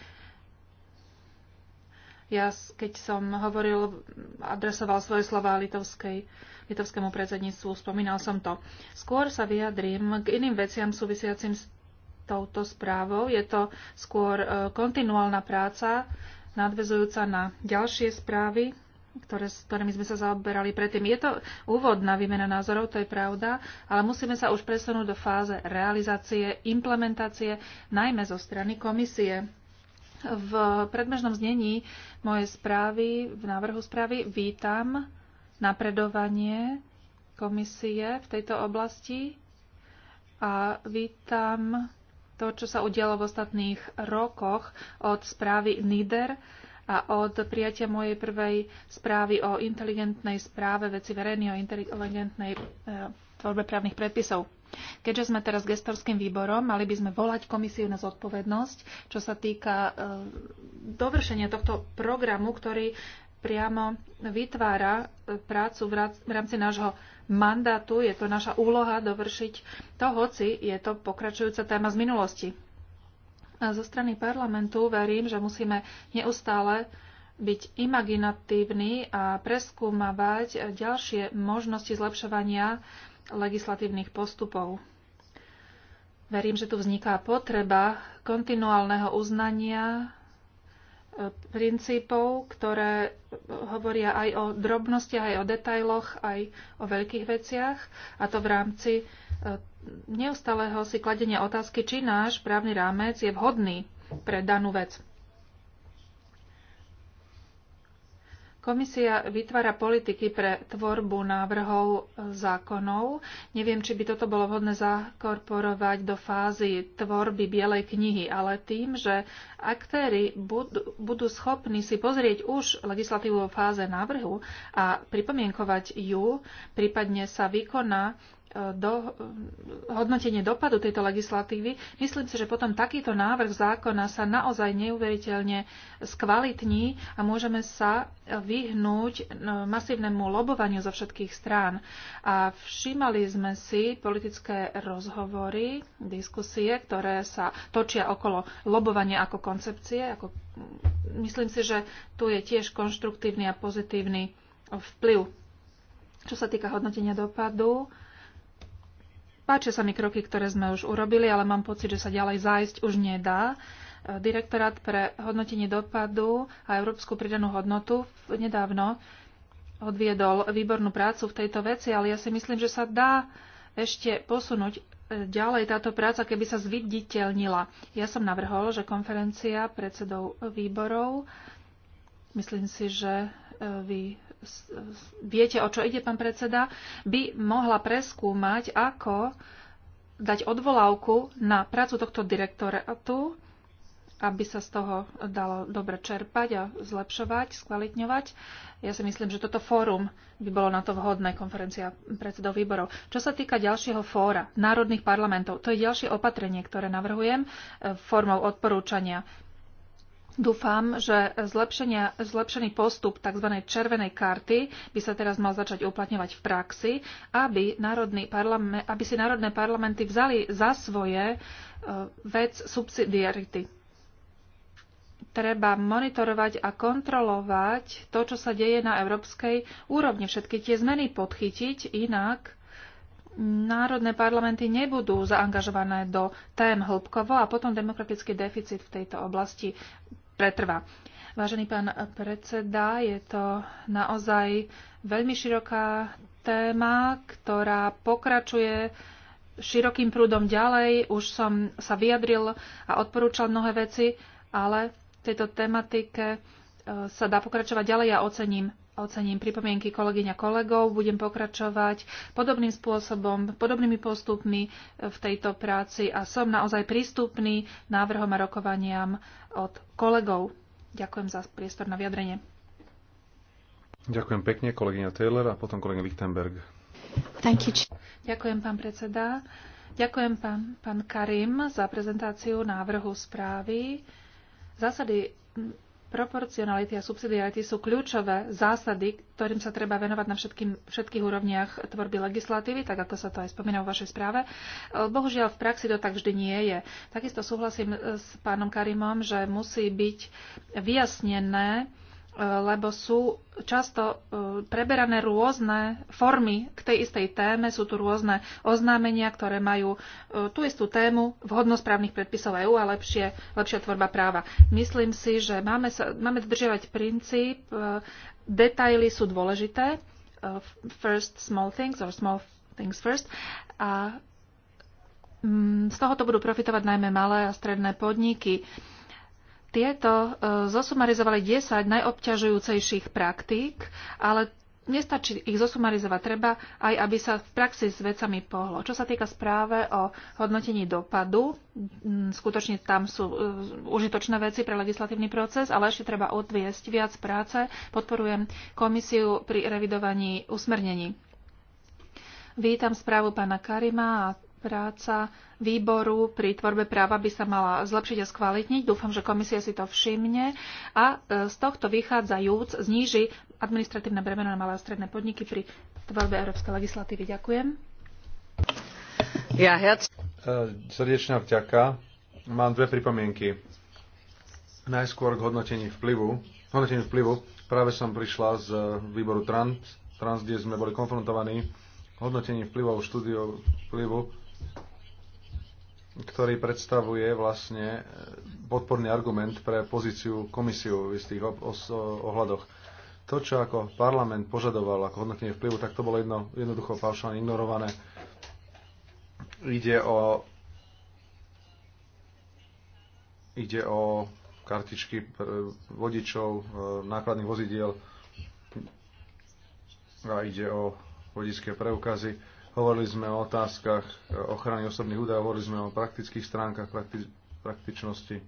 Ja, keď som hovoril, adresoval svoje slova litovskej, litovskému predsedníctvu, spomínal som to. Skôr sa vyjadrím k iným veciam súvisiacim s touto správou. Je to skôr e, kontinuálna práca, nadvezujúca na ďalšie správy, ktoré, s ktorými sme sa zaoberali predtým. Je to úvodná výmena názorov, to je pravda, ale musíme sa už presunúť do fáze realizácie, implementácie, najmä zo strany komisie. V predmežnom znení mojej správy, v návrhu správy, vítam napredovanie komisie v tejto oblasti a vítam to, čo sa udialo v ostatných rokoch od správy NIDER a od prijatia mojej prvej správy o inteligentnej správe veci verejnej, o inteligentnej e, tvorbe právnych predpisov. Keďže sme teraz gestorským výborom, mali by sme volať komisiu na zodpovednosť, čo sa týka e, dovršenia tohto programu, ktorý priamo vytvára e, prácu v rámci nášho mandátu. Je to naša úloha dovršiť to, hoci je to pokračujúca téma z minulosti. A zo strany parlamentu verím, že musíme neustále byť imaginatívny a preskúmavať ďalšie možnosti zlepšovania legislatívnych postupov. Verím, že tu vzniká potreba kontinuálneho uznania princípov, ktoré hovoria aj o drobnostiach, aj o detailoch, aj o veľkých veciach, a to v rámci e, neustáleho si kladenia otázky, či náš právny rámec je vhodný pre danú vec. Komisia vytvára politiky pre tvorbu návrhov zákonov. Neviem, či by toto bolo vhodné zakorporovať do fázy tvorby Bielej knihy, ale tým, že aktéry budú, budú schopní si pozrieť už legislatívu vo fáze návrhu a pripomienkovať ju, prípadne sa vykoná do, hodnotenie dopadu tejto legislatívy, myslím si, že potom takýto návrh zákona sa naozaj neuveriteľne skvalitní a môžeme sa vyhnúť e, masívnemu lobovaniu zo všetkých strán. A všímali sme si politické rozhovory, diskusie, ktoré sa točia okolo lobovania ako koncepcie. Ako, myslím si, že tu je tiež konštruktívny a pozitívny vplyv. Čo sa týka hodnotenia dopadu, Páčia sa mi kroky, ktoré sme už urobili, ale mám pocit, že sa ďalej zájsť už nedá. E, Direktorát pre hodnotenie dopadu a európsku pridanú hodnotu nedávno odviedol výbornú prácu v tejto veci, ale ja si myslím, že sa dá ešte posunúť e, ďalej táto práca, keby sa zviditeľnila. Ja som navrhol, že konferencia predsedov výborov, myslím si, že e, vy viete, o čo ide, pán predseda, by mohla preskúmať, ako dať odvolávku na prácu tohto direktorátu, aby sa z toho dalo dobre čerpať a zlepšovať, skvalitňovať. Ja si myslím, že toto fórum by bolo na to vhodné, konferencia predsedov výborov. Čo sa týka ďalšieho fóra národných parlamentov, to je ďalšie opatrenie, ktoré navrhujem e, formou odporúčania. Dúfam, že zlepšený postup tzv. červenej karty by sa teraz mal začať uplatňovať v praxi, aby, národný aby si národné parlamenty vzali za svoje e, vec subsidiarity. Treba monitorovať a kontrolovať to, čo sa deje na európskej úrovni. Všetky tie zmeny podchytiť, inak národné parlamenty nebudú zaangažované do tém hĺbkovo a potom demokratický deficit v tejto oblasti pretrvá. Vážený pán predseda, je to naozaj veľmi široká téma, ktorá pokračuje širokým prúdom ďalej. Už som sa vyjadril a odporúčal mnohé veci, ale tejto tematike e, sa dá pokračovať ďalej a ja ocením Ocením pripomienky kolegyň a kolegov, budem pokračovať podobným spôsobom, podobnými postupmi e, v tejto práci a som naozaj prístupný návrhom a rokovaniam od kolegov. Ďakujem za priestor na vyjadrenie. Ďakujem pekne, kolegyňa Taylor a potom kolegyňa Lichtenberg. Thank you. Ďakujem, pán predseda. Ďakujem, pán, pán Karim, za prezentáciu návrhu správy. Zásady Proporcionality a subsidiarity sú kľúčové zásady, ktorým sa treba venovať na všetkým, všetkých úrovniach tvorby legislatívy, tak ako sa to aj spomína vo vašej správe. E, bohužiaľ, v praxi to tak vždy nie je. Takisto súhlasím e, s pánom Karimom, že musí byť vyjasnené, lebo sú často e, preberané rôzne formy k tej istej téme, sú tu rôzne oznámenia, ktoré majú e, tú istú tému právnych predpisov EÚ a lepšie, lepšia tvorba práva. Myslím si, že máme, sa, máme dodržiavať princíp, e, detaily sú dôležité, first small things or small things first a mm, z tohoto budú profitovať najmä malé a stredné podniky. Tieto e, zosumarizovali 10 najobťažujúcejších praktík, ale nestačí ich zosumarizovať, treba aj, aby sa v praxi s vecami pohlo. Čo sa týka správe o hodnotení dopadu, skutočne tam sú e, užitočné veci pre legislatívny proces, ale ešte treba odviesť viac práce. Podporujem komisiu pri revidovaní usmernení. Vítam správu pána Karima a Práca výboru pri tvorbe práva by sa mala zlepšiť a skvalitniť. Dúfam, že komisia si to všimne a e, z tohto vychádzajúc zníži administratívne bremeno na malé a stredné podniky pri tvorbe európskej legislatívy. Ďakujem. Ja, herc. E, srdečná vďaka. Mám dve pripomienky. Najskôr k hodnotení vplyvu. Hodnotení vplyvu. Práve som prišla z výboru Trans, Trans kde sme boli konfrontovaní hodnotení vplyvov, štúdiov vplyvu ktorý predstavuje vlastne e, podporný argument pre pozíciu komisiu v istých ohľadoch. To, čo ako parlament požadoval ako hodnotenie vplyvu, tak to bolo jedno, jednoducho falšované, ignorované. Ide o ide o kartičky e, vodičov, e, nákladných vozidiel a ide o vodické preukazy Hovorili sme o otázkach e, ochrany osobných údajov, hovorili sme o praktických stránkach, prakti- praktičnosti.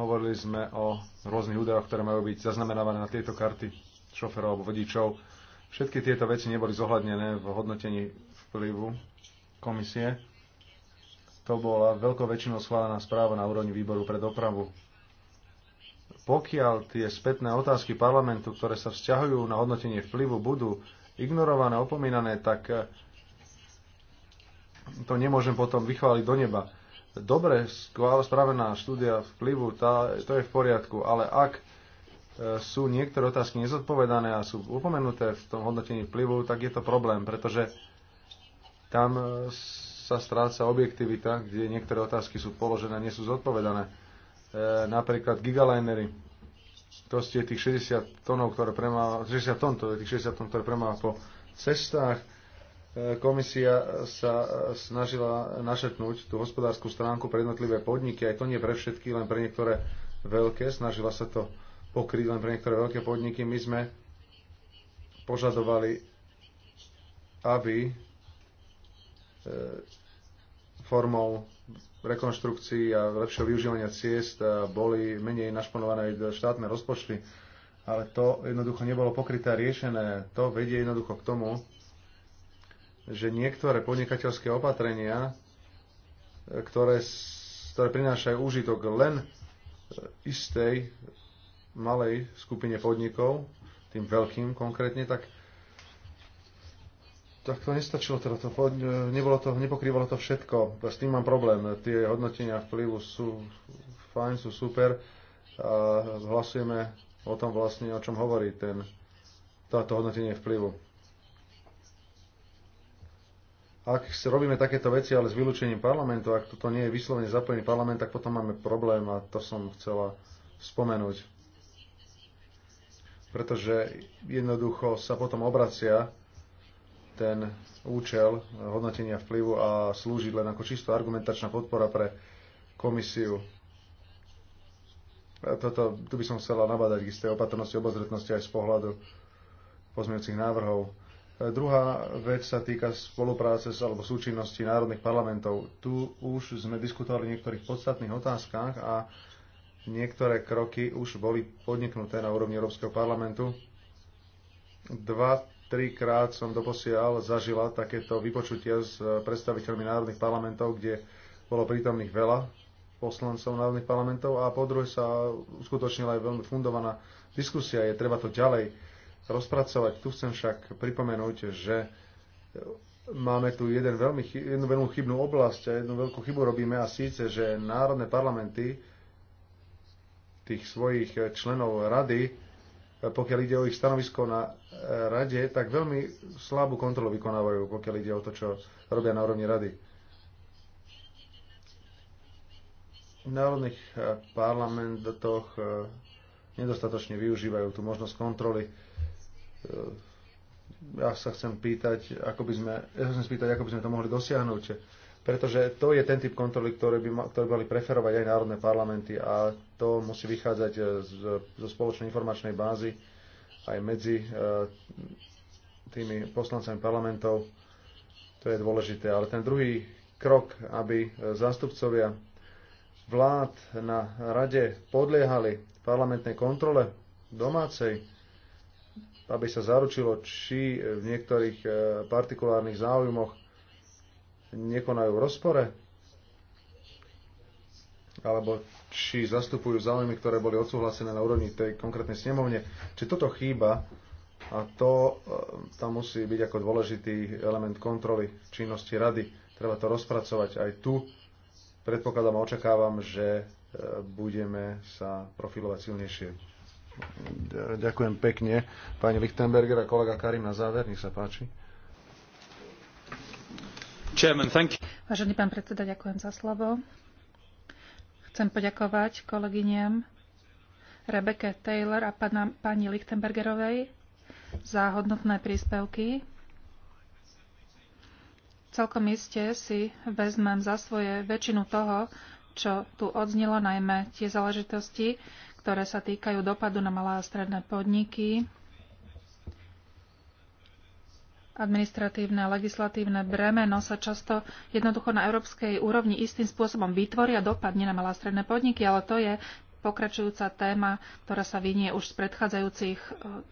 Hovorili sme o rôznych údajoch, ktoré majú byť zaznamenávané na tieto karty šoferov alebo vodičov. Všetky tieto veci neboli zohľadnené v hodnotení vplyvu komisie. To bola veľkou väčšinou schválená správa na úrovni výboru pre dopravu. Pokiaľ tie spätné otázky parlamentu, ktoré sa vzťahujú na hodnotenie vplyvu, budú ignorované, opomínané, tak e, to nemôžem potom vychváliť do neba. Dobre, skvále spravená štúdia vplyvu, tá, to je v poriadku, ale ak e, sú niektoré otázky nezodpovedané a sú upomenuté v tom hodnotení vplyvu, tak je to problém, pretože tam e, sa stráca objektivita, kde niektoré otázky sú položené a nie sú zodpovedané. E, napríklad gigalinery, to je tých 60 tónov, ktoré premáva, 60 tón, to je tých 60 tón, ktoré premáva po cestách, komisia sa e, snažila našetnúť tú hospodárskú stránku pre jednotlivé podniky, aj to nie pre všetky, len pre niektoré veľké, snažila sa to pokryť len pre niektoré veľké podniky. My sme požadovali, aby e, formou rekonštrukcií a lepšieho využívania ciest e, boli menej našponované štátne rozpočty, ale to jednoducho nebolo pokryté a riešené. To vedie jednoducho k tomu, že niektoré podnikateľské opatrenia, ktoré, ktoré prinášajú úžitok len e, istej malej skupine podnikov, tým veľkým konkrétne, tak, tak to nestačilo, teda to, e, nebolo to, nepokrývalo to všetko. S tým mám problém. Tie hodnotenia vplyvu sú fajn, sú super. A hlasujeme o tom vlastne, o čom hovorí ten, táto hodnotenie vplyvu ak robíme takéto veci, ale s vylúčením parlamentu, ak toto nie je vyslovene zapojený parlament, tak potom máme problém a to som chcela spomenúť. Pretože jednoducho sa potom obracia ten účel hodnotenia vplyvu a slúži len ako čisto argumentačná podpora pre komisiu. Toto, tu by som chcela nabadať k istej opatrnosti, obozretnosti aj z pohľadu pozmeňujúcich návrhov Druhá vec sa týka spolupráce alebo súčinnosti národných parlamentov. Tu už sme diskutovali o niektorých podstatných otázkach a niektoré kroky už boli podniknuté na úrovni Európskeho parlamentu. Dva, trikrát som doposiaľ zažila takéto vypočutia s predstaviteľmi národných parlamentov, kde bolo prítomných veľa poslancov národných parlamentov a po druhé sa uskutočnila aj veľmi fundovaná diskusia, je treba to ďalej rozpracovať. Tu chcem však pripomenúť, že máme tu jeden veľmi, jednu veľmi chybnú oblasť a jednu veľkú chybu robíme a síce, že národné parlamenty tých svojich členov rady, pokiaľ ide o ich stanovisko na rade, tak veľmi slabú kontrolu vykonávajú, pokiaľ ide o to, čo robia na úrovni rady. V národných parlamentoch eh, nedostatočne využívajú tú možnosť kontroly ja sa chcem pýtať, ako by sme, ja sa chcem spýtať, ako by sme to mohli dosiahnuť. Pretože to je ten typ kontroly, ktoré by, ma, ktoré by mali preferovať aj národné parlamenty a to musí vychádzať e, z, zo spoločnej informačnej bázy aj medzi e, tými poslancami parlamentov. To je dôležité. Ale ten druhý krok, aby zástupcovia vlád na rade podliehali parlamentnej kontrole domácej, aby sa zaručilo, či v niektorých e, partikulárnych záujmoch nekonajú v rozpore, alebo či zastupujú záujmy, ktoré boli odsúhlasené na úrovni tej konkrétnej snemovne. Či toto chýba, a to e, tam musí byť ako dôležitý element kontroly činnosti rady. Treba to rozpracovať aj tu. Predpokladám a očakávam, že e, budeme sa profilovať silnejšie. Ďakujem pekne. Pani Lichtenberger a kolega Karim na záver, nech sa páči. Chairman, thank you. Vážený pán predseda, ďakujem za slovo. Chcem poďakovať kolegyniam Rebeke Taylor a pana, pani Lichtenbergerovej za hodnotné príspevky. Celkom iste si vezmem za svoje väčšinu toho, čo tu odznilo, najmä tie záležitosti, ktoré sa týkajú dopadu na malé a stredné podniky, administratívne a legislatívne bremeno sa často jednoducho na európskej úrovni istým spôsobom vytvorí a dopadne na malé a stredné podniky, ale to je pokračujúca téma, ktorá sa vynie už z predchádzajúcich e,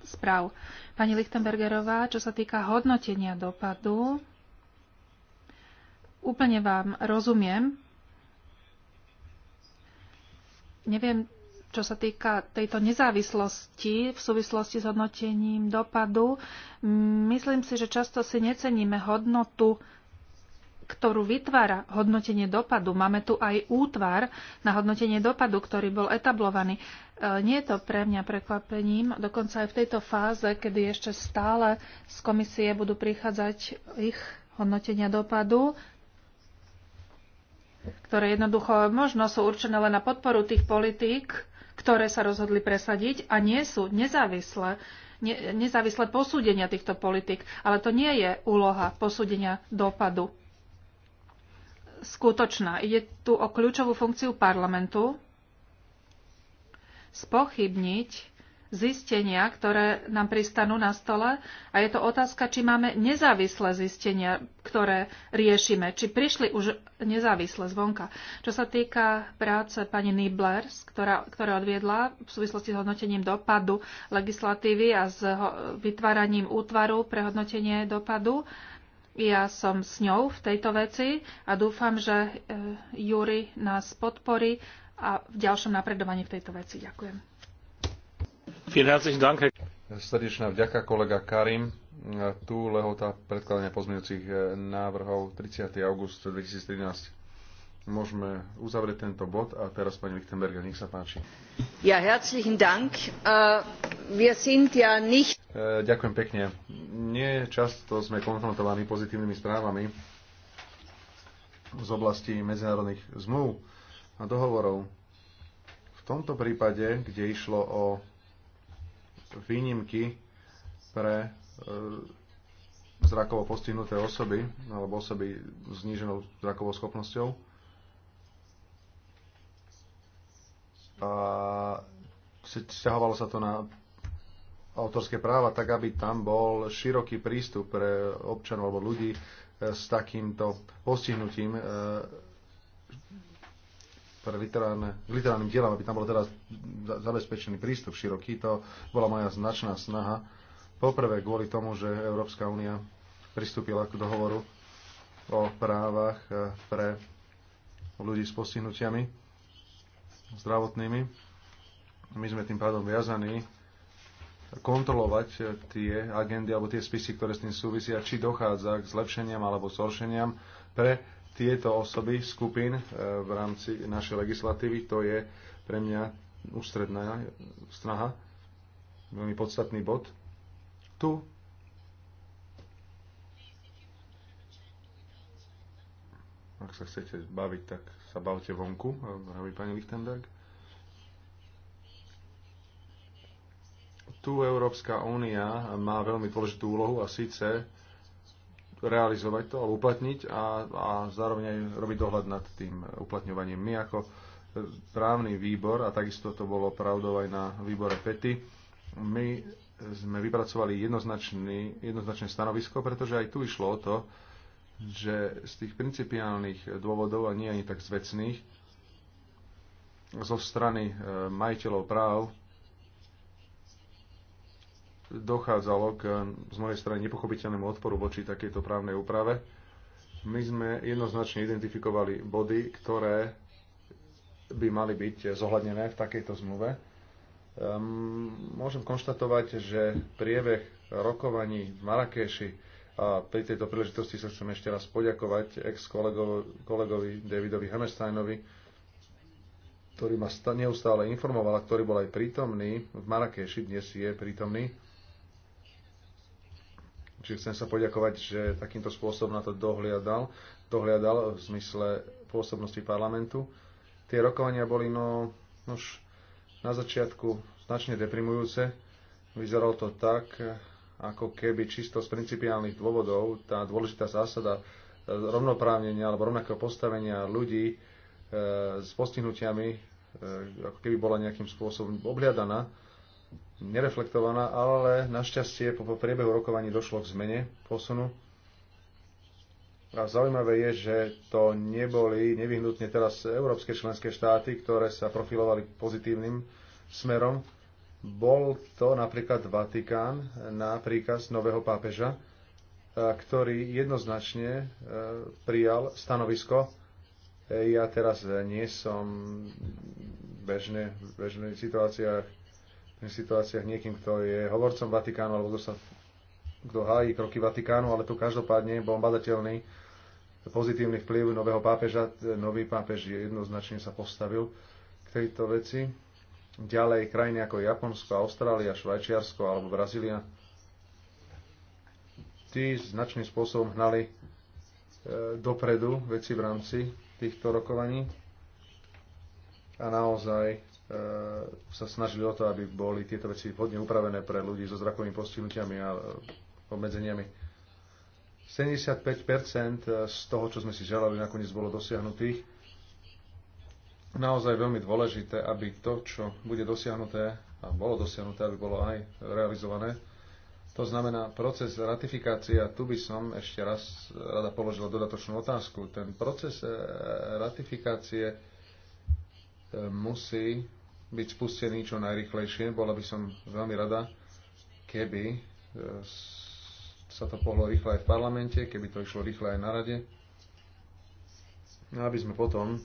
správ. Pani Lichtenbergerová, čo sa týka hodnotenia dopadu, úplne vám rozumiem. Neviem, čo sa týka tejto nezávislosti v súvislosti s hodnotením dopadu, myslím si, že často si neceníme hodnotu, ktorú vytvára hodnotenie dopadu. Máme tu aj útvar na hodnotenie dopadu, ktorý bol etablovaný. E, nie je to pre mňa prekvapením, dokonca aj v tejto fáze, kedy ešte stále z komisie budú prichádzať ich hodnotenia dopadu, ktoré jednoducho možno sú určené len na podporu tých politík, ktoré sa rozhodli presadiť a nie sú nezávislé, ne, nezávislé posúdenia týchto politik. Ale to nie je úloha posúdenia dopadu skutočná. Ide tu o kľúčovú funkciu parlamentu spochybniť zistenia, ktoré nám pristanú na stole a je to otázka, či máme nezávislé zistenia, ktoré riešime, či prišli už nezávisle zvonka. Čo sa týka práce pani Niblers, ktorá, ktorá odviedla v súvislosti s hodnotením dopadu legislatívy a s vytváraním útvaru pre hodnotenie dopadu, ja som s ňou v tejto veci a dúfam, že e, Júri nás podporí a v ďalšom napredovaní v tejto veci. Ďakujem. Srdečná vďaka, kolega Karim. Tu lehota predkladania pozmeňujúcich eh, návrhov 30. august 2013. Môžeme uzavrieť tento bod a teraz pani Lichtenberger, nech sa páči. Ja, herzlichen Dank. Uh, wir sind ja nicht... Eh, ďakujem pekne. Nie často sme konfrontovaní pozitívnymi správami z oblasti medzinárodných zmluv a dohovorov. V tomto prípade, kde išlo o výnimky pre e, zrakovo postihnuté osoby alebo osoby s zníženou zrakovou schopnosťou. A stiahovalo sa to na autorské práva tak, aby tam bol široký prístup pre občanov alebo ľudí e, s takýmto postihnutím e, pre literárne, literárnym dielom, aby tam bol teraz zabezpečený prístup široký. To bola moja značná snaha. Poprvé kvôli tomu, že Európska únia pristúpila k dohovoru o právach e, pre ľudí s postihnutiami zdravotnými. My sme tým pádom viazaní kontrolovať e, tie agendy alebo tie spisy, ktoré s tým súvisia, či dochádza k zlepšeniam alebo zhoršeniam pre tieto osoby, skupín e, v rámci našej legislatívy. To je pre mňa ústredná snaha, veľmi podstatný bod. Tu ak sa chcete baviť, tak sa bavte vonku, e, hovorí pani Lichtenberg. Tu Európska únia má veľmi dôležitú úlohu a síce realizovať to, alebo uplatniť a, a zároveň aj robiť dohľad nad tým uplatňovaním. My ako e, právny výbor, a takisto to bolo pravdou aj na výbore PETI, my sme vypracovali jednoznačné stanovisko, pretože aj tu išlo o to, že z tých principiálnych dôvodov, a nie ani tak z vecných, zo strany e, majiteľov práv dochádzalo k z mojej strany nepochopiteľnému odporu voči takejto právnej úprave. My sme jednoznačne identifikovali body, ktoré by mali byť zohľadnené v takejto zmluve. Ehm, môžem konštatovať, že priebeh rokovaní v Marakeši a pri tejto príležitosti sa chcem ešte raz poďakovať ex-kolegovi Davidovi Hammersteinovi, ktorý ma neustále informoval a ktorý bol aj prítomný v Marakeši, dnes je prítomný. Čiže chcem sa poďakovať, že takýmto spôsobom na to dohliadal, dohliadal v zmysle pôsobnosti parlamentu. Tie rokovania boli no, už na začiatku značne deprimujúce. Vyzeralo to tak, ako keby čisto z principiálnych dôvodov tá dôležitá zásada e, rovnoprávnenia alebo rovnakého postavenia ľudí e, s postihnutiami e, ako keby bola nejakým spôsobom obhľadaná nereflektovaná, ale našťastie po, priebehu rokovaní došlo k zmene posunu. A zaujímavé je, že to neboli nevyhnutne teraz európske členské štáty, ktoré sa profilovali pozitívnym smerom. Bol to napríklad Vatikán na príkaz nového pápeža, ktorý jednoznačne e, prijal stanovisko. E, ja teraz e, nie som bežne, v bežnej situáciách v situáciách niekým, kto je hovorcom Vatikánu alebo kto, sa, kto hájí kroky Vatikánu, ale tu každopádne bol badateľný pozitívny vplyv nového pápeža. Nový pápež jednoznačne sa postavil k tejto veci. Ďalej krajiny ako Japonsko, Austrália, Švajčiarsko alebo Brazília tí značným spôsobom hnali e, dopredu veci v rámci týchto rokovaní a naozaj E, sa snažili o to, aby boli tieto veci vhodne upravené pre ľudí so zrakovými postihnutiami a e, obmedzeniami. 75% z toho, čo sme si želali, nakoniec bolo dosiahnutých. Naozaj veľmi dôležité, aby to, čo bude dosiahnuté, a bolo dosiahnuté, aby bolo aj realizované. To znamená, proces ratifikácia, tu by som ešte raz rada položila dodatočnú otázku. Ten proces e, ratifikácie musí byť spustený čo najrychlejšie. Bola by som veľmi rada, keby e, sa to pohlo rýchle aj v parlamente, keby to išlo rýchle aj na rade. No, aby sme potom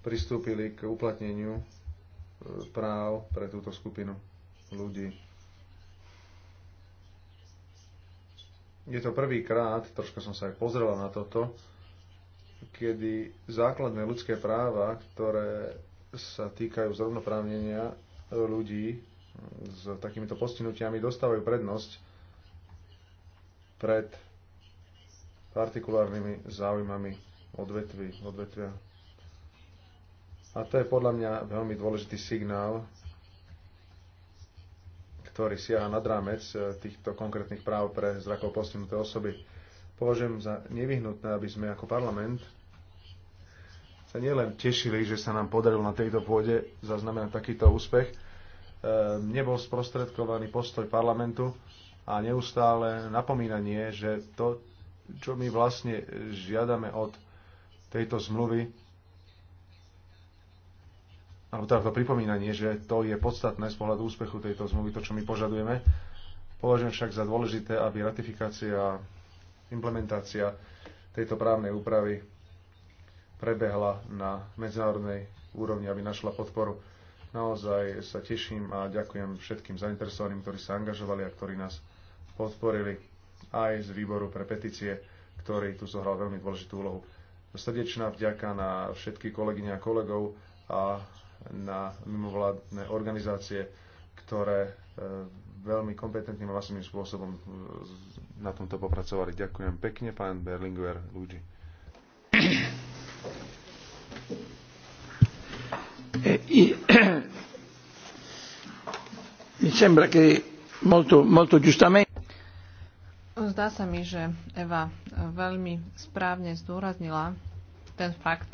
pristúpili k uplatneniu e, práv pre túto skupinu ľudí. Je to prvýkrát, troška som sa aj pozrela na toto, kedy základné ľudské práva, ktoré sa týkajú zrovnoprávnenia ľudí s takýmito postihnutiami, dostávajú prednosť pred partikulárnymi záujmami odvetvy, odvetvia. A to je podľa mňa veľmi dôležitý signál, ktorý siaha nad rámec e, týchto konkrétnych práv pre zrakov postihnuté osoby. Považujem za nevyhnutné, aby sme ako parlament sa nielen tešili, že sa nám podarilo na tejto pôde zaznamenať takýto úspech, e, nebol sprostredkovaný postoj parlamentu a neustále napomínanie, že to, čo my vlastne žiadame od tejto zmluvy, alebo teda to pripomínanie, že to je podstatné z pohľadu úspechu tejto zmluvy, to, čo my požadujeme. Považujem však za dôležité, aby ratifikácia a implementácia tejto právnej úpravy prebehla na medzinárodnej úrovni, aby našla podporu. Naozaj sa teším a ďakujem všetkým zainteresovaným, ktorí sa angažovali a ktorí nás podporili aj z výboru pre petície, ktorý tu zohral veľmi dôležitú úlohu. Srdečná vďaka na všetky kolegyne a kolegov a na mimovládne organizácie, ktoré e, veľmi kompetentným a masívnym spôsobom e, na tomto popracovali. Ďakujem pekne, pán Berlinguer ľudí. Eh, mi sembra che molto, molto giustamente. Zdá sa mi, že Eva veľmi správne zdôraznila ten fakt,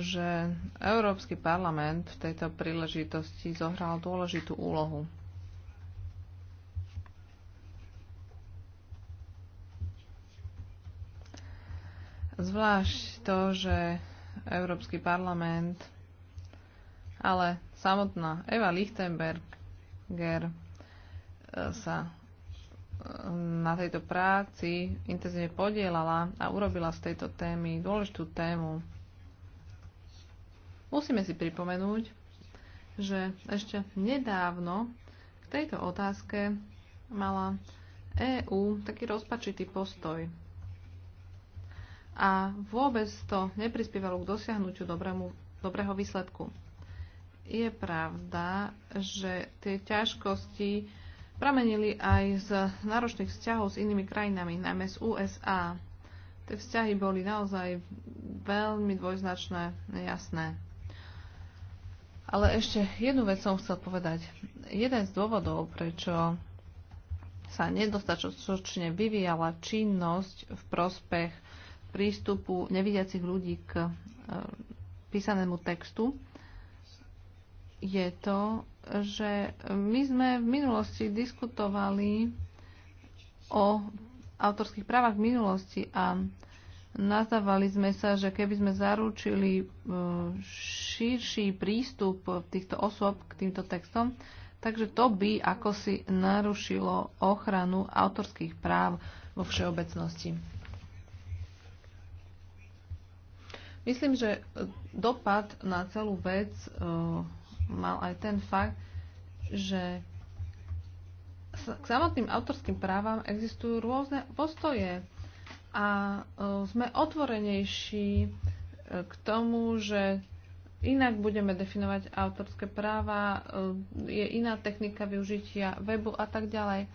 že Európsky parlament v tejto príležitosti zohral dôležitú úlohu. Zvlášť to, že Európsky parlament, ale samotná Eva Lichtenberger e, sa e, na tejto práci intenzívne podielala a urobila z tejto témy dôležitú tému. Musíme si pripomenúť, že ešte nedávno k tejto otázke mala EÚ taký rozpačitý postoj a vôbec to neprispievalo k dosiahnutiu dobrému, dobrého výsledku. Je pravda, že tie ťažkosti pramenili aj z náročných vzťahov s inými krajinami, najmä z USA. Tie vzťahy boli naozaj veľmi dvojznačné, jasné. Ale ešte jednu vec som chcel povedať. Jeden z dôvodov, prečo sa nedostatočne vyvíjala činnosť v prospech prístupu nevidiacich ľudí k e, písanému textu je to, že my sme v minulosti diskutovali o autorských právach v minulosti a nazdávali sme sa, že keby sme zaručili e, širší prístup týchto osôb k týmto textom, takže to by ako si narušilo ochranu autorských práv vo všeobecnosti. Myslím, že dopad na celú vec e, mal aj ten fakt, že k samotným autorským právam existujú rôzne postoje a e, sme otvorenejší e, k tomu, že inak budeme definovať autorské práva, je iná technika využitia webu a tak ďalej.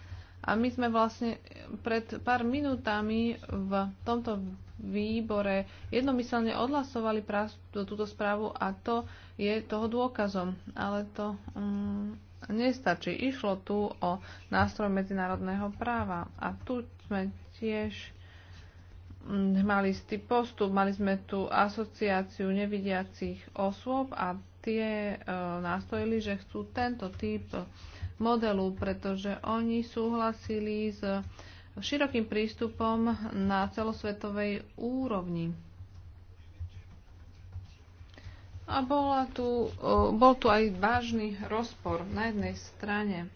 A my sme vlastne pred pár minútami v tomto výbore jednomyselne odhlasovali túto správu a to je toho dôkazom. Ale to um, nestačí. Išlo tu o nástroj medzinárodného práva a tu sme tiež um, mali istý postup, mali sme tu asociáciu nevidiacich osôb a tie uh, e, nastojili, že chcú tento typ modelu, pretože oni súhlasili s širokým prístupom na celosvetovej úrovni. A bola tu, bol tu aj vážny rozpor. Na jednej strane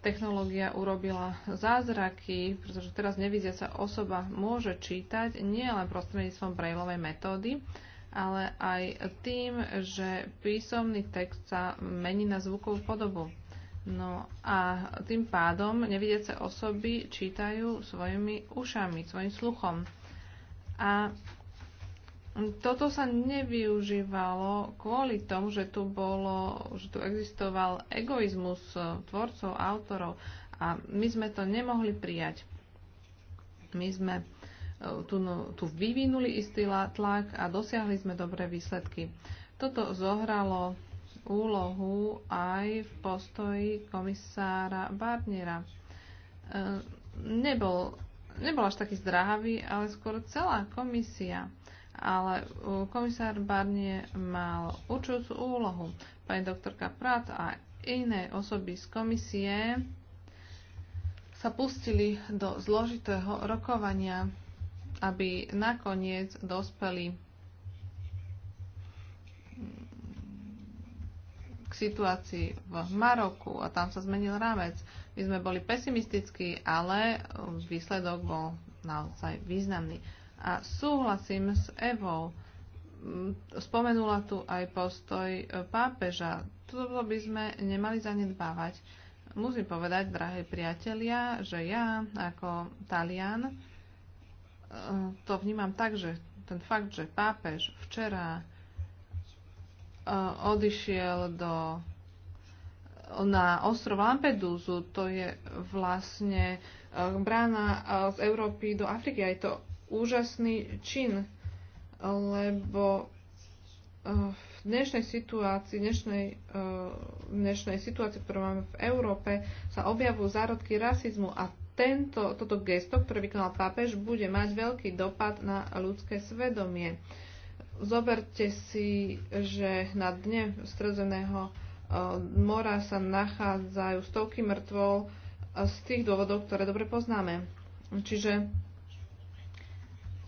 technológia urobila zázraky, pretože teraz nevidia sa osoba môže čítať nie len prostredníctvom brajlovej metódy, ale aj tým, že písomný text sa mení na zvukovú podobu. No a tým pádom nevidiace osoby čítajú svojimi ušami, svojim sluchom. A toto sa nevyužívalo kvôli tomu, že tu, bolo, že tu existoval egoizmus tvorcov, autorov a my sme to nemohli prijať. My sme e, tu, no, tu vyvinuli istý tlak a dosiahli sme dobré výsledky. Toto zohralo úlohu aj v postoji komisára Barnera. E, nebol, nebol až taký zdravý, ale skôr celá komisia. Ale e, komisár Barnier mal určujúcu úlohu. Pani doktorka Prat a iné osoby z komisie sa pustili do zložitého rokovania, aby nakoniec dospeli k situácii v Maroku a tam sa zmenil rámec. My sme boli pesimistickí, ale výsledok bol naozaj významný. A súhlasím s Evou. Mm, spomenula tu aj postoj e, pápeža. Toto by sme nemali zanedbávať. Musím povedať, drahé priatelia, že ja ako Talian e, to vnímam tak, že ten fakt, že pápež včera Eh, odišiel do, na ostrov Lampedúzu. To je vlastne eh, brána eh, z Európy do Afriky. A je to úžasný čin, lebo v dnešnej situácii, dnešnej, dnešnej situácii, ktorú máme v Európe, sa objavujú zárodky rasizmu a tento, toto gesto, ktoré vykonal pápež, bude mať veľký dopad na ľudské svedomie. Uh, Zoberte si, že na dne stredzeného e, mora sa nachádzajú stovky mŕtvol e, z tých dôvodov, ktoré dobre poznáme. Čiže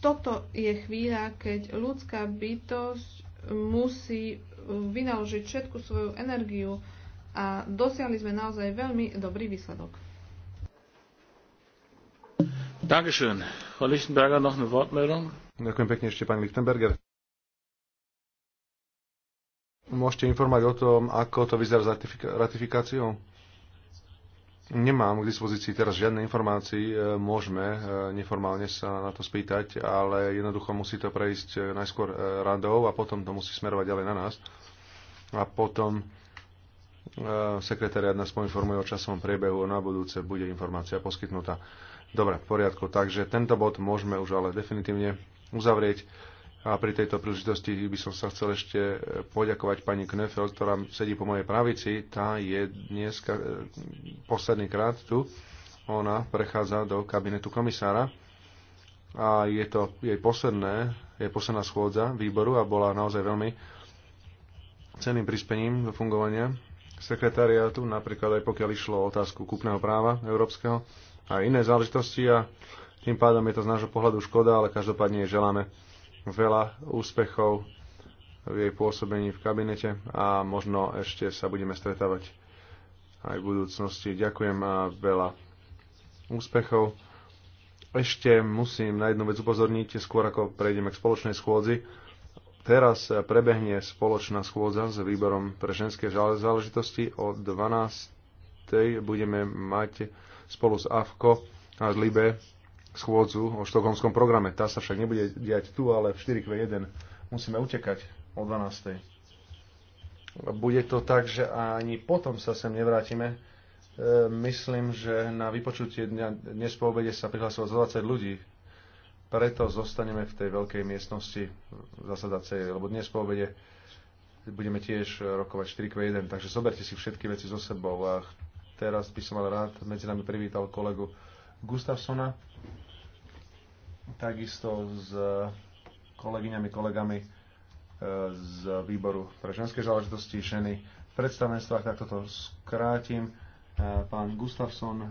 toto je chvíľa, keď ľudská bytosť musí vynaložiť všetku svoju energiu a dosiahli sme naozaj veľmi dobrý výsledok. Dankeschön. Frau Lichtenberger, noch eine Wortmeldung? Ďakujem pekne ešte, pán Lichtenberger. Môžete informovať o tom, ako to vyzerá s ratifikáciou? Nemám k dispozícii teraz žiadne informácie, e, môžeme e, neformálne sa na to spýtať, ale jednoducho musí to prejsť e, najskôr radou a potom to musí smerovať ďalej na nás. A potom sekretariat nás poinformuje o časovom priebehu, na budúce bude informácia poskytnutá. Dobre, v poriadku, takže tento bod môžeme už ale definitívne uzavrieť. A pri tejto príležitosti by som sa chcel ešte poďakovať pani Knefel, ktorá sedí po mojej pravici. Tá je dnes e, posledný krát tu. Ona prechádza do kabinetu komisára a je to jej posledné, je posledná schôdza výboru a bola naozaj veľmi cenným prispením do fungovania sekretariátu, napríklad aj pokiaľ išlo o otázku kúpneho práva európskeho a iné záležitosti a tým pádom je to z nášho pohľadu škoda, ale každopádne jej želáme veľa úspechov v jej pôsobení v kabinete a možno ešte sa budeme stretávať aj v budúcnosti. Ďakujem a veľa úspechov. Ešte musím na jednu vec upozorniť, skôr ako prejdeme k spoločnej schôdzi. Teraz prebehne spoločná schôdza s výborom pre ženské záležitosti. O 12.00 budeme mať spolu s AFKO a Libe schôdzu o štokholmskom programe. Tá sa však nebude diať tu, ale v 4Q1 musíme utekať o 12. Bude to tak, že ani potom sa sem nevrátime. E, myslím, že na vypočutie dňa, dnes po obede sa prihlásilo 20 ľudí. Preto zostaneme v tej veľkej miestnosti zasadacej, lebo dnes po obede budeme tiež rokovať 4Q1, takže zoberte si všetky veci so sebou. A teraz by som mal rád medzi nami privítal kolegu Gustafsona, takisto s e, kolegyňami, kolegami e, z výboru pre ženské záležitosti ženy v predstavenstvách, tak toto skrátim. E, pán Gustafsson,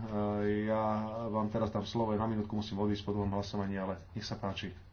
ja vám teraz dám slovo, na minútku musím odísť po dvom hlasovaní, ale nech sa páči.